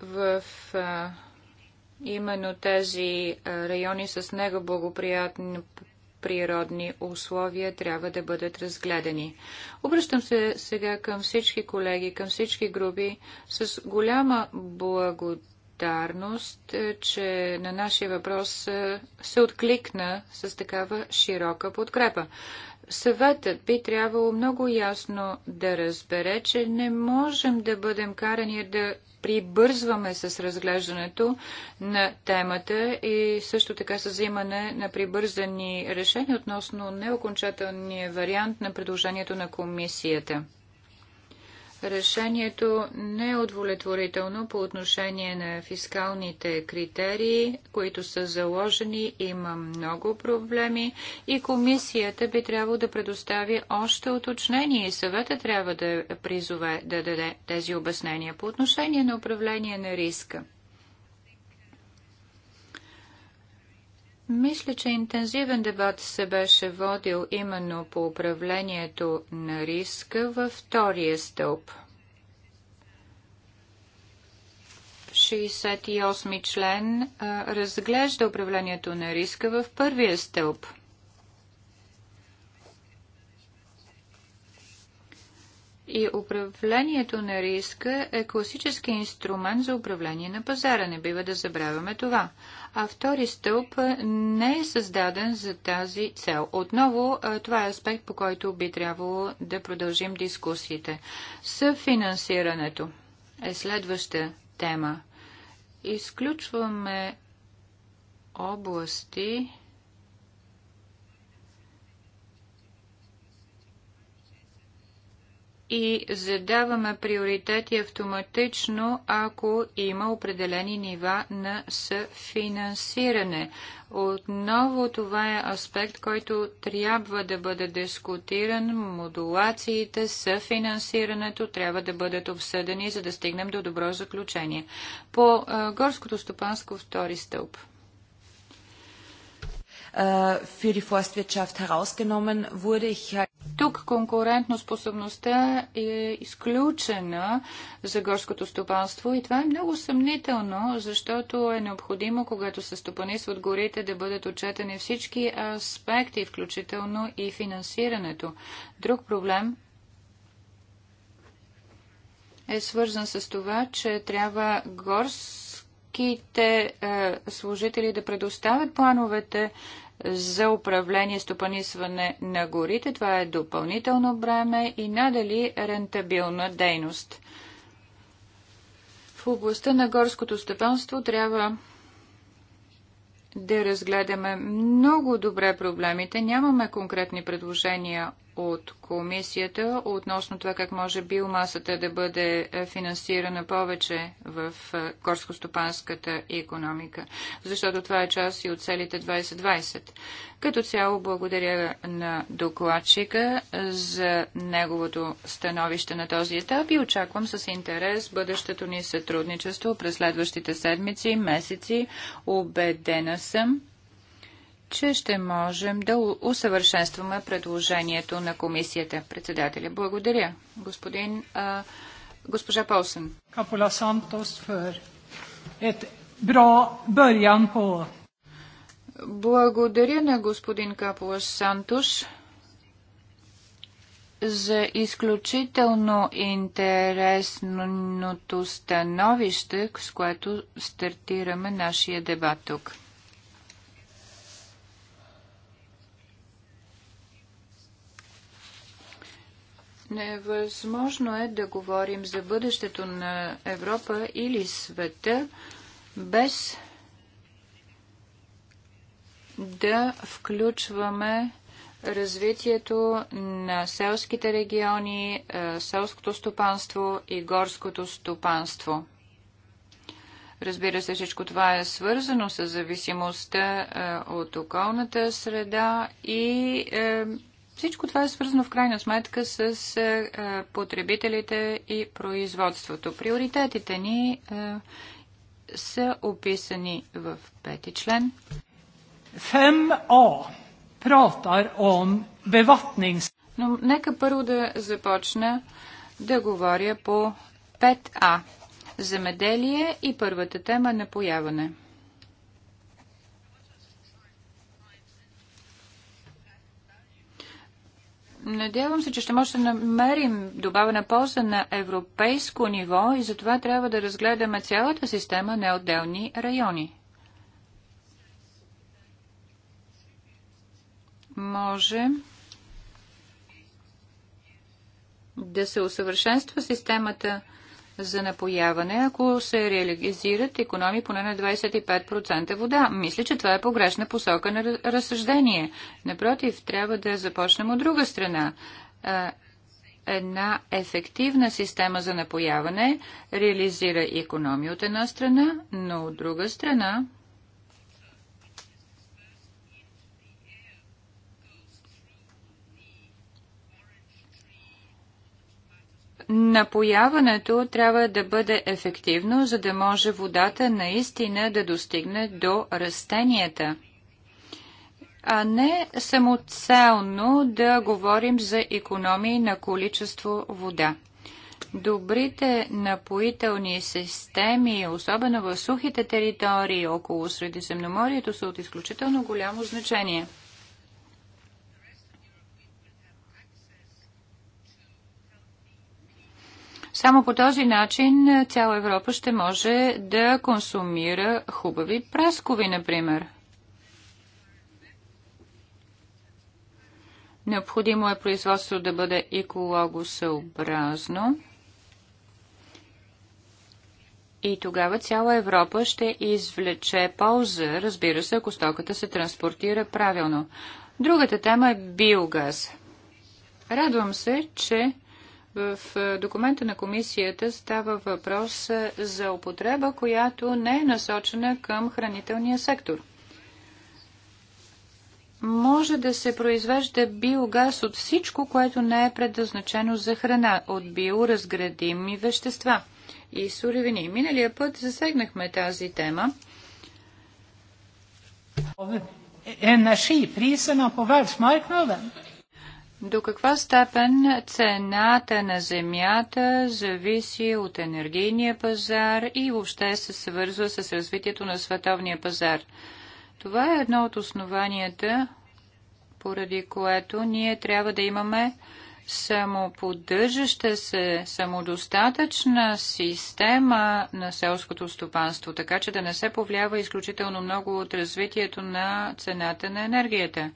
в а, именно тези райони с него благоприятни природни условия трябва да бъдат разгледани. Обръщам се сега към всички колеги, към всички групи с голяма благодарност, е, че на нашия въпрос е, се откликна с такава широка подкрепа. Съветът би трябвало много ясно да разбере, че не можем да бъдем карани да прибързваме с разглеждането на темата и също така с взимане на прибързани решения относно неокончателния вариант на предложението на комисията решението не е удовлетворително по отношение на фискалните критерии, които са заложени. Има много проблеми и комисията би трябвало да предостави още уточнение и съвета трябва да призове да даде тези обяснения по отношение на управление на риска. Мисля, че интензивен дебат се беше водил именно по управлението на риска във втория стълб. 68 член а, разглежда управлението на риска в първия стълб. И управлението на риска е класически инструмент за управление на пазара. Не бива да забравяме това. А втори стълб не е създаден за тази цел. Отново, това е аспект, по който би трябвало да продължим дискусиите. Съфинансирането е следваща тема. Изключваме области, и задаваме приоритети автоматично, ако има определени нива на съфинансиране. Отново това е аспект, който трябва да бъде дискутиран. Модулациите, съфинансирането трябва да бъдат обсъдени, за да стигнем до добро заключение. По горското стопанско втори стълб – Äh, für die Forstwirtschaft herausgenommen wurde. Ich тук конкурентноспособността е изключена за горското стопанство и това е много съмнително, защото е необходимо, когато се от горите, да бъдат отчетени всички аспекти, включително и финансирането. Друг проблем е свързан с това, че трябва горските е, служители да предоставят плановете за управление и стопанисване на горите. Това е допълнително бреме и надали рентабилна дейност. В областта на горското стопанство трябва да разгледаме много добре проблемите. Нямаме конкретни предложения от комисията относно това как може биомасата да бъде е, финансирана повече в е, горско-стопанската економика, защото това е част и от целите 2020. Като цяло благодаря на докладчика е, за неговото становище на този етап и очаквам с интерес бъдещето ни сътрудничество през следващите седмици, месеци. Обедена съм, че ще можем да усъвършенстваме предложението на комисията. Председателя, благодаря. Господин, а, госпожа Полсен. Капула Сантос фър ет бро бърян по. Благодаря на господин Капула Сантос за изключително интересното становище, с което стартираме нашия дебат тук. Невъзможно е да говорим за бъдещето на Европа или света без да включваме развитието на селските региони, е, селското стопанство и горското стопанство. Разбира се, всичко това е свързано с зависимостта е, от околната среда и е, всичко това е свързано в крайна сметка с е, е, потребителите и производството. Приоритетите ни е, са описани в пети член. 5А пратар om bevattnings... Но нека първо да започна да говоря по 5А. Земеделие и първата тема напояване. Надявам се, че ще може да намерим добавена полза на европейско ниво и затова трябва да разгледаме цялата система на отделни райони. Може да се усъвършенства системата за напояване, ако се реализират економи поне на 25% вода. Мисля, че това е погрешна посока на разсъждение. Напротив, трябва да започнем от друга страна една ефективна система за напояване реализира економи от една страна, но от друга страна Напояването трябва да бъде ефективно, за да може водата наистина да достигне до растенията, а не самоцелно да говорим за економии на количество вода. Добрите напоителни системи, особено в сухите територии около Средиземноморието, са от изключително голямо значение – Само по този начин е, цяла Европа ще може да консумира хубави праскови, например. Необходимо е производство да бъде екологосъобразно. И тогава цяла Европа ще извлече полза, разбира се, ако стоката се транспортира правилно. Другата тема е биогаз. Радвам се, че в е, документа на комисията става въпрос е, за употреба, която не е насочена към хранителния сектор. Може да се произвежда биогаз от всичко, което не е предназначено за храна, от биоразградими вещества и суровини. Миналия път засегнахме тази тема. Energipriserna på världsmarknaden до каква степен цената на земята зависи от енергийния пазар и въобще се свързва с развитието на световния пазар? Това е едно от основанията, поради което ние трябва да имаме самоподдържаща се, самодостатъчна система на селското стопанство, така че да не се повлиява изключително много от развитието на цената на енергията.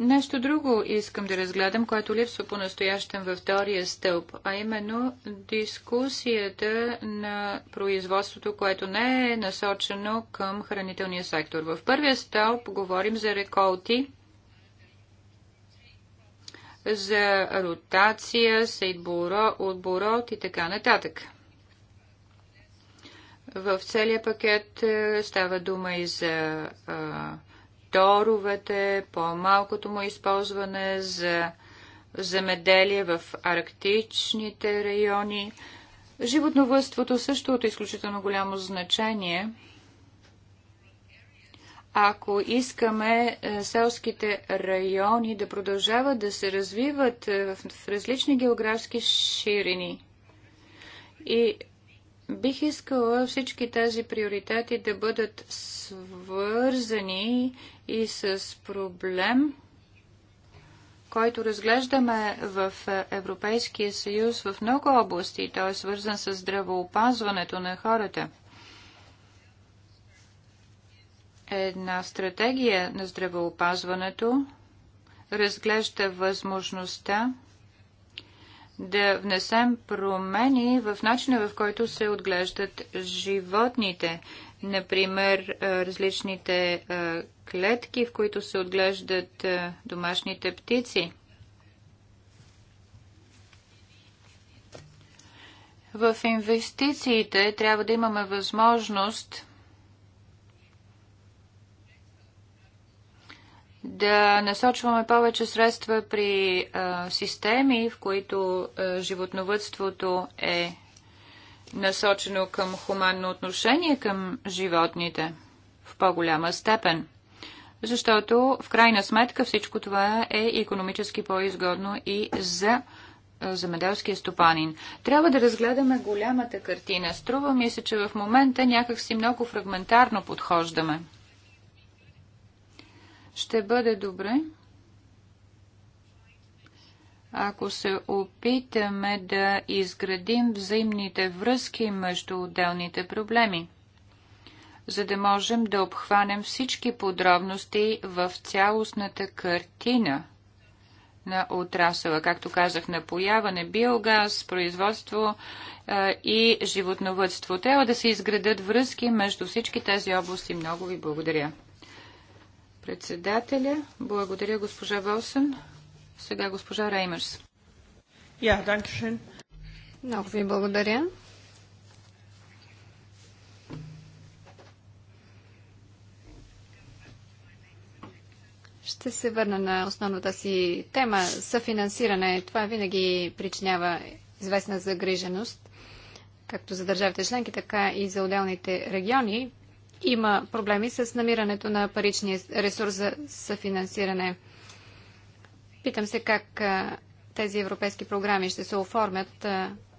Нещо друго искам да разгледам, което липсва по-настоящем във втория стълб, а именно дискусията на производството, което не е насочено към хранителния сектор. В първия стълб говорим за реколти, за ротация, сейдборо, отборот и така нататък. В целия пакет е, става дума и за а, торовете, по-малкото му използване за земеделие в арктичните райони. Животновътството също е от изключително голямо значение. Ако искаме е, селските райони да продължават да се развиват е, в различни географски ширини, и Бих искала всички тези приоритети да бъдат свързани и с проблем, който разглеждаме в Европейския съюз в много области. Той е свързан с здравоопазването на хората. Една стратегия на здравеопазването разглежда възможността да внесем промени в начина, в който се отглеждат животните. Например, различните клетки, в които се отглеждат домашните птици. В инвестициите трябва да имаме възможност да насочваме повече средства при а, системи, в които а, животновътството е насочено към хуманно отношение към животните в по-голяма степен. Защото в крайна сметка всичко това е економически по-изгодно и за земеделския стопанин. Трябва да разгледаме голямата картина. Струва ми се, че в момента някакси много фрагментарно подхождаме ще бъде добре, ако се опитаме да изградим взаимните връзки между отделните проблеми, за да можем да обхванем всички подробности в цялостната картина на отрасъла, както казах, напояване, биогаз, производство е, и животновътство. Трябва да се изградат връзки между всички тези области. Много ви благодаря. Председателя. Благодаря, госпожа Волсен. Сега госпожа Реймерс. Я, yeah, Много ви благодаря. Ще се върна на основната си тема съфинансиране. Това винаги причинява известна загриженост, както за държавите членки, така и за отделните региони има проблеми с намирането на паричния ресурс за съфинансиране. Питам се как тези европейски програми ще се оформят,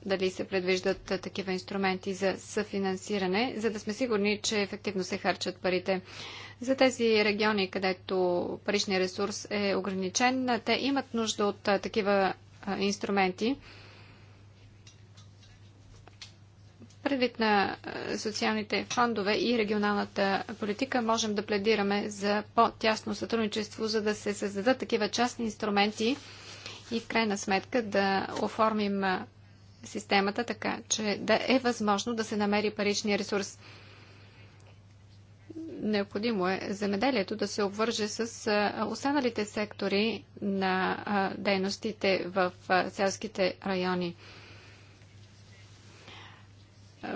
дали се предвиждат такива инструменти за съфинансиране, за да сме сигурни, че ефективно се харчат парите. За тези региони, където паричния ресурс е ограничен, те имат нужда от такива инструменти. Предвид на социалните фондове и регионалната политика можем да пледираме за по-тясно сътрудничество, за да се създадат такива частни инструменти и в крайна сметка да оформим системата така, че да е възможно да се намери паричния ресурс. Необходимо е земеделието да се обвърже с останалите сектори на дейностите в селските райони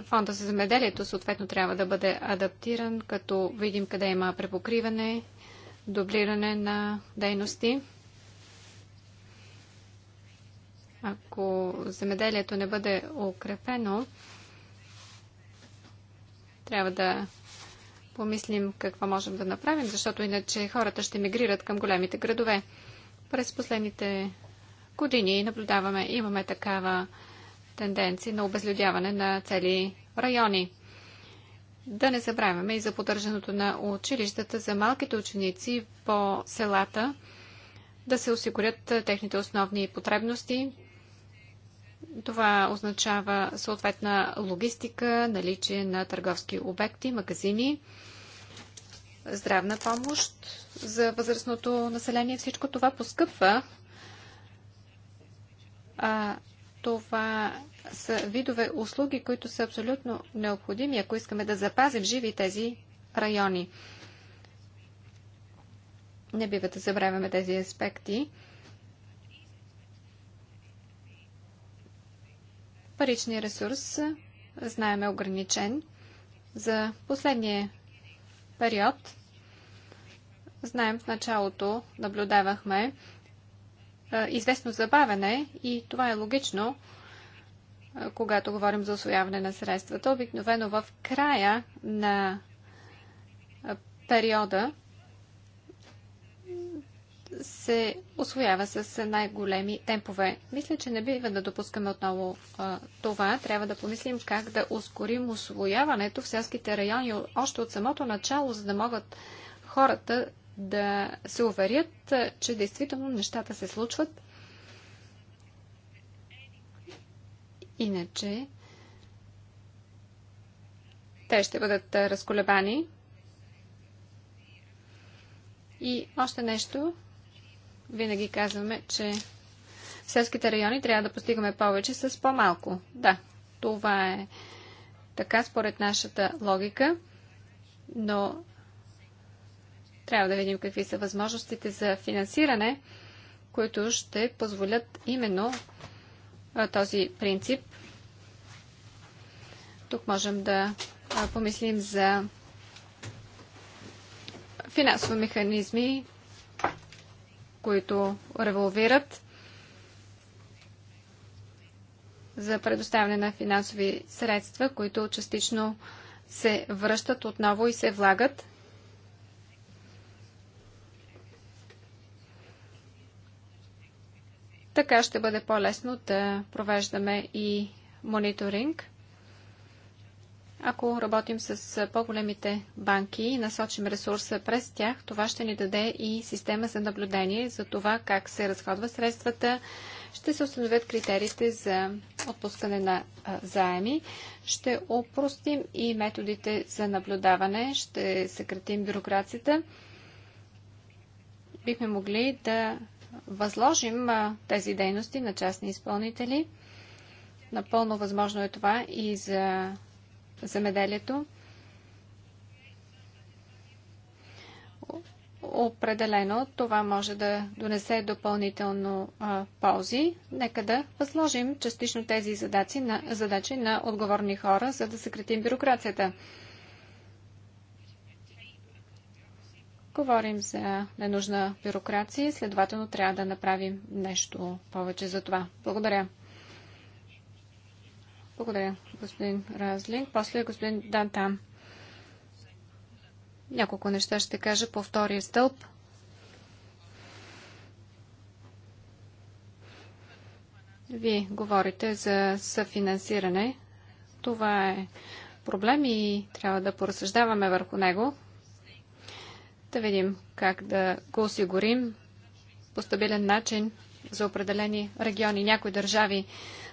фонда за земеделието съответно трябва да бъде адаптиран, като видим къде има препокриване, дублиране на дейности. Ако земеделието не бъде укрепено, трябва да помислим какво можем да направим, защото иначе хората ще мигрират към големите градове. През последните години наблюдаваме, имаме такава тенденции на обезлюдяване на цели райони. Да не забравяме и за поддържането на училищата за малките ученици по селата, да се осигурят техните основни потребности. Това означава съответна логистика, наличие на търговски обекти, магазини, здравна помощ за възрастното население. Всичко това поскъпва. Това са видове услуги, които са абсолютно необходими, ако искаме да запазим живи тези райони. Не бива да забравяме тези аспекти. Паричният ресурс, знаем, е ограничен. За последния период, знаем, в началото наблюдавахме известно забавене и това е логично, когато говорим за освояване на средствата. Обикновено в края на периода се освоява с най-големи темпове. Мисля, че не бива да допускаме отново а, това. Трябва да помислим как да ускорим освояването в селските райони още от самото начало, за да могат хората да се уверят, че действително нещата се случват. Иначе те ще бъдат разколебани. И още нещо. Винаги казваме, че в селските райони трябва да постигаме повече с по-малко. Да, това е така според нашата логика, но трябва да видим какви са възможностите за финансиране, които ще позволят именно този принцип. Тук можем да помислим за финансови механизми, които револвират за предоставяне на финансови средства, които частично се връщат отново и се влагат Така ще бъде по-лесно да провеждаме и мониторинг. Ако работим с по-големите банки и насочим ресурса през тях, това ще ни даде и система за наблюдение за това как се разходват средствата, ще се установят критериите за отпускане на заеми, ще опростим и методите за наблюдаване, ще съкратим бюрокрацията. Бихме могли да възложим тези дейности на частни изпълнители. Напълно възможно е това и за земеделието. Определено това може да донесе допълнително а, ползи. Нека да възложим частично тези задачи на, задачи на отговорни хора, за да съкратим бюрокрацията. Говорим за ненужна бюрокрация, следователно трябва да направим нещо повече за това. Благодаря. Благодаря, господин Разлинг. После господин Дантам, Няколко неща ще кажа по втория стълб. Вие говорите за съфинансиране. Това е проблем и трябва да поразсъждаваме върху него. Ще видим как да го осигурим по стабилен начин за определени региони. Някои държави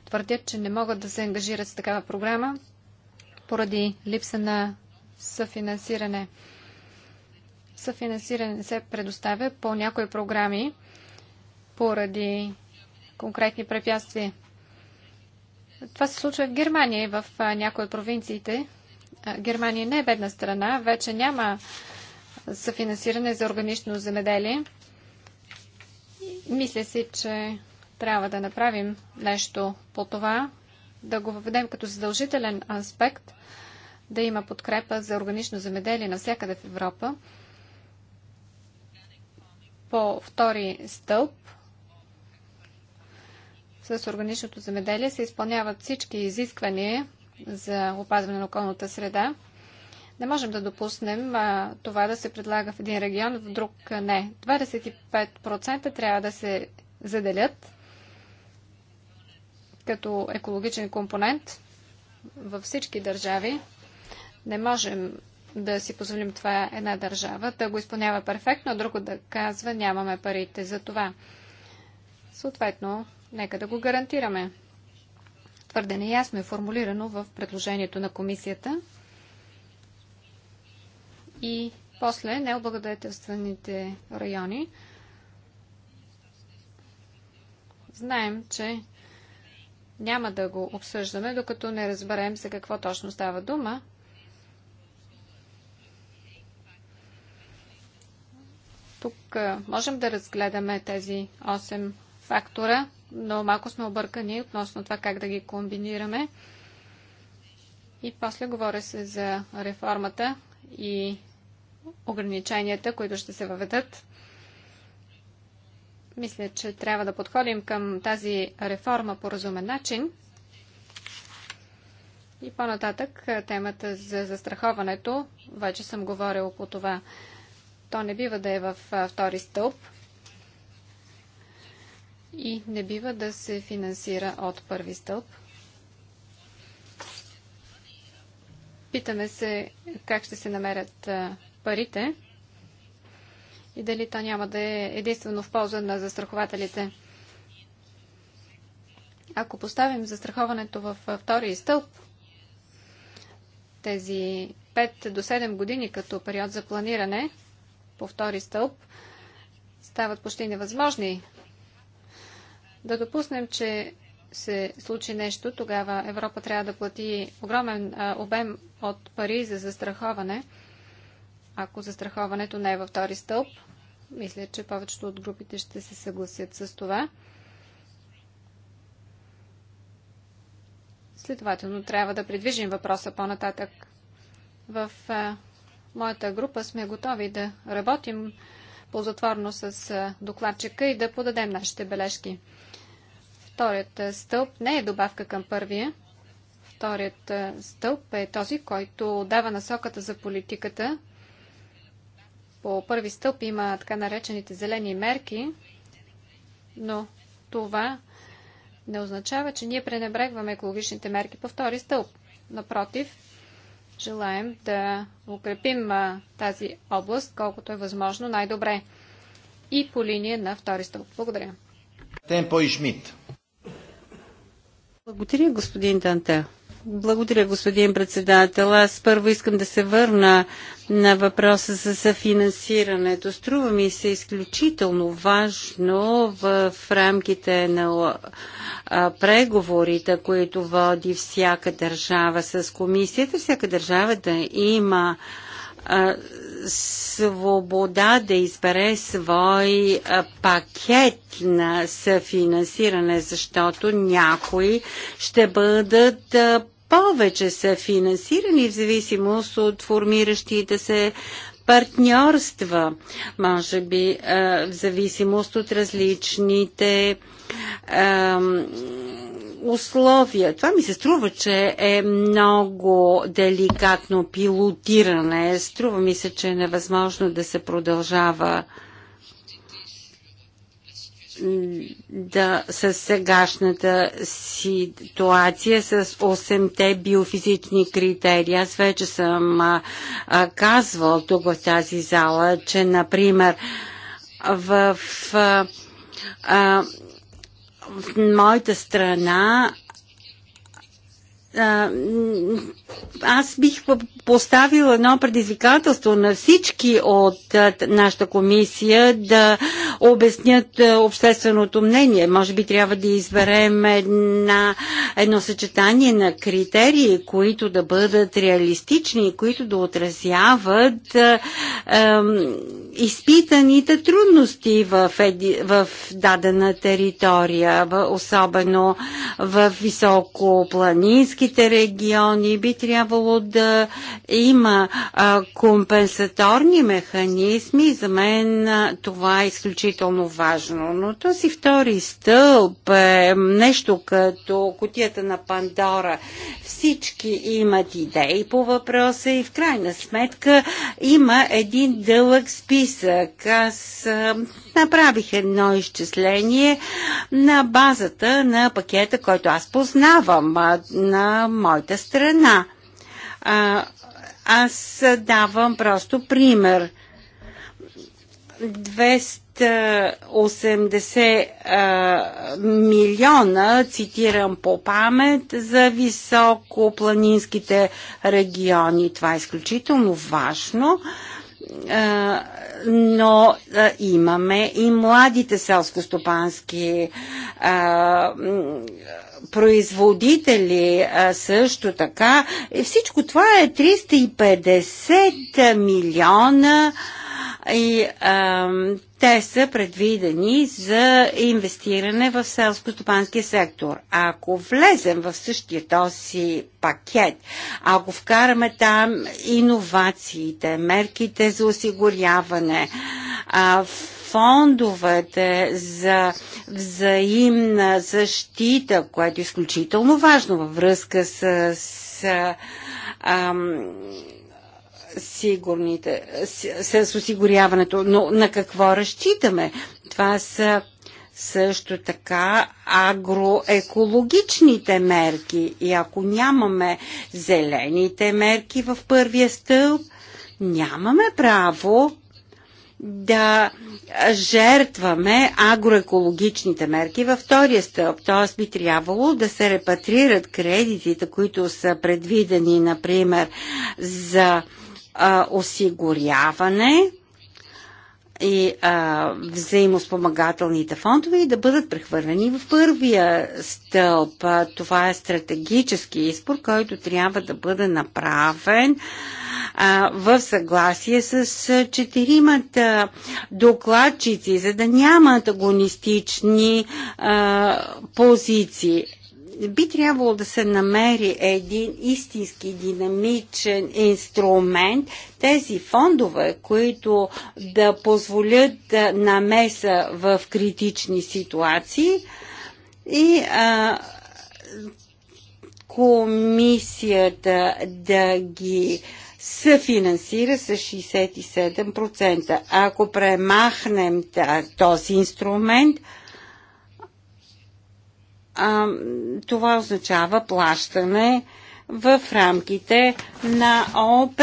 твърдят, че не могат да се ангажират с такава програма поради липса на съфинансиране. Съфинансиране се предоставя по някои програми поради конкретни препятствия. Това се случва в Германия и в някои от провинциите. Германия не е бедна страна, вече няма за финансиране за органично земеделие. Мисля си, че трябва да направим нещо по това, да го въведем като задължителен аспект, да има подкрепа за органично земеделие навсякъде в Европа. По втори стълб с органичното земеделие се изпълняват всички изисквания за опазване на околната среда. Не можем да допуснем а, това да се предлага в един регион, в друг не. 25% трябва да се заделят като екологичен компонент във всички държави. Не можем да си позволим това една държава да го изпълнява перфектно, а друго да казва нямаме парите за това. Съответно, нека да го гарантираме. Твърде неясно е формулирано в предложението на комисията и после необлагодетелстваните райони. Знаем, че няма да го обсъждаме, докато не разберем за какво точно става дума. Тук можем да разгледаме тези 8 фактора, но малко сме объркани относно това как да ги комбинираме. И после говоря се за реформата и ограниченията, които ще се въведат. Мисля, че трябва да подходим към тази реформа по разумен начин. И по-нататък е, темата за застраховането, вече съм говорил по това, то не бива да е в втори стълб и не бива да се финансира от първи стълб. Питаме се как ще се намерят парите и дали то няма да е единствено в полза на застрахователите. Ако поставим застраховането във втори стълб, тези 5 до 7 години като период за планиране по втори стълб стават почти невъзможни. Да допуснем, че се случи нещо, тогава Европа трябва да плати огромен обем от пари за застраховане – ако застраховането не е във втори стълб. Мисля, че повечето от групите ще се съгласят с това. Следователно, трябва да придвижим въпроса по-нататък. В а, моята група сме готови да работим ползотворно с а, докладчика и да подадем нашите бележки. Вторият стълб не е добавка към първия. Вторият стълб е този, който дава насоката за политиката по първи стълб има така наречените зелени мерки, но това не означава, че ние пренебрегваме екологичните мерки по втори стълб. Напротив, желаем да укрепим тази област, колкото е възможно най-добре. И по линия на втори стълб. Благодаря. Темпо и Шмидт. Благодаря, господин Данте. Благодаря, господин председател. Аз първо искам да се върна на въпроса за съфинансирането. Струва ми се изключително важно в рамките на преговорите, които води всяка държава с комисията, всяка държава да има свобода да избере свой пакет на съфинансиране, защото някои ще бъдат повече са финансирани в зависимост от формиращите се партньорства, може би е, в зависимост от различните е, условия. Това ми се струва, че е много деликатно пилотиране. Струва ми се, че е невъзможно да се продължава да, с сегашната ситуация, с 8-те биофизични критерии. Аз вече съм а, а, казвал тук в тази зала, че, например, в в, а, в моята страна аз бих поставил едно предизвикателство на всички от нашата комисия да обяснят общественото мнение. Може би трябва да изберем една, едно съчетание на критерии, които да бъдат реалистични, които да отразяват изпитаните трудности в, еди, в дадена територия, в, особено в високопланинските региони. Би трябвало да има а, компенсаторни механизми. За мен а, това е изключително важно. Но този втори стълб е нещо като котията на Пандора. Всички имат идеи по въпроса и в крайна сметка има един дълъг списък списък. Аз направих едно изчисление на базата на пакета, който аз познавам на моята страна. Аз давам просто пример. 280 а, милиона, цитирам по памет, за високопланинските региони. Това е изключително важно, но а, имаме и младите селскостопански производители а, също така. И всичко това е 350 милиона а, и а, те са предвидени за инвестиране в селско-стопанския сектор. Ако влезем в същия този пакет, ако вкараме там иновациите, мерките за осигуряване, а, фондовете за взаимна защита, което е изключително важно във връзка с, с а, сигурните, с, с осигуряването, но на какво разчитаме? Това са също така агроекологичните мерки. И ако нямаме зелените мерки в първия стълб, нямаме право да жертваме агроекологичните мерки във втория стълб. Т.е. би трябвало да се репатрират кредитите, които са предвидени, например, за а, осигуряване и а, взаимоспомагателните фондове и да бъдат прехвърлени в първия стълб. Това е стратегически избор, който трябва да бъде направен а, в съгласие с четиримата докладчици, за да нямат агонистични а, позиции би трябвало да се намери един истински динамичен инструмент, тези фондове, които да позволят намеса в критични ситуации и а, комисията да ги се финансира с 67%. Ако премахнем този инструмент, а, това означава плащане в рамките на ООП.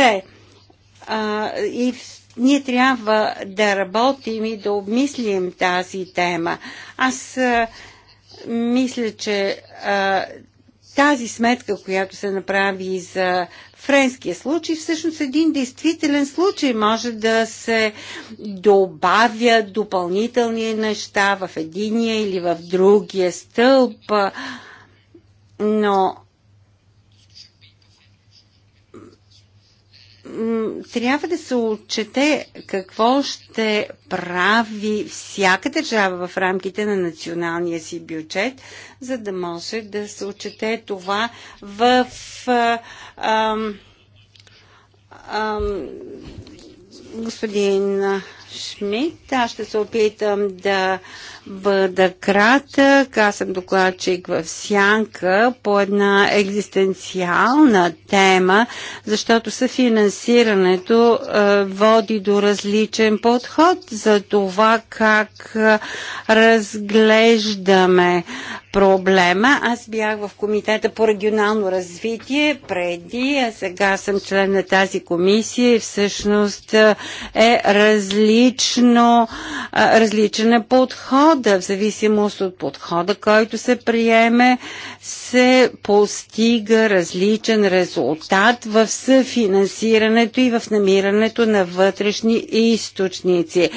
А, и ние трябва да работим и да обмислим тази тема. Аз а, мисля, че а, тази сметка, която се направи за френския случай, всъщност един действителен случай може да се добавя допълнителни неща в единия или в другия стълб, но трябва да се отчете какво ще прави всяка държава в рамките на националния си бюджет, за да може да се отчете това в а, а, а, господин Шмидт. Аз ще се опитам да бъда кратък. Аз съм докладчик в Сянка по една екзистенциална тема, защото съфинансирането е, води до различен подход за това как е, разглеждаме проблема. Аз бях в Комитета по регионално развитие преди, а сега съм член на тази комисия и всъщност е, е различен различно, различен е подхода. В зависимост от подхода, който се приеме, се постига различен резултат в съфинансирането и в намирането на вътрешни източници.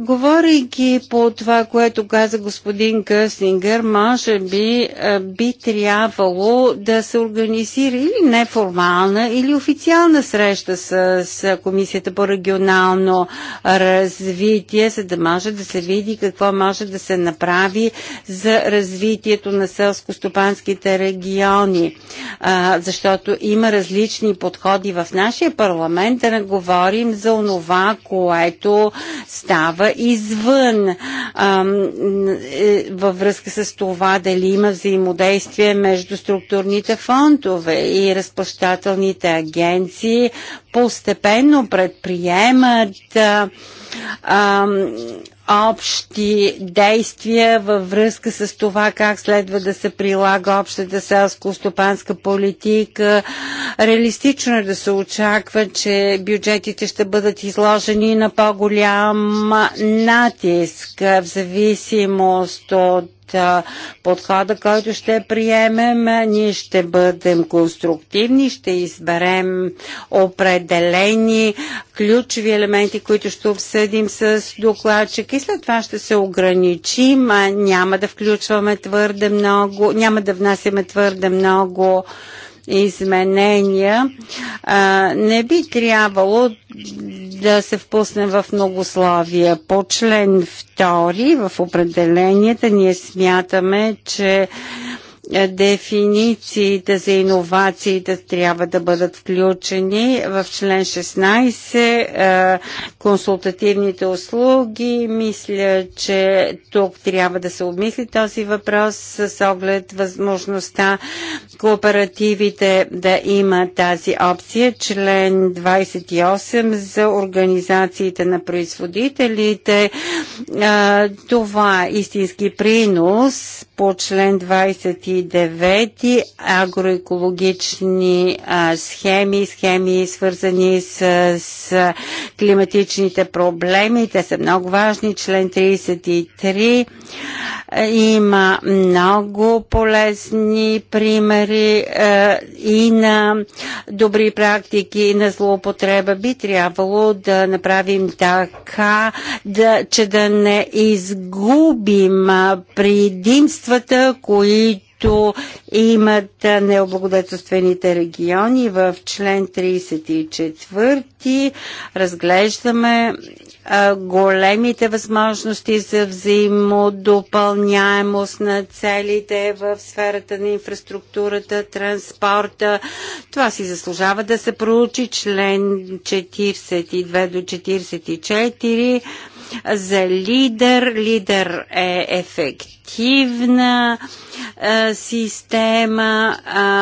Говорейки по това, което каза господин Къснингър, може би би трябвало да се организира или неформална, или официална среща с, с Комисията по регионално развитие, за да може да се види какво може да се направи за развитието на селско-стопанските региони. А, защото има различни подходи в нашия парламент, да не говорим за онова, което става извън е, във връзка с това дали има взаимодействие между структурните фондове и разплащателните агенции постепенно предприемат а, а, общи действия във връзка с това как следва да се прилага общата селско-стопанска политика. Реалистично е да се очаква, че бюджетите ще бъдат изложени на по-голям натиск в зависимост от подхода, който ще приемем. Ние ще бъдем конструктивни, ще изберем определени ключови елементи, които ще обсъдим с докладчик и след това ще се ограничим. Няма да включваме твърде много, няма да внасяме твърде много изменения, а, не би трябвало да се впусне в многославия, По член втори в определенията ние смятаме, че а, е, дефинициите за иновациите трябва да бъдат включени в член 16. Е, консултативните услуги, мисля, че тук трябва да се обмисли този въпрос с оглед възможността кооперативите да има тази опция. Член 28 за организациите на производителите. Е, това е истински принос по член 29 агроекологични а, схеми, схеми свързани с, с климатичните проблеми. Те са много важни. Член 33 има много полезни примери а, и на добри практики, и на злоупотреба. Би трябвало да направим така, да, че да не изгубим предимство средствата, които имат необлагодетелствените региони. В член 34 разглеждаме големите възможности за взаимодопълняемост на целите в сферата на инфраструктурата, транспорта. Това си заслужава да се проучи член 42 до 44 за лидер. Лидер е ефективна система.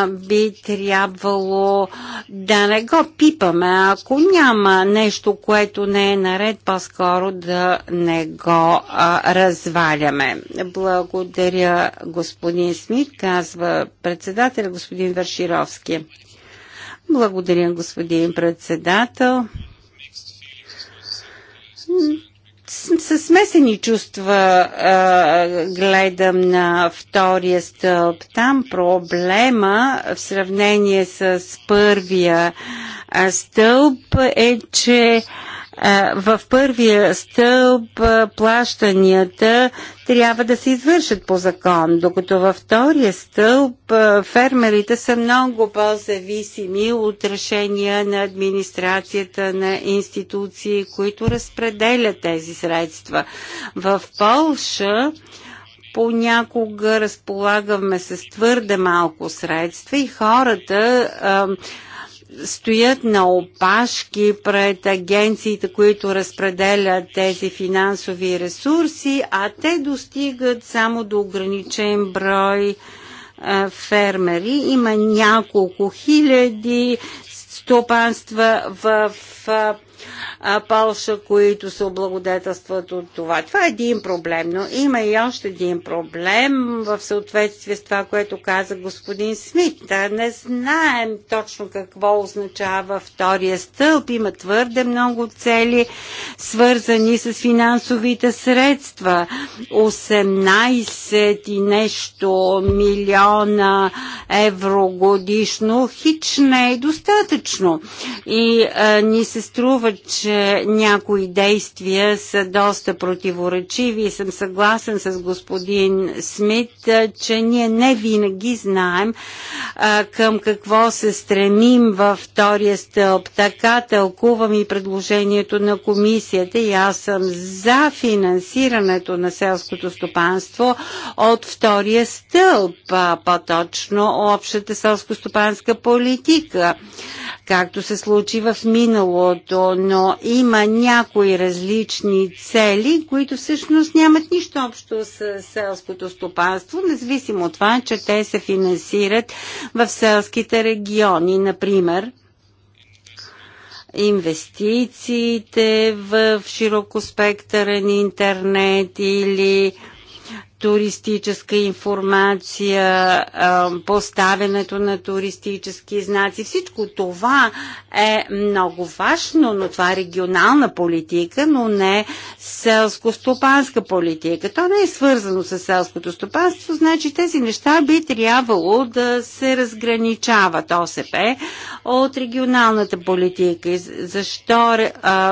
би трябвало да не го пипаме. Ако няма нещо, което не е наред, по-скоро да не го разваляме. Благодаря, господин Смит, казва председател господин Варшировски. Благодаря, господин председател. С смесени чувства а, гледам на втория стълб. Там проблема в сравнение с първия стълб е, че а, в първия стълб плащанията трябва да се извършат по закон, докато във втория стълб фермерите са много по-зависими от решения на администрацията, на институции, които разпределят тези средства. В Полша понякога разполагаме с твърде малко средства и хората а, стоят на опашки пред агенциите, които разпределят тези финансови ресурси, а те достигат само до ограничен брой е, фермери. Има няколко хиляди стопанства в е, а, Полша, които се облагодетелстват от това. Това е един проблем, но има и още един проблем в съответствие с това, което каза господин Смит. Да не знаем точно какво означава втория стълб. Има твърде много цели, свързани с финансовите средства. 18 и нещо милиона евро годишно хич не е достатъчно. И а, ни се струва, че че някои действия са доста противоречиви и съм съгласен с господин Смит, че ние не винаги знаем а, към какво се стремим във втория стълб. Така тълкувам и предложението на комисията и аз съм за финансирането на селското стопанство от втория стълб, по-точно общата селско-стопанска политика, както се случи в миналото, но има някои различни цели, които всъщност нямат нищо общо с селското стопанство, независимо от това, че те се финансират в селските региони, например инвестициите в широкоспектърен интернет или туристическа информация, поставянето на туристически знаци. Всичко това е много важно, но това е регионална политика, но не селско-стопанска политика. То не е свързано с селското стопанство, значи тези неща би трябвало да се разграничават ОСП от регионалната политика. Защо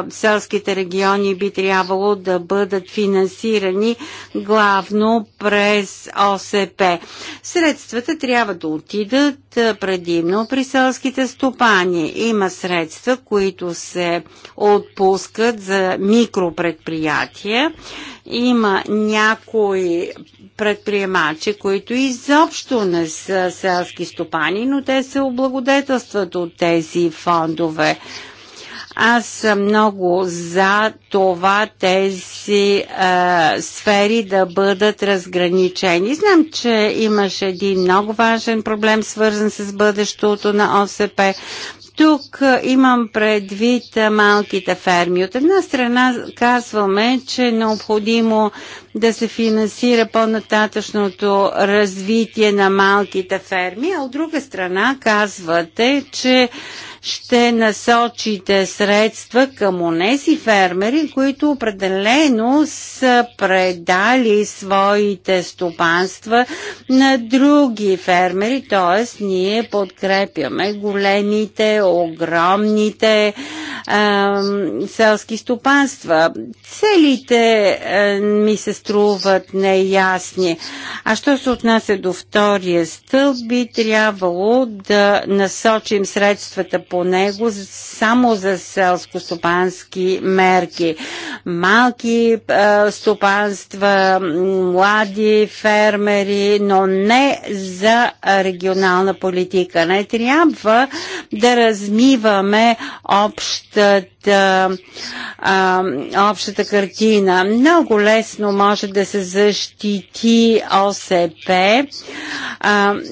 селските региони би трябвало да бъдат финансирани главно през ОСП. Средствата трябва да отидат предимно при селските стопани. Има средства, които се отпускат за микропредприятия. Има някои предприемачи, които изобщо не са селски стопани, но те се облагодетелстват от тези фондове. Аз съм много за това тези а, сфери да бъдат разграничени. Знам, че имаш един много важен проблем, свързан с бъдещето на ОСП. Тук имам предвид малките ферми. От една страна казваме, че е необходимо да се финансира по-нататъчното развитие на малките ферми, а от друга страна казвате, че ще насочите средства към онези фермери, които определено са предали своите стопанства на други фермери, т.е. ние подкрепяме големите, огромните а, селски стопанства. Целите а, е, ми се струват неясни. А що се отнася до втория стълб, би трябвало да насочим средствата по по него само за селско-стопански мерки. Малки е, стопанства, млади фермери, но не за регионална политика. Не трябва да размиваме общата общата картина. Много лесно може да се защити ОСП.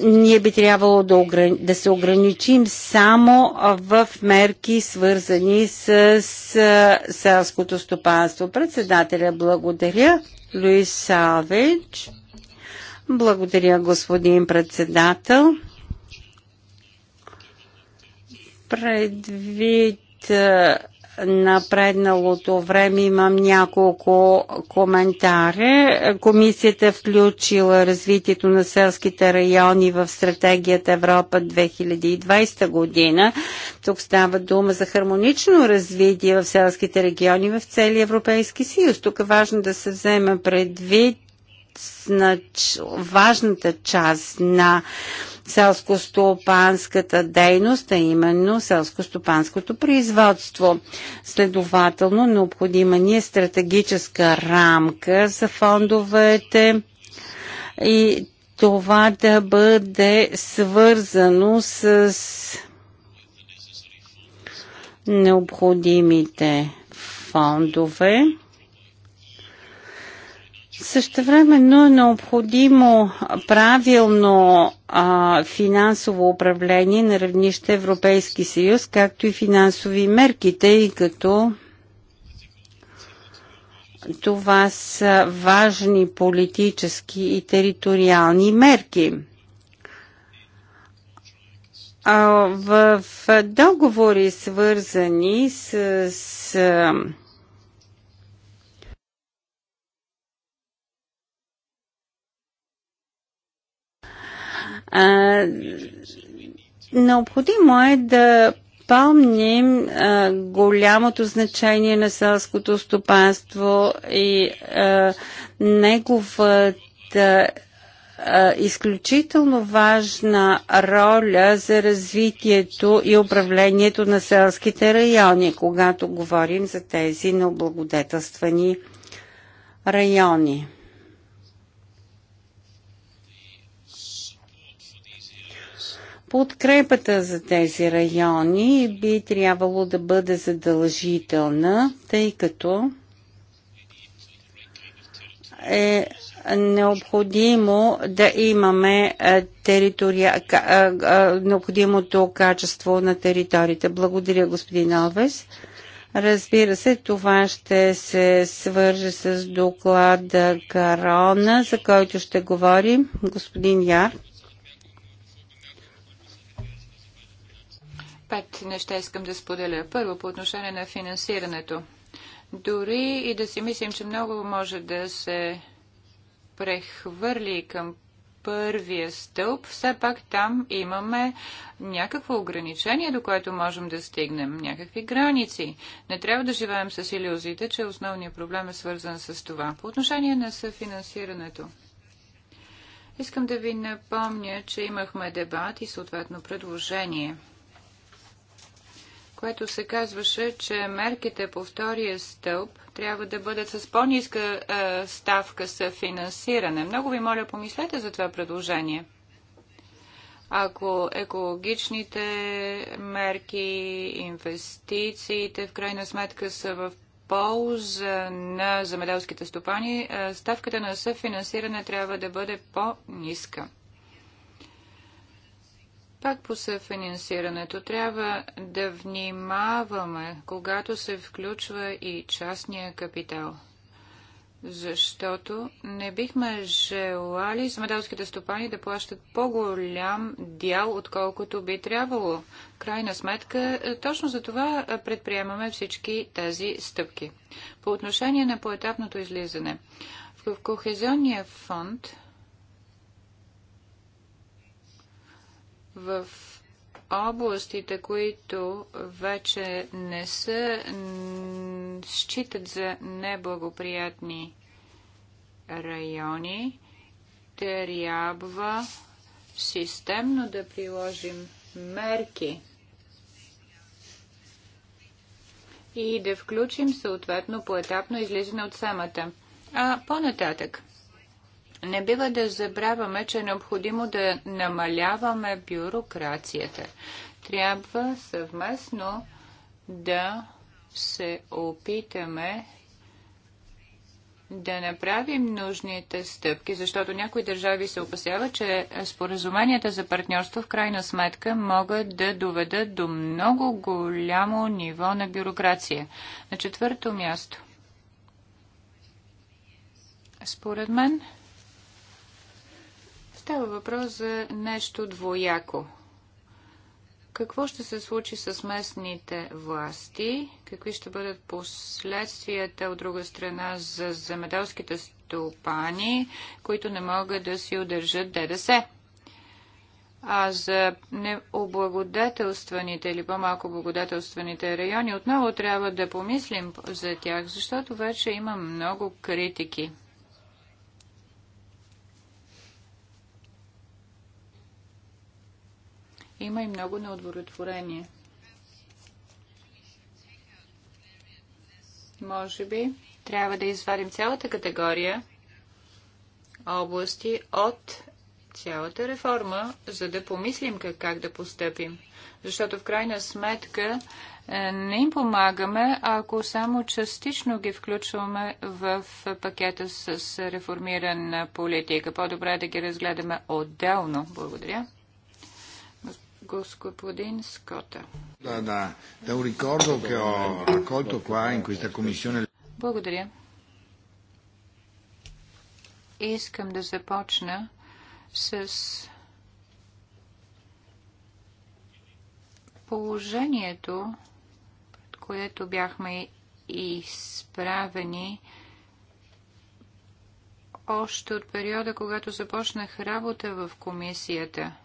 ние би трябвало да, ограни... да се ограничим само в мерки, свързани с селското стопанство. Председателя благодаря. Луис Савич. Благодаря, господин председател. Предвид напредналото време имам няколко коментари. Комисията е включила развитието на селските райони в стратегията Европа 2020 година. Тук става дума за хармонично развитие в селските региони в целия Европейски съюз. Тук е важно да се вземе предвид на значи, важната част на селско-стопанската дейност, а именно селско-стопанското производство. Следователно, необходима ни е стратегическа рамка за фондовете и това да бъде свързано с необходимите фондове също но е необходимо правилно а, финансово управление на равнище Европейски съюз, както и финансови мерки, тъй като това са важни политически и териториални мерки. А, в договори, свързани с, с А, необходимо е да помним а, голямото значение на селското стопанство и а, неговата изключително важна роля за развитието и управлението на селските райони, когато говорим за тези необлагодетелствани райони. Подкрепата за тези райони би трябвало да бъде задължителна, тъй като е необходимо да имаме територия, необходимото качество на територията. Благодаря, господин Алвес. Разбира се, това ще се свърже с доклада Карона, за който ще говорим господин Яр. Пет неща искам да споделя. Първо, по отношение на финансирането. Дори и да си мислим, че много може да се прехвърли към първия стълб, все пак там имаме някакво ограничение, до което можем да стигнем, някакви граници. Не трябва да живеем с иллюзиите, че основният проблем е свързан с това. По отношение на съфинансирането. Искам да ви напомня, че имахме дебат и съответно предложение – което се казваше, че мерките по втория стълб трябва да бъдат с по-ниска е, ставка съфинансиране. Много ви моля, помислете за това предложение. Ако екологичните мерки, инвестициите в крайна сметка са в полза на замеделските стопани, е, ставката на съфинансиране трябва да бъде по-ниска. Пак по съфинансирането трябва да внимаваме, когато се включва и частния капитал. Защото не бихме желали земеделските стопани да плащат по-голям дял, отколкото би трябвало. Крайна сметка, точно за това предприемаме всички тези стъпки. По отношение на поетапното излизане. В Кохезионния фонд в областите, които вече не се считат за неблагоприятни райони, трябва системно да приложим мерки и да включим съответно поетапно излизане от самата. А по-нататък – не бива да забравяме, че е необходимо да намаляваме бюрокрацията. Трябва съвместно да се опитаме да направим нужните стъпки, защото някои държави се опасяват, че споразуменията за партньорство в крайна сметка могат да доведат до много голямо ниво на бюрокрация. На четвърто място. Според мен, Става въпрос за нещо двояко. Какво ще се случи с местните власти? Какви ще бъдат последствията от друга страна за земеделските стопани, които не могат да си удържат ДДС? А за необлагодателстваните или по-малко благодателстваните райони отново трябва да помислим за тях, защото вече има много критики Има и много неудовлетворение. Може би трябва да извадим цялата категория области от цялата реформа, за да помислим как, как да постъпим. Защото в крайна сметка е, не им помагаме, ако само частично ги включваме в пакета с реформирана политика. По-добре е да ги разгледаме отделно. Благодаря господин Скота. Да, да, да un ricordo che ho raccolto qua in questa Благодаря. Искам да започна с положението, пред което бяхме изправени още от периода, когато започнах работа в комисията –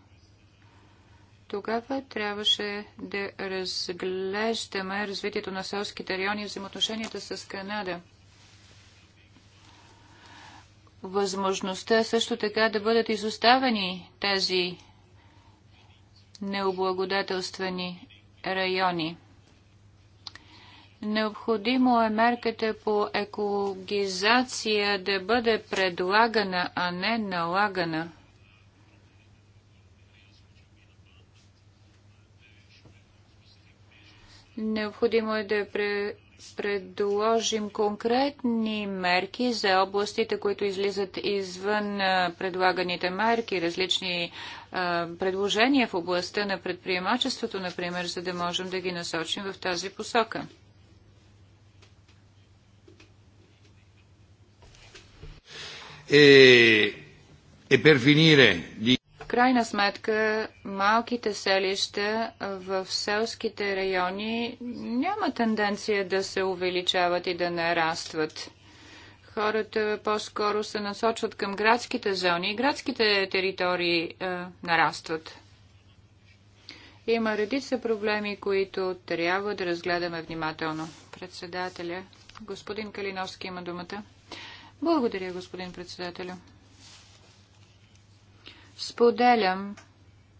тогава трябваше да разглеждаме развитието на селските райони и взаимоотношенията с Канада. Възможността също така да бъдат изоставени тези необлагодателствани райони. Необходимо е мерката по екологизация да бъде предлагана, а не налагана. Необходимо е да предложим конкретни мерки за областите, които излизат извън предлаганите мерки, различни предложения в областта на предприемачеството, например, за да можем да ги насочим в тази посока. E, e per finire di крайна сметка малките селища в селските райони няма тенденция да се увеличават и да нарастват. Хората по-скоро се насочват към градските зони и градските територии е, нарастват. Има редица проблеми, които трябва да разгледаме внимателно. Председателя, господин Калиновски има думата. Благодаря, господин председателя. Споделям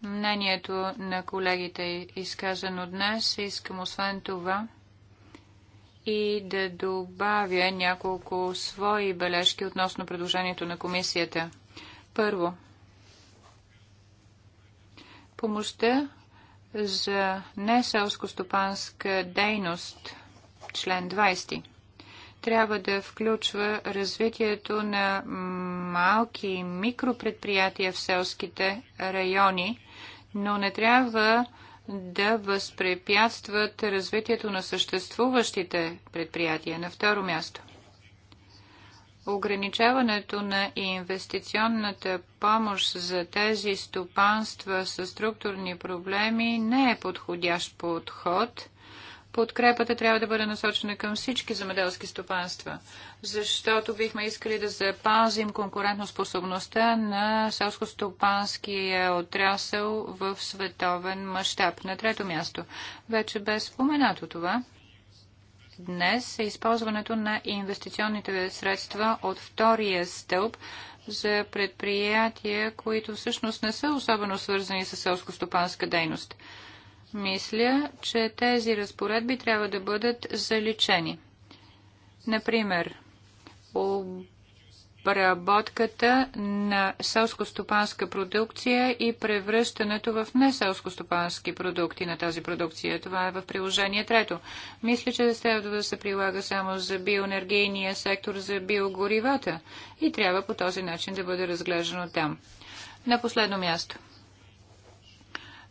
мнението на колегите изказано днес. Искам освен това и да добавя няколко свои бележки относно предложението на комисията. Първо, помощта за неселско-стопанска дейност, член 20 трябва да включва развитието на малки и микропредприятия в селските райони, но не трябва да възпрепятстват развитието на съществуващите предприятия. На второ място. Ограничаването на инвестиционната помощ за тези стопанства с структурни проблеми не е подходящ подход – подкрепата трябва да бъде насочена към всички земеделски стопанства, защото бихме искали да запазим конкурентоспособността на селско-стопанския отрасъл в световен мащаб. На трето място, вече без споменато това, днес е използването на инвестиционните средства от втория стълб за предприятия, които всъщност не са особено свързани с селско-стопанска дейност – мисля, че тези разпоредби трябва да бъдат заличени. Например, обработката на селско-стопанска продукция и превръщането в неселскостопански продукти на тази продукция. Това е в приложение трето. Мисля, че трябва да се прилага само за биоенергийния сектор, за биогоривата и трябва по този начин да бъде разглеждано там. На последно място.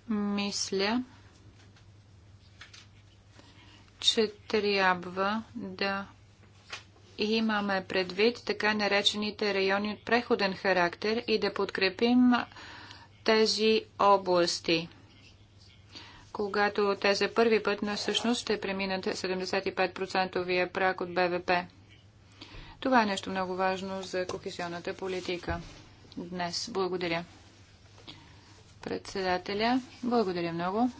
Мисля, че трябва да имаме предвид така наречените райони от преходен характер и да подкрепим тези области, когато те за първи път на всъщност ще преминат 75 прак от БВП. Това е нещо много важно за кохесионната политика днес. Благодаря. Председателя, благодаря много.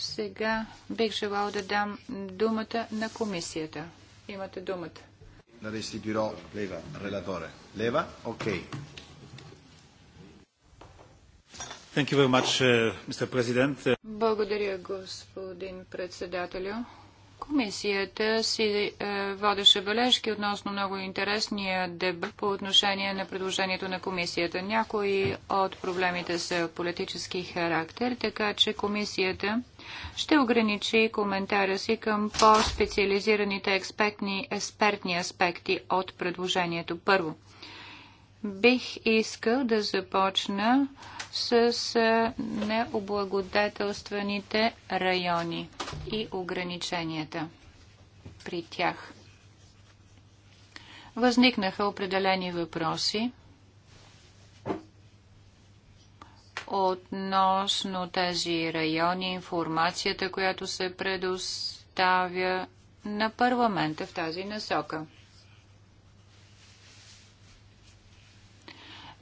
Сега бих желал да дам думата на комисията. Имате думата. Thank you very much, uh, Mr. President. Благодаря, господин председателю. Комисията си е, водеше бележки относно много интересния дебат по отношение на предложението на комисията. Някои от проблемите са политически характер, така че комисията ще ограничи коментара си към по-специализираните експертни, експертни аспекти от предложението. Първо, бих искал да започна с необлагодетелстваните райони и ограниченията при тях. Възникнаха определени въпроси относно тези райони, информацията, която се предоставя на парламента в тази насока.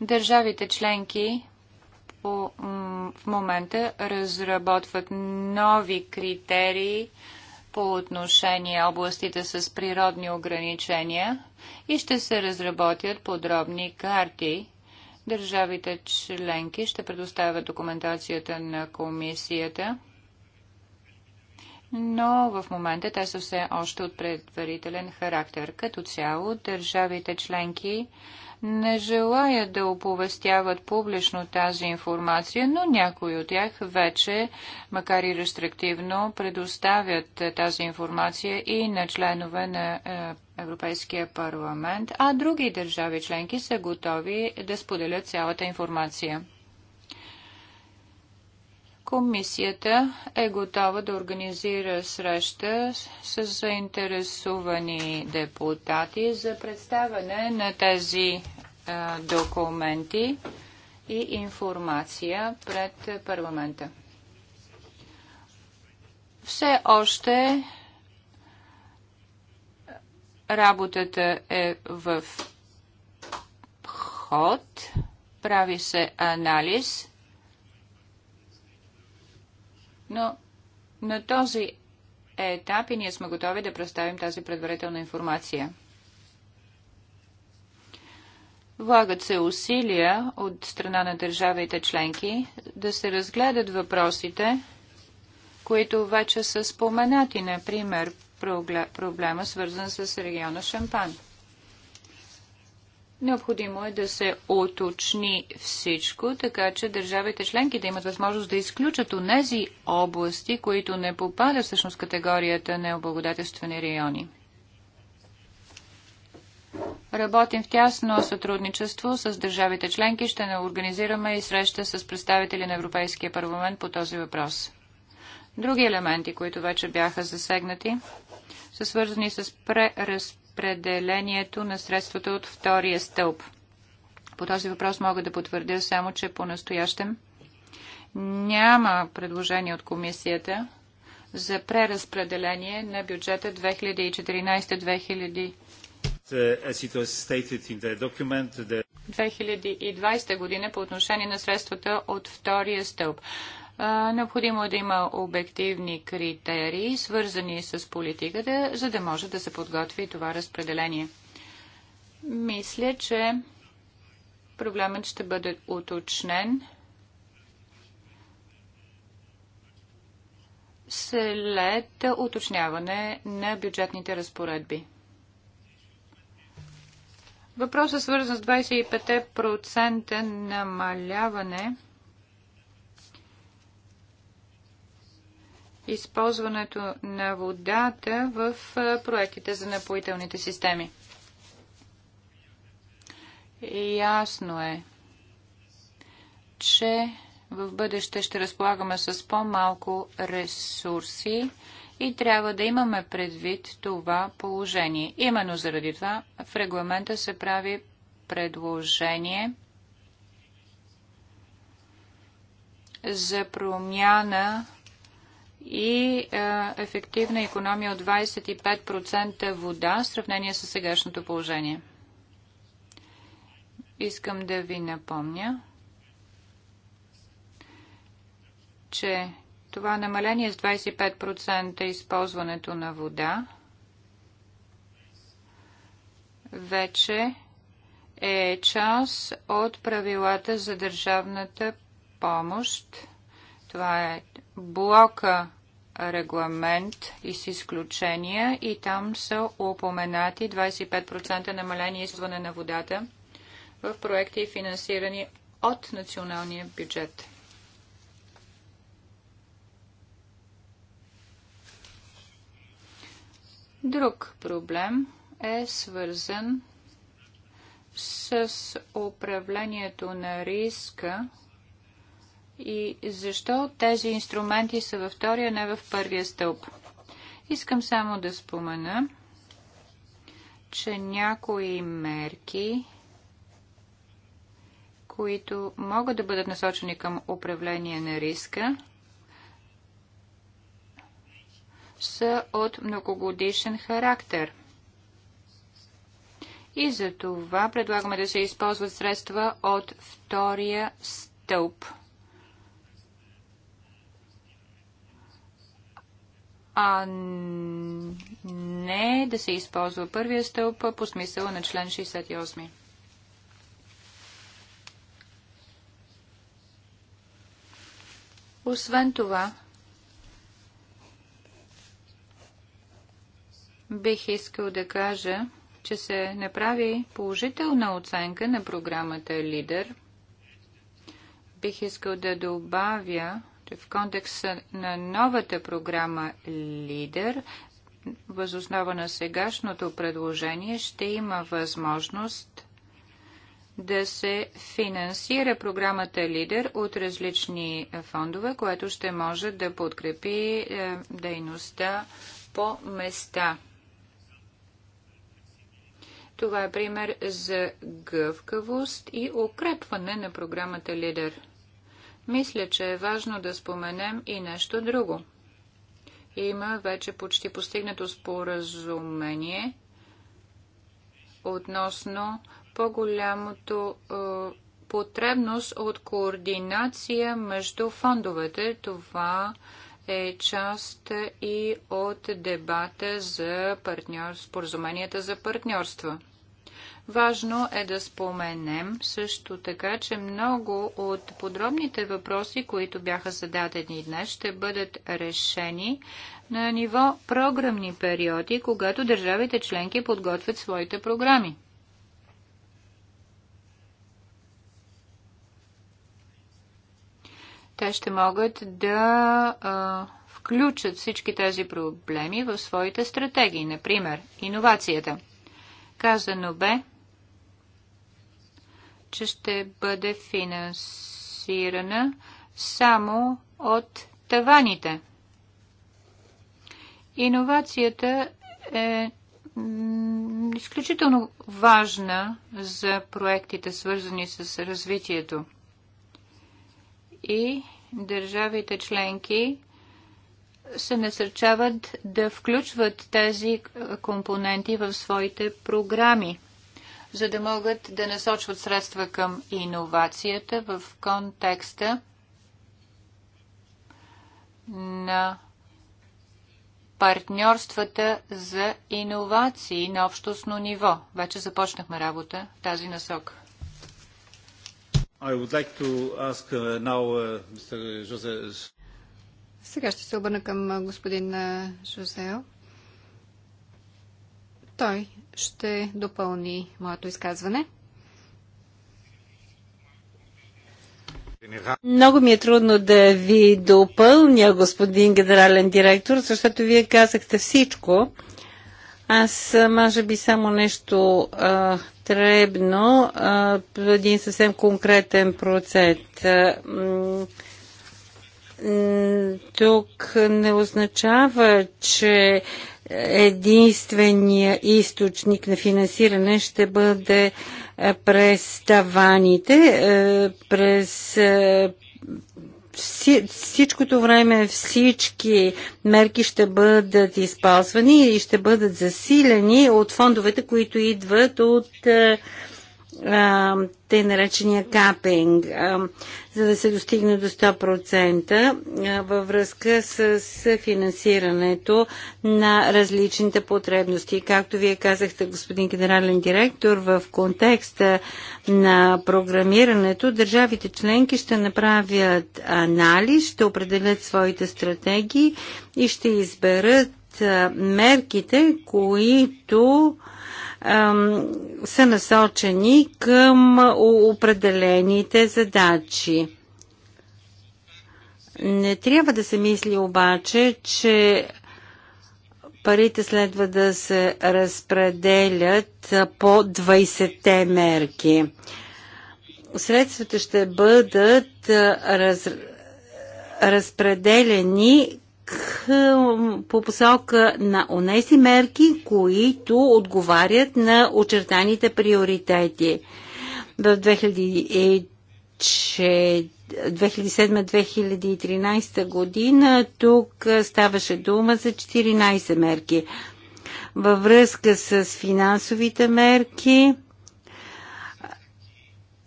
Държавите членки по, в момента разработват нови критерии по отношение областите с природни ограничения и ще се разработят подробни карти Държавите членки ще предоставят документацията на комисията, но в момента те са все още от предварителен характер. Като цяло, държавите членки не желаят да оповестяват публично тази информация, но някои от тях вече, макар и рестриктивно, предоставят тази информация и на членове на е, Европейския парламент, а други държави членки са готови да споделят цялата информация. Комисията е готова да организира среща с заинтересувани депутати за представяне на тези документи и информация пред парламента. Все още Работата е в ход. Прави се анализ. Но на този етап и ние сме готови да представим тази предварителна информация. Влагат се усилия от страна на държавите членки да се разгледат въпросите, които вече са споменати, например проблема, свързан с региона Шампан. Необходимо е да се оточни всичко, така че държавите членки да имат възможност да изключат онези области, които не попадат всъщност в категорията необлагодателствени райони. Работим в тясно сътрудничество с държавите членки. Ще не организираме и среща с представители на Европейския парламент по този въпрос. Други елементи, които вече бяха засегнати – са свързани с преразпределението на средствата от втория стълб. По този въпрос мога да потвърдя само, че по-настоящем няма предложение от комисията за преразпределение на бюджета 2014-2020. 2020 година по отношение на средствата от втория стълб. Необходимо е да има обективни критерии, свързани с политиката, за да може да се подготви това разпределение. Мисля, че проблемът ще бъде уточнен след уточняване на бюджетните разпоредби. Въпросът е свързан с 25% намаляване – използването на водата в проектите за напоителните системи. Ясно е, че в бъдеще ще разполагаме с по-малко ресурси и трябва да имаме предвид това положение. Именно заради това в регламента се прави предложение за промяна и е, ефективна економия от 25% вода в сравнение с сегашното положение. Искам да ви напомня, че това намаление с 25% използването на вода вече е част от правилата за държавната помощ. Това е блока регламент и с изключения и там са упоменати 25% намаление изване на водата в проекти финансирани от националния бюджет. Друг проблем е свързан с управлението на риска и защо тези инструменти са във втория, не в първия стълб. Искам само да спомена, че някои мерки, които могат да бъдат насочени към управление на риска, са от многогодишен характер. И за това предлагаме да се използват средства от втория стълб – а не да се използва първия стълб по смисъла на член 68. Освен това, бих искал да кажа, че се направи положителна оценка на програмата Лидер. Бих искал да добавя, в контекста на новата програма Лидер, възоснова на сегашното предложение, ще има възможност да се финансира програмата Лидер от различни фондове, което ще може да подкрепи е, дейността по места. Това е пример за гъвкавост и укрепване на програмата Лидер. Мисля, че е важно да споменем и нещо друго. Има вече почти постигнато споразумение относно по-голямото е, потребност от координация между фондовете. Това е част и от дебата за партньор, споразуменията за партньорства. Важно е да споменем също така, че много от подробните въпроси, които бяха зададени днес, ще бъдат решени на ниво програмни периоди, когато държавите членки подготвят своите програми. Те ще могат да а, включат всички тези проблеми в своите стратегии, например, иновацията. Казано бе, че ще бъде финансирана само от таваните. Иновацията е изключително важна за проектите, свързани с развитието. И държавите членки се насърчават да включват тези компоненти в своите програми за да могат да насочват средства към иновацията в контекста на партньорствата за иновации на общностно ниво. Вече започнахме работа в тази насока. Like uh, now, uh, Сега ще се обърна към uh, господин Жозео. Uh, Той ще допълни моето изказване. Много ми е трудно да ви допълня, господин генерален директор, защото вие казахте всичко. Аз, може би, само нещо а, требно, а, един съвсем конкретен процент. А, тук не означава, че единствения източник на финансиране ще бъде е, е, през таваните, през всичкото време всички мерки ще бъдат използвани и ще бъдат засилени от фондовете, които идват от е, тъй наречения капинг, за да се достигне до 100% във връзка с финансирането на различните потребности. Както вие казахте, господин генерален директор, в контекста на програмирането държавите членки ще направят анализ, ще определят своите стратегии и ще изберат мерките, които са насочени към определените задачи. Не трябва да се мисли обаче, че парите следва да се разпределят по 20-те мерки. Средствата ще бъдат раз, разпределени по посока на онези мерки, които отговарят на очертаните приоритети. В 2007-2013 година тук ставаше дума за 14 мерки. Във връзка с финансовите мерки,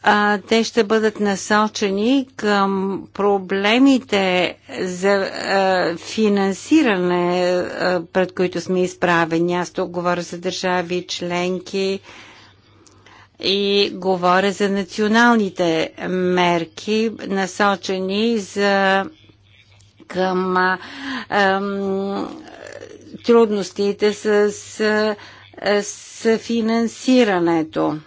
а, те ще бъдат насочени към проблемите за а, финансиране, а, пред които сме изправени. Аз тук говоря за държави, членки и говоря за националните мерки, насочени за към а, а, трудностите с, с, с финансирането.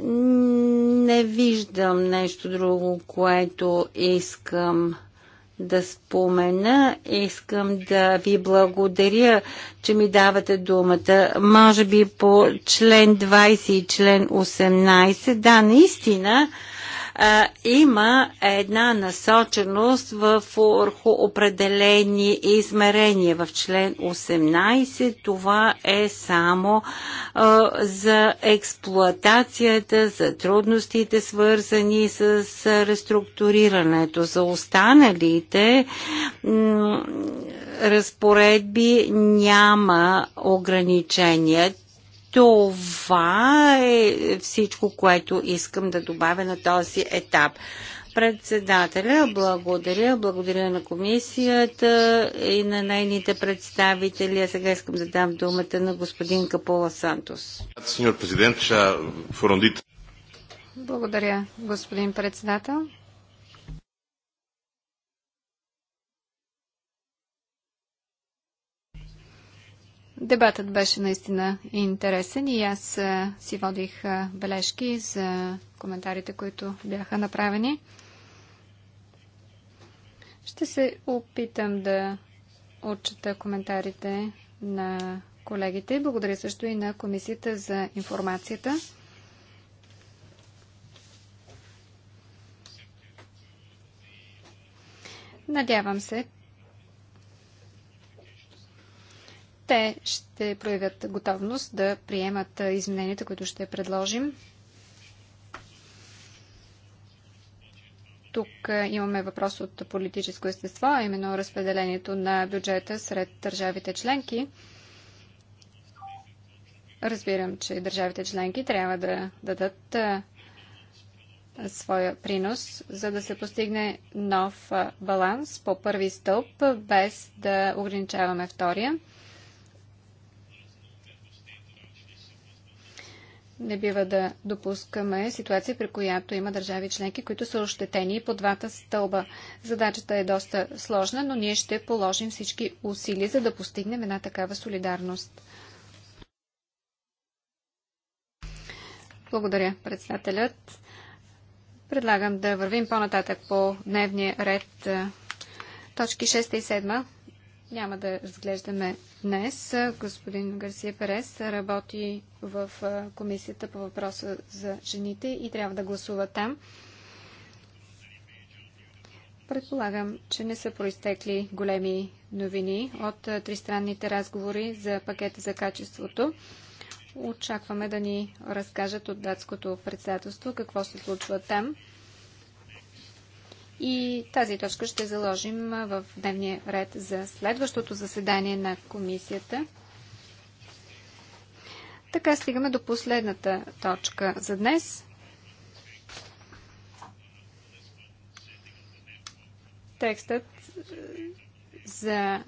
Не виждам нещо друго, което искам да спомена. Искам да ви благодаря, че ми давате думата. Може би по член 20 и член 18. Да, наистина има една насоченост в върху определени измерения. В член 18 това е само за експлуатацията, за трудностите свързани с реструктурирането. За останалите разпоредби няма ограничения. Това е всичко, което искам да добавя на този етап председателя. Благодаря. Благодаря на комисията и на нейните представители. А сега искам да дам думата на господин Капола Сантос. Благодаря, господин председател. Дебатът беше наистина интересен и аз си водих бележки за коментарите, които бяха направени. Ще се опитам да отчета коментарите на колегите. Благодаря също и на комисията за информацията. Надявам се, те ще проявят готовност да приемат измененията, които ще предложим. Тук имаме въпрос от политическо естество, а именно разпределението на бюджета сред държавите членки. Разбирам, че държавите членки трябва да дадат своя принос, за да се постигне нов баланс по първи стълб, без да ограничаваме втория. Не бива да допускаме ситуация, при която има държави членки, които са ощетени по двата стълба. Задачата е доста сложна, но ние ще положим всички усилия, за да постигнем една такава солидарност. Благодаря, председателят. Предлагам да вървим по-нататък по дневния ред. Точки 6 и 7 няма да разглеждаме днес. Господин Гарсия Перес работи в комисията по въпроса за жените и трябва да гласува там. Предполагам, че не са проистекли големи новини от тристранните разговори за пакета за качеството. Очакваме да ни разкажат от датското председателство какво се случва там. И тази точка ще заложим в дневния ред за следващото заседание на комисията. Така стигаме до последната точка за днес. Текстът за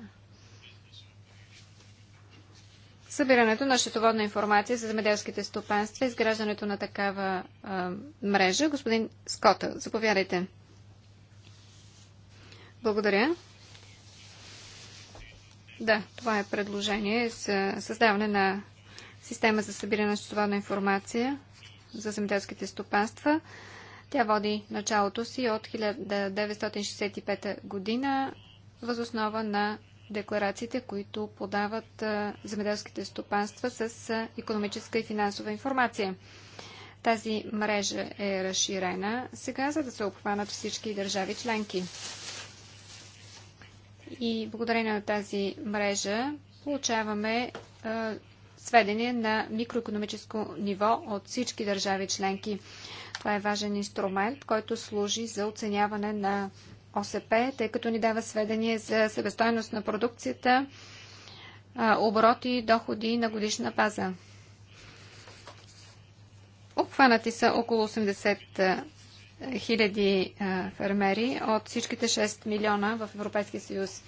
събирането на счетоводна информация за земеделските стопанства, изграждането на такава а, мрежа. Господин Скота, заповядайте. Благодаря. Да, това е предложение за създаване на система за събиране на счетоводна информация за земеделските стопанства. Тя води началото си от 1965 година възоснова на декларациите, които подават земеделските стопанства с економическа и финансова информация. Тази мрежа е разширена сега, за да се обхванат всички държави членки. И благодарение на тази мрежа получаваме а, сведения на микроекономическо ниво от всички държави членки. Това е важен инструмент, който служи за оценяване на ОСП, тъй като ни дава сведения за себестойност на продукцията, обороти и доходи на годишна база. Обхванати са около 80 хиляди фермери от всичките 6 милиона в Европейския съюз.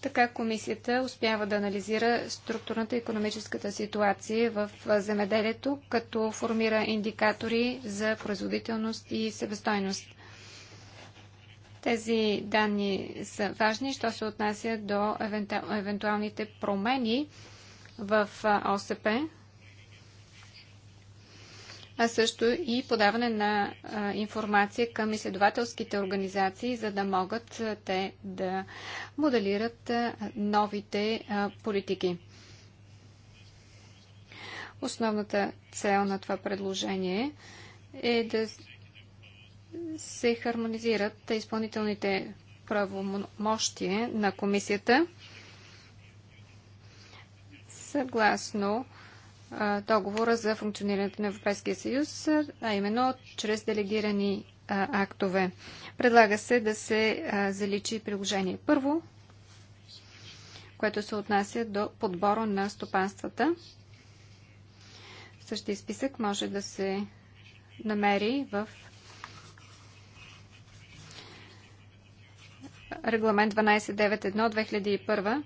Така комисията успява да анализира структурната и економическата ситуация в земеделието, като формира индикатори за производителност и себестойност. Тези данни са важни, що се отнася до евентуалните промени в ОСП, а също и подаване на информация към изследователските организации, за да могат те да моделират новите политики. Основната цел на това предложение е да се хармонизират изпълнителните правомощия на комисията съгласно договора за функционирането на Европейския съюз, а именно чрез делегирани актове. Предлага се да се заличи приложение първо, което се отнася до подбора на стопанствата. Същия списък може да се намери в Регламент 1291-2001.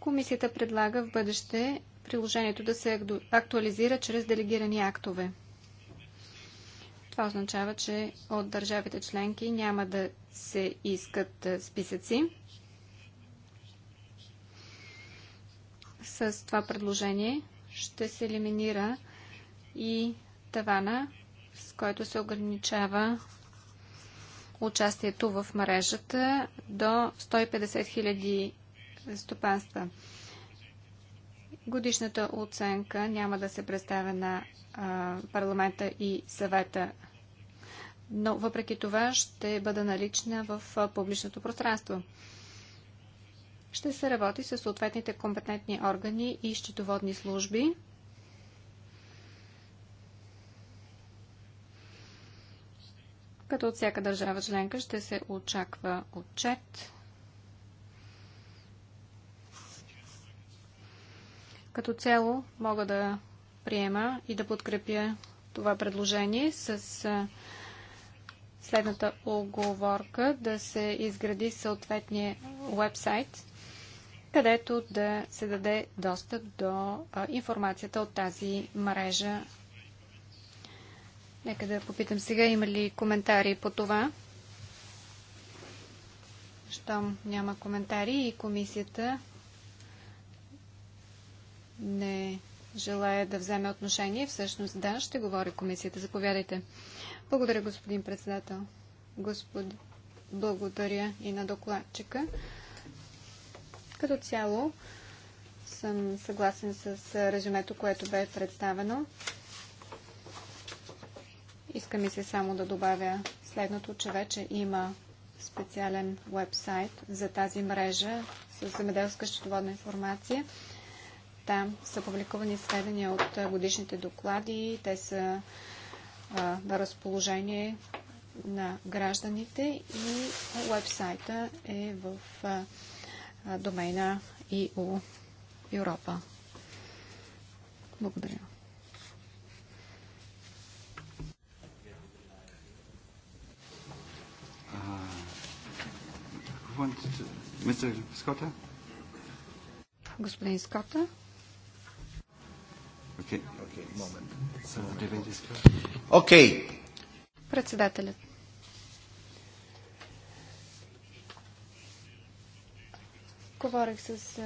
Комисията предлага в бъдеще приложението да се актуализира чрез делегирани актове. Това означава, че от държавите членки няма да се искат списъци. С това предложение ще се елиминира и тавана, с който се ограничава участието в мрежата до 150 000 стопанства. Годишната оценка няма да се представя на парламента и съвета, но въпреки това ще бъде налична в публичното пространство. Ще се работи с съответните компетентни органи и счетоводни служби. Като от всяка държава членка ще се очаква отчет Като цяло мога да приема и да подкрепя това предложение с следната оговорка да се изгради съответния вебсайт, където да се даде достъп до информацията от тази мрежа. Нека да попитам сега има ли коментари по това. Щом няма коментари и комисията не желая да вземе отношение. Всъщност, да, ще говори комисията. Заповядайте. Благодаря, господин председател. Господ... Благодаря и на докладчика. Като цяло съм съгласен с резюмето, което бе представено. Иска ми се само да добавя следното, че вече има специален вебсайт за тази мрежа с земеделска счетоводна информация – там са публикувани сведения от годишните доклади. Те са а, на разположение на гражданите и вебсайта е в а, домейна у Европа. Благодаря. Господин Скота? Окей. Председателят. Говорих с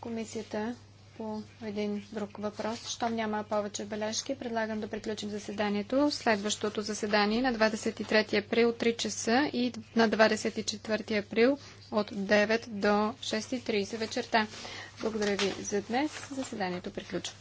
комисията по един друг въпрос. Щом няма повече бележки, предлагам да приключим заседанието. Следващото заседание на 23 април 3 часа и на 24 април от 9 до 6.30 вечерта. Благодаря ви за днес. Заседанието приключва.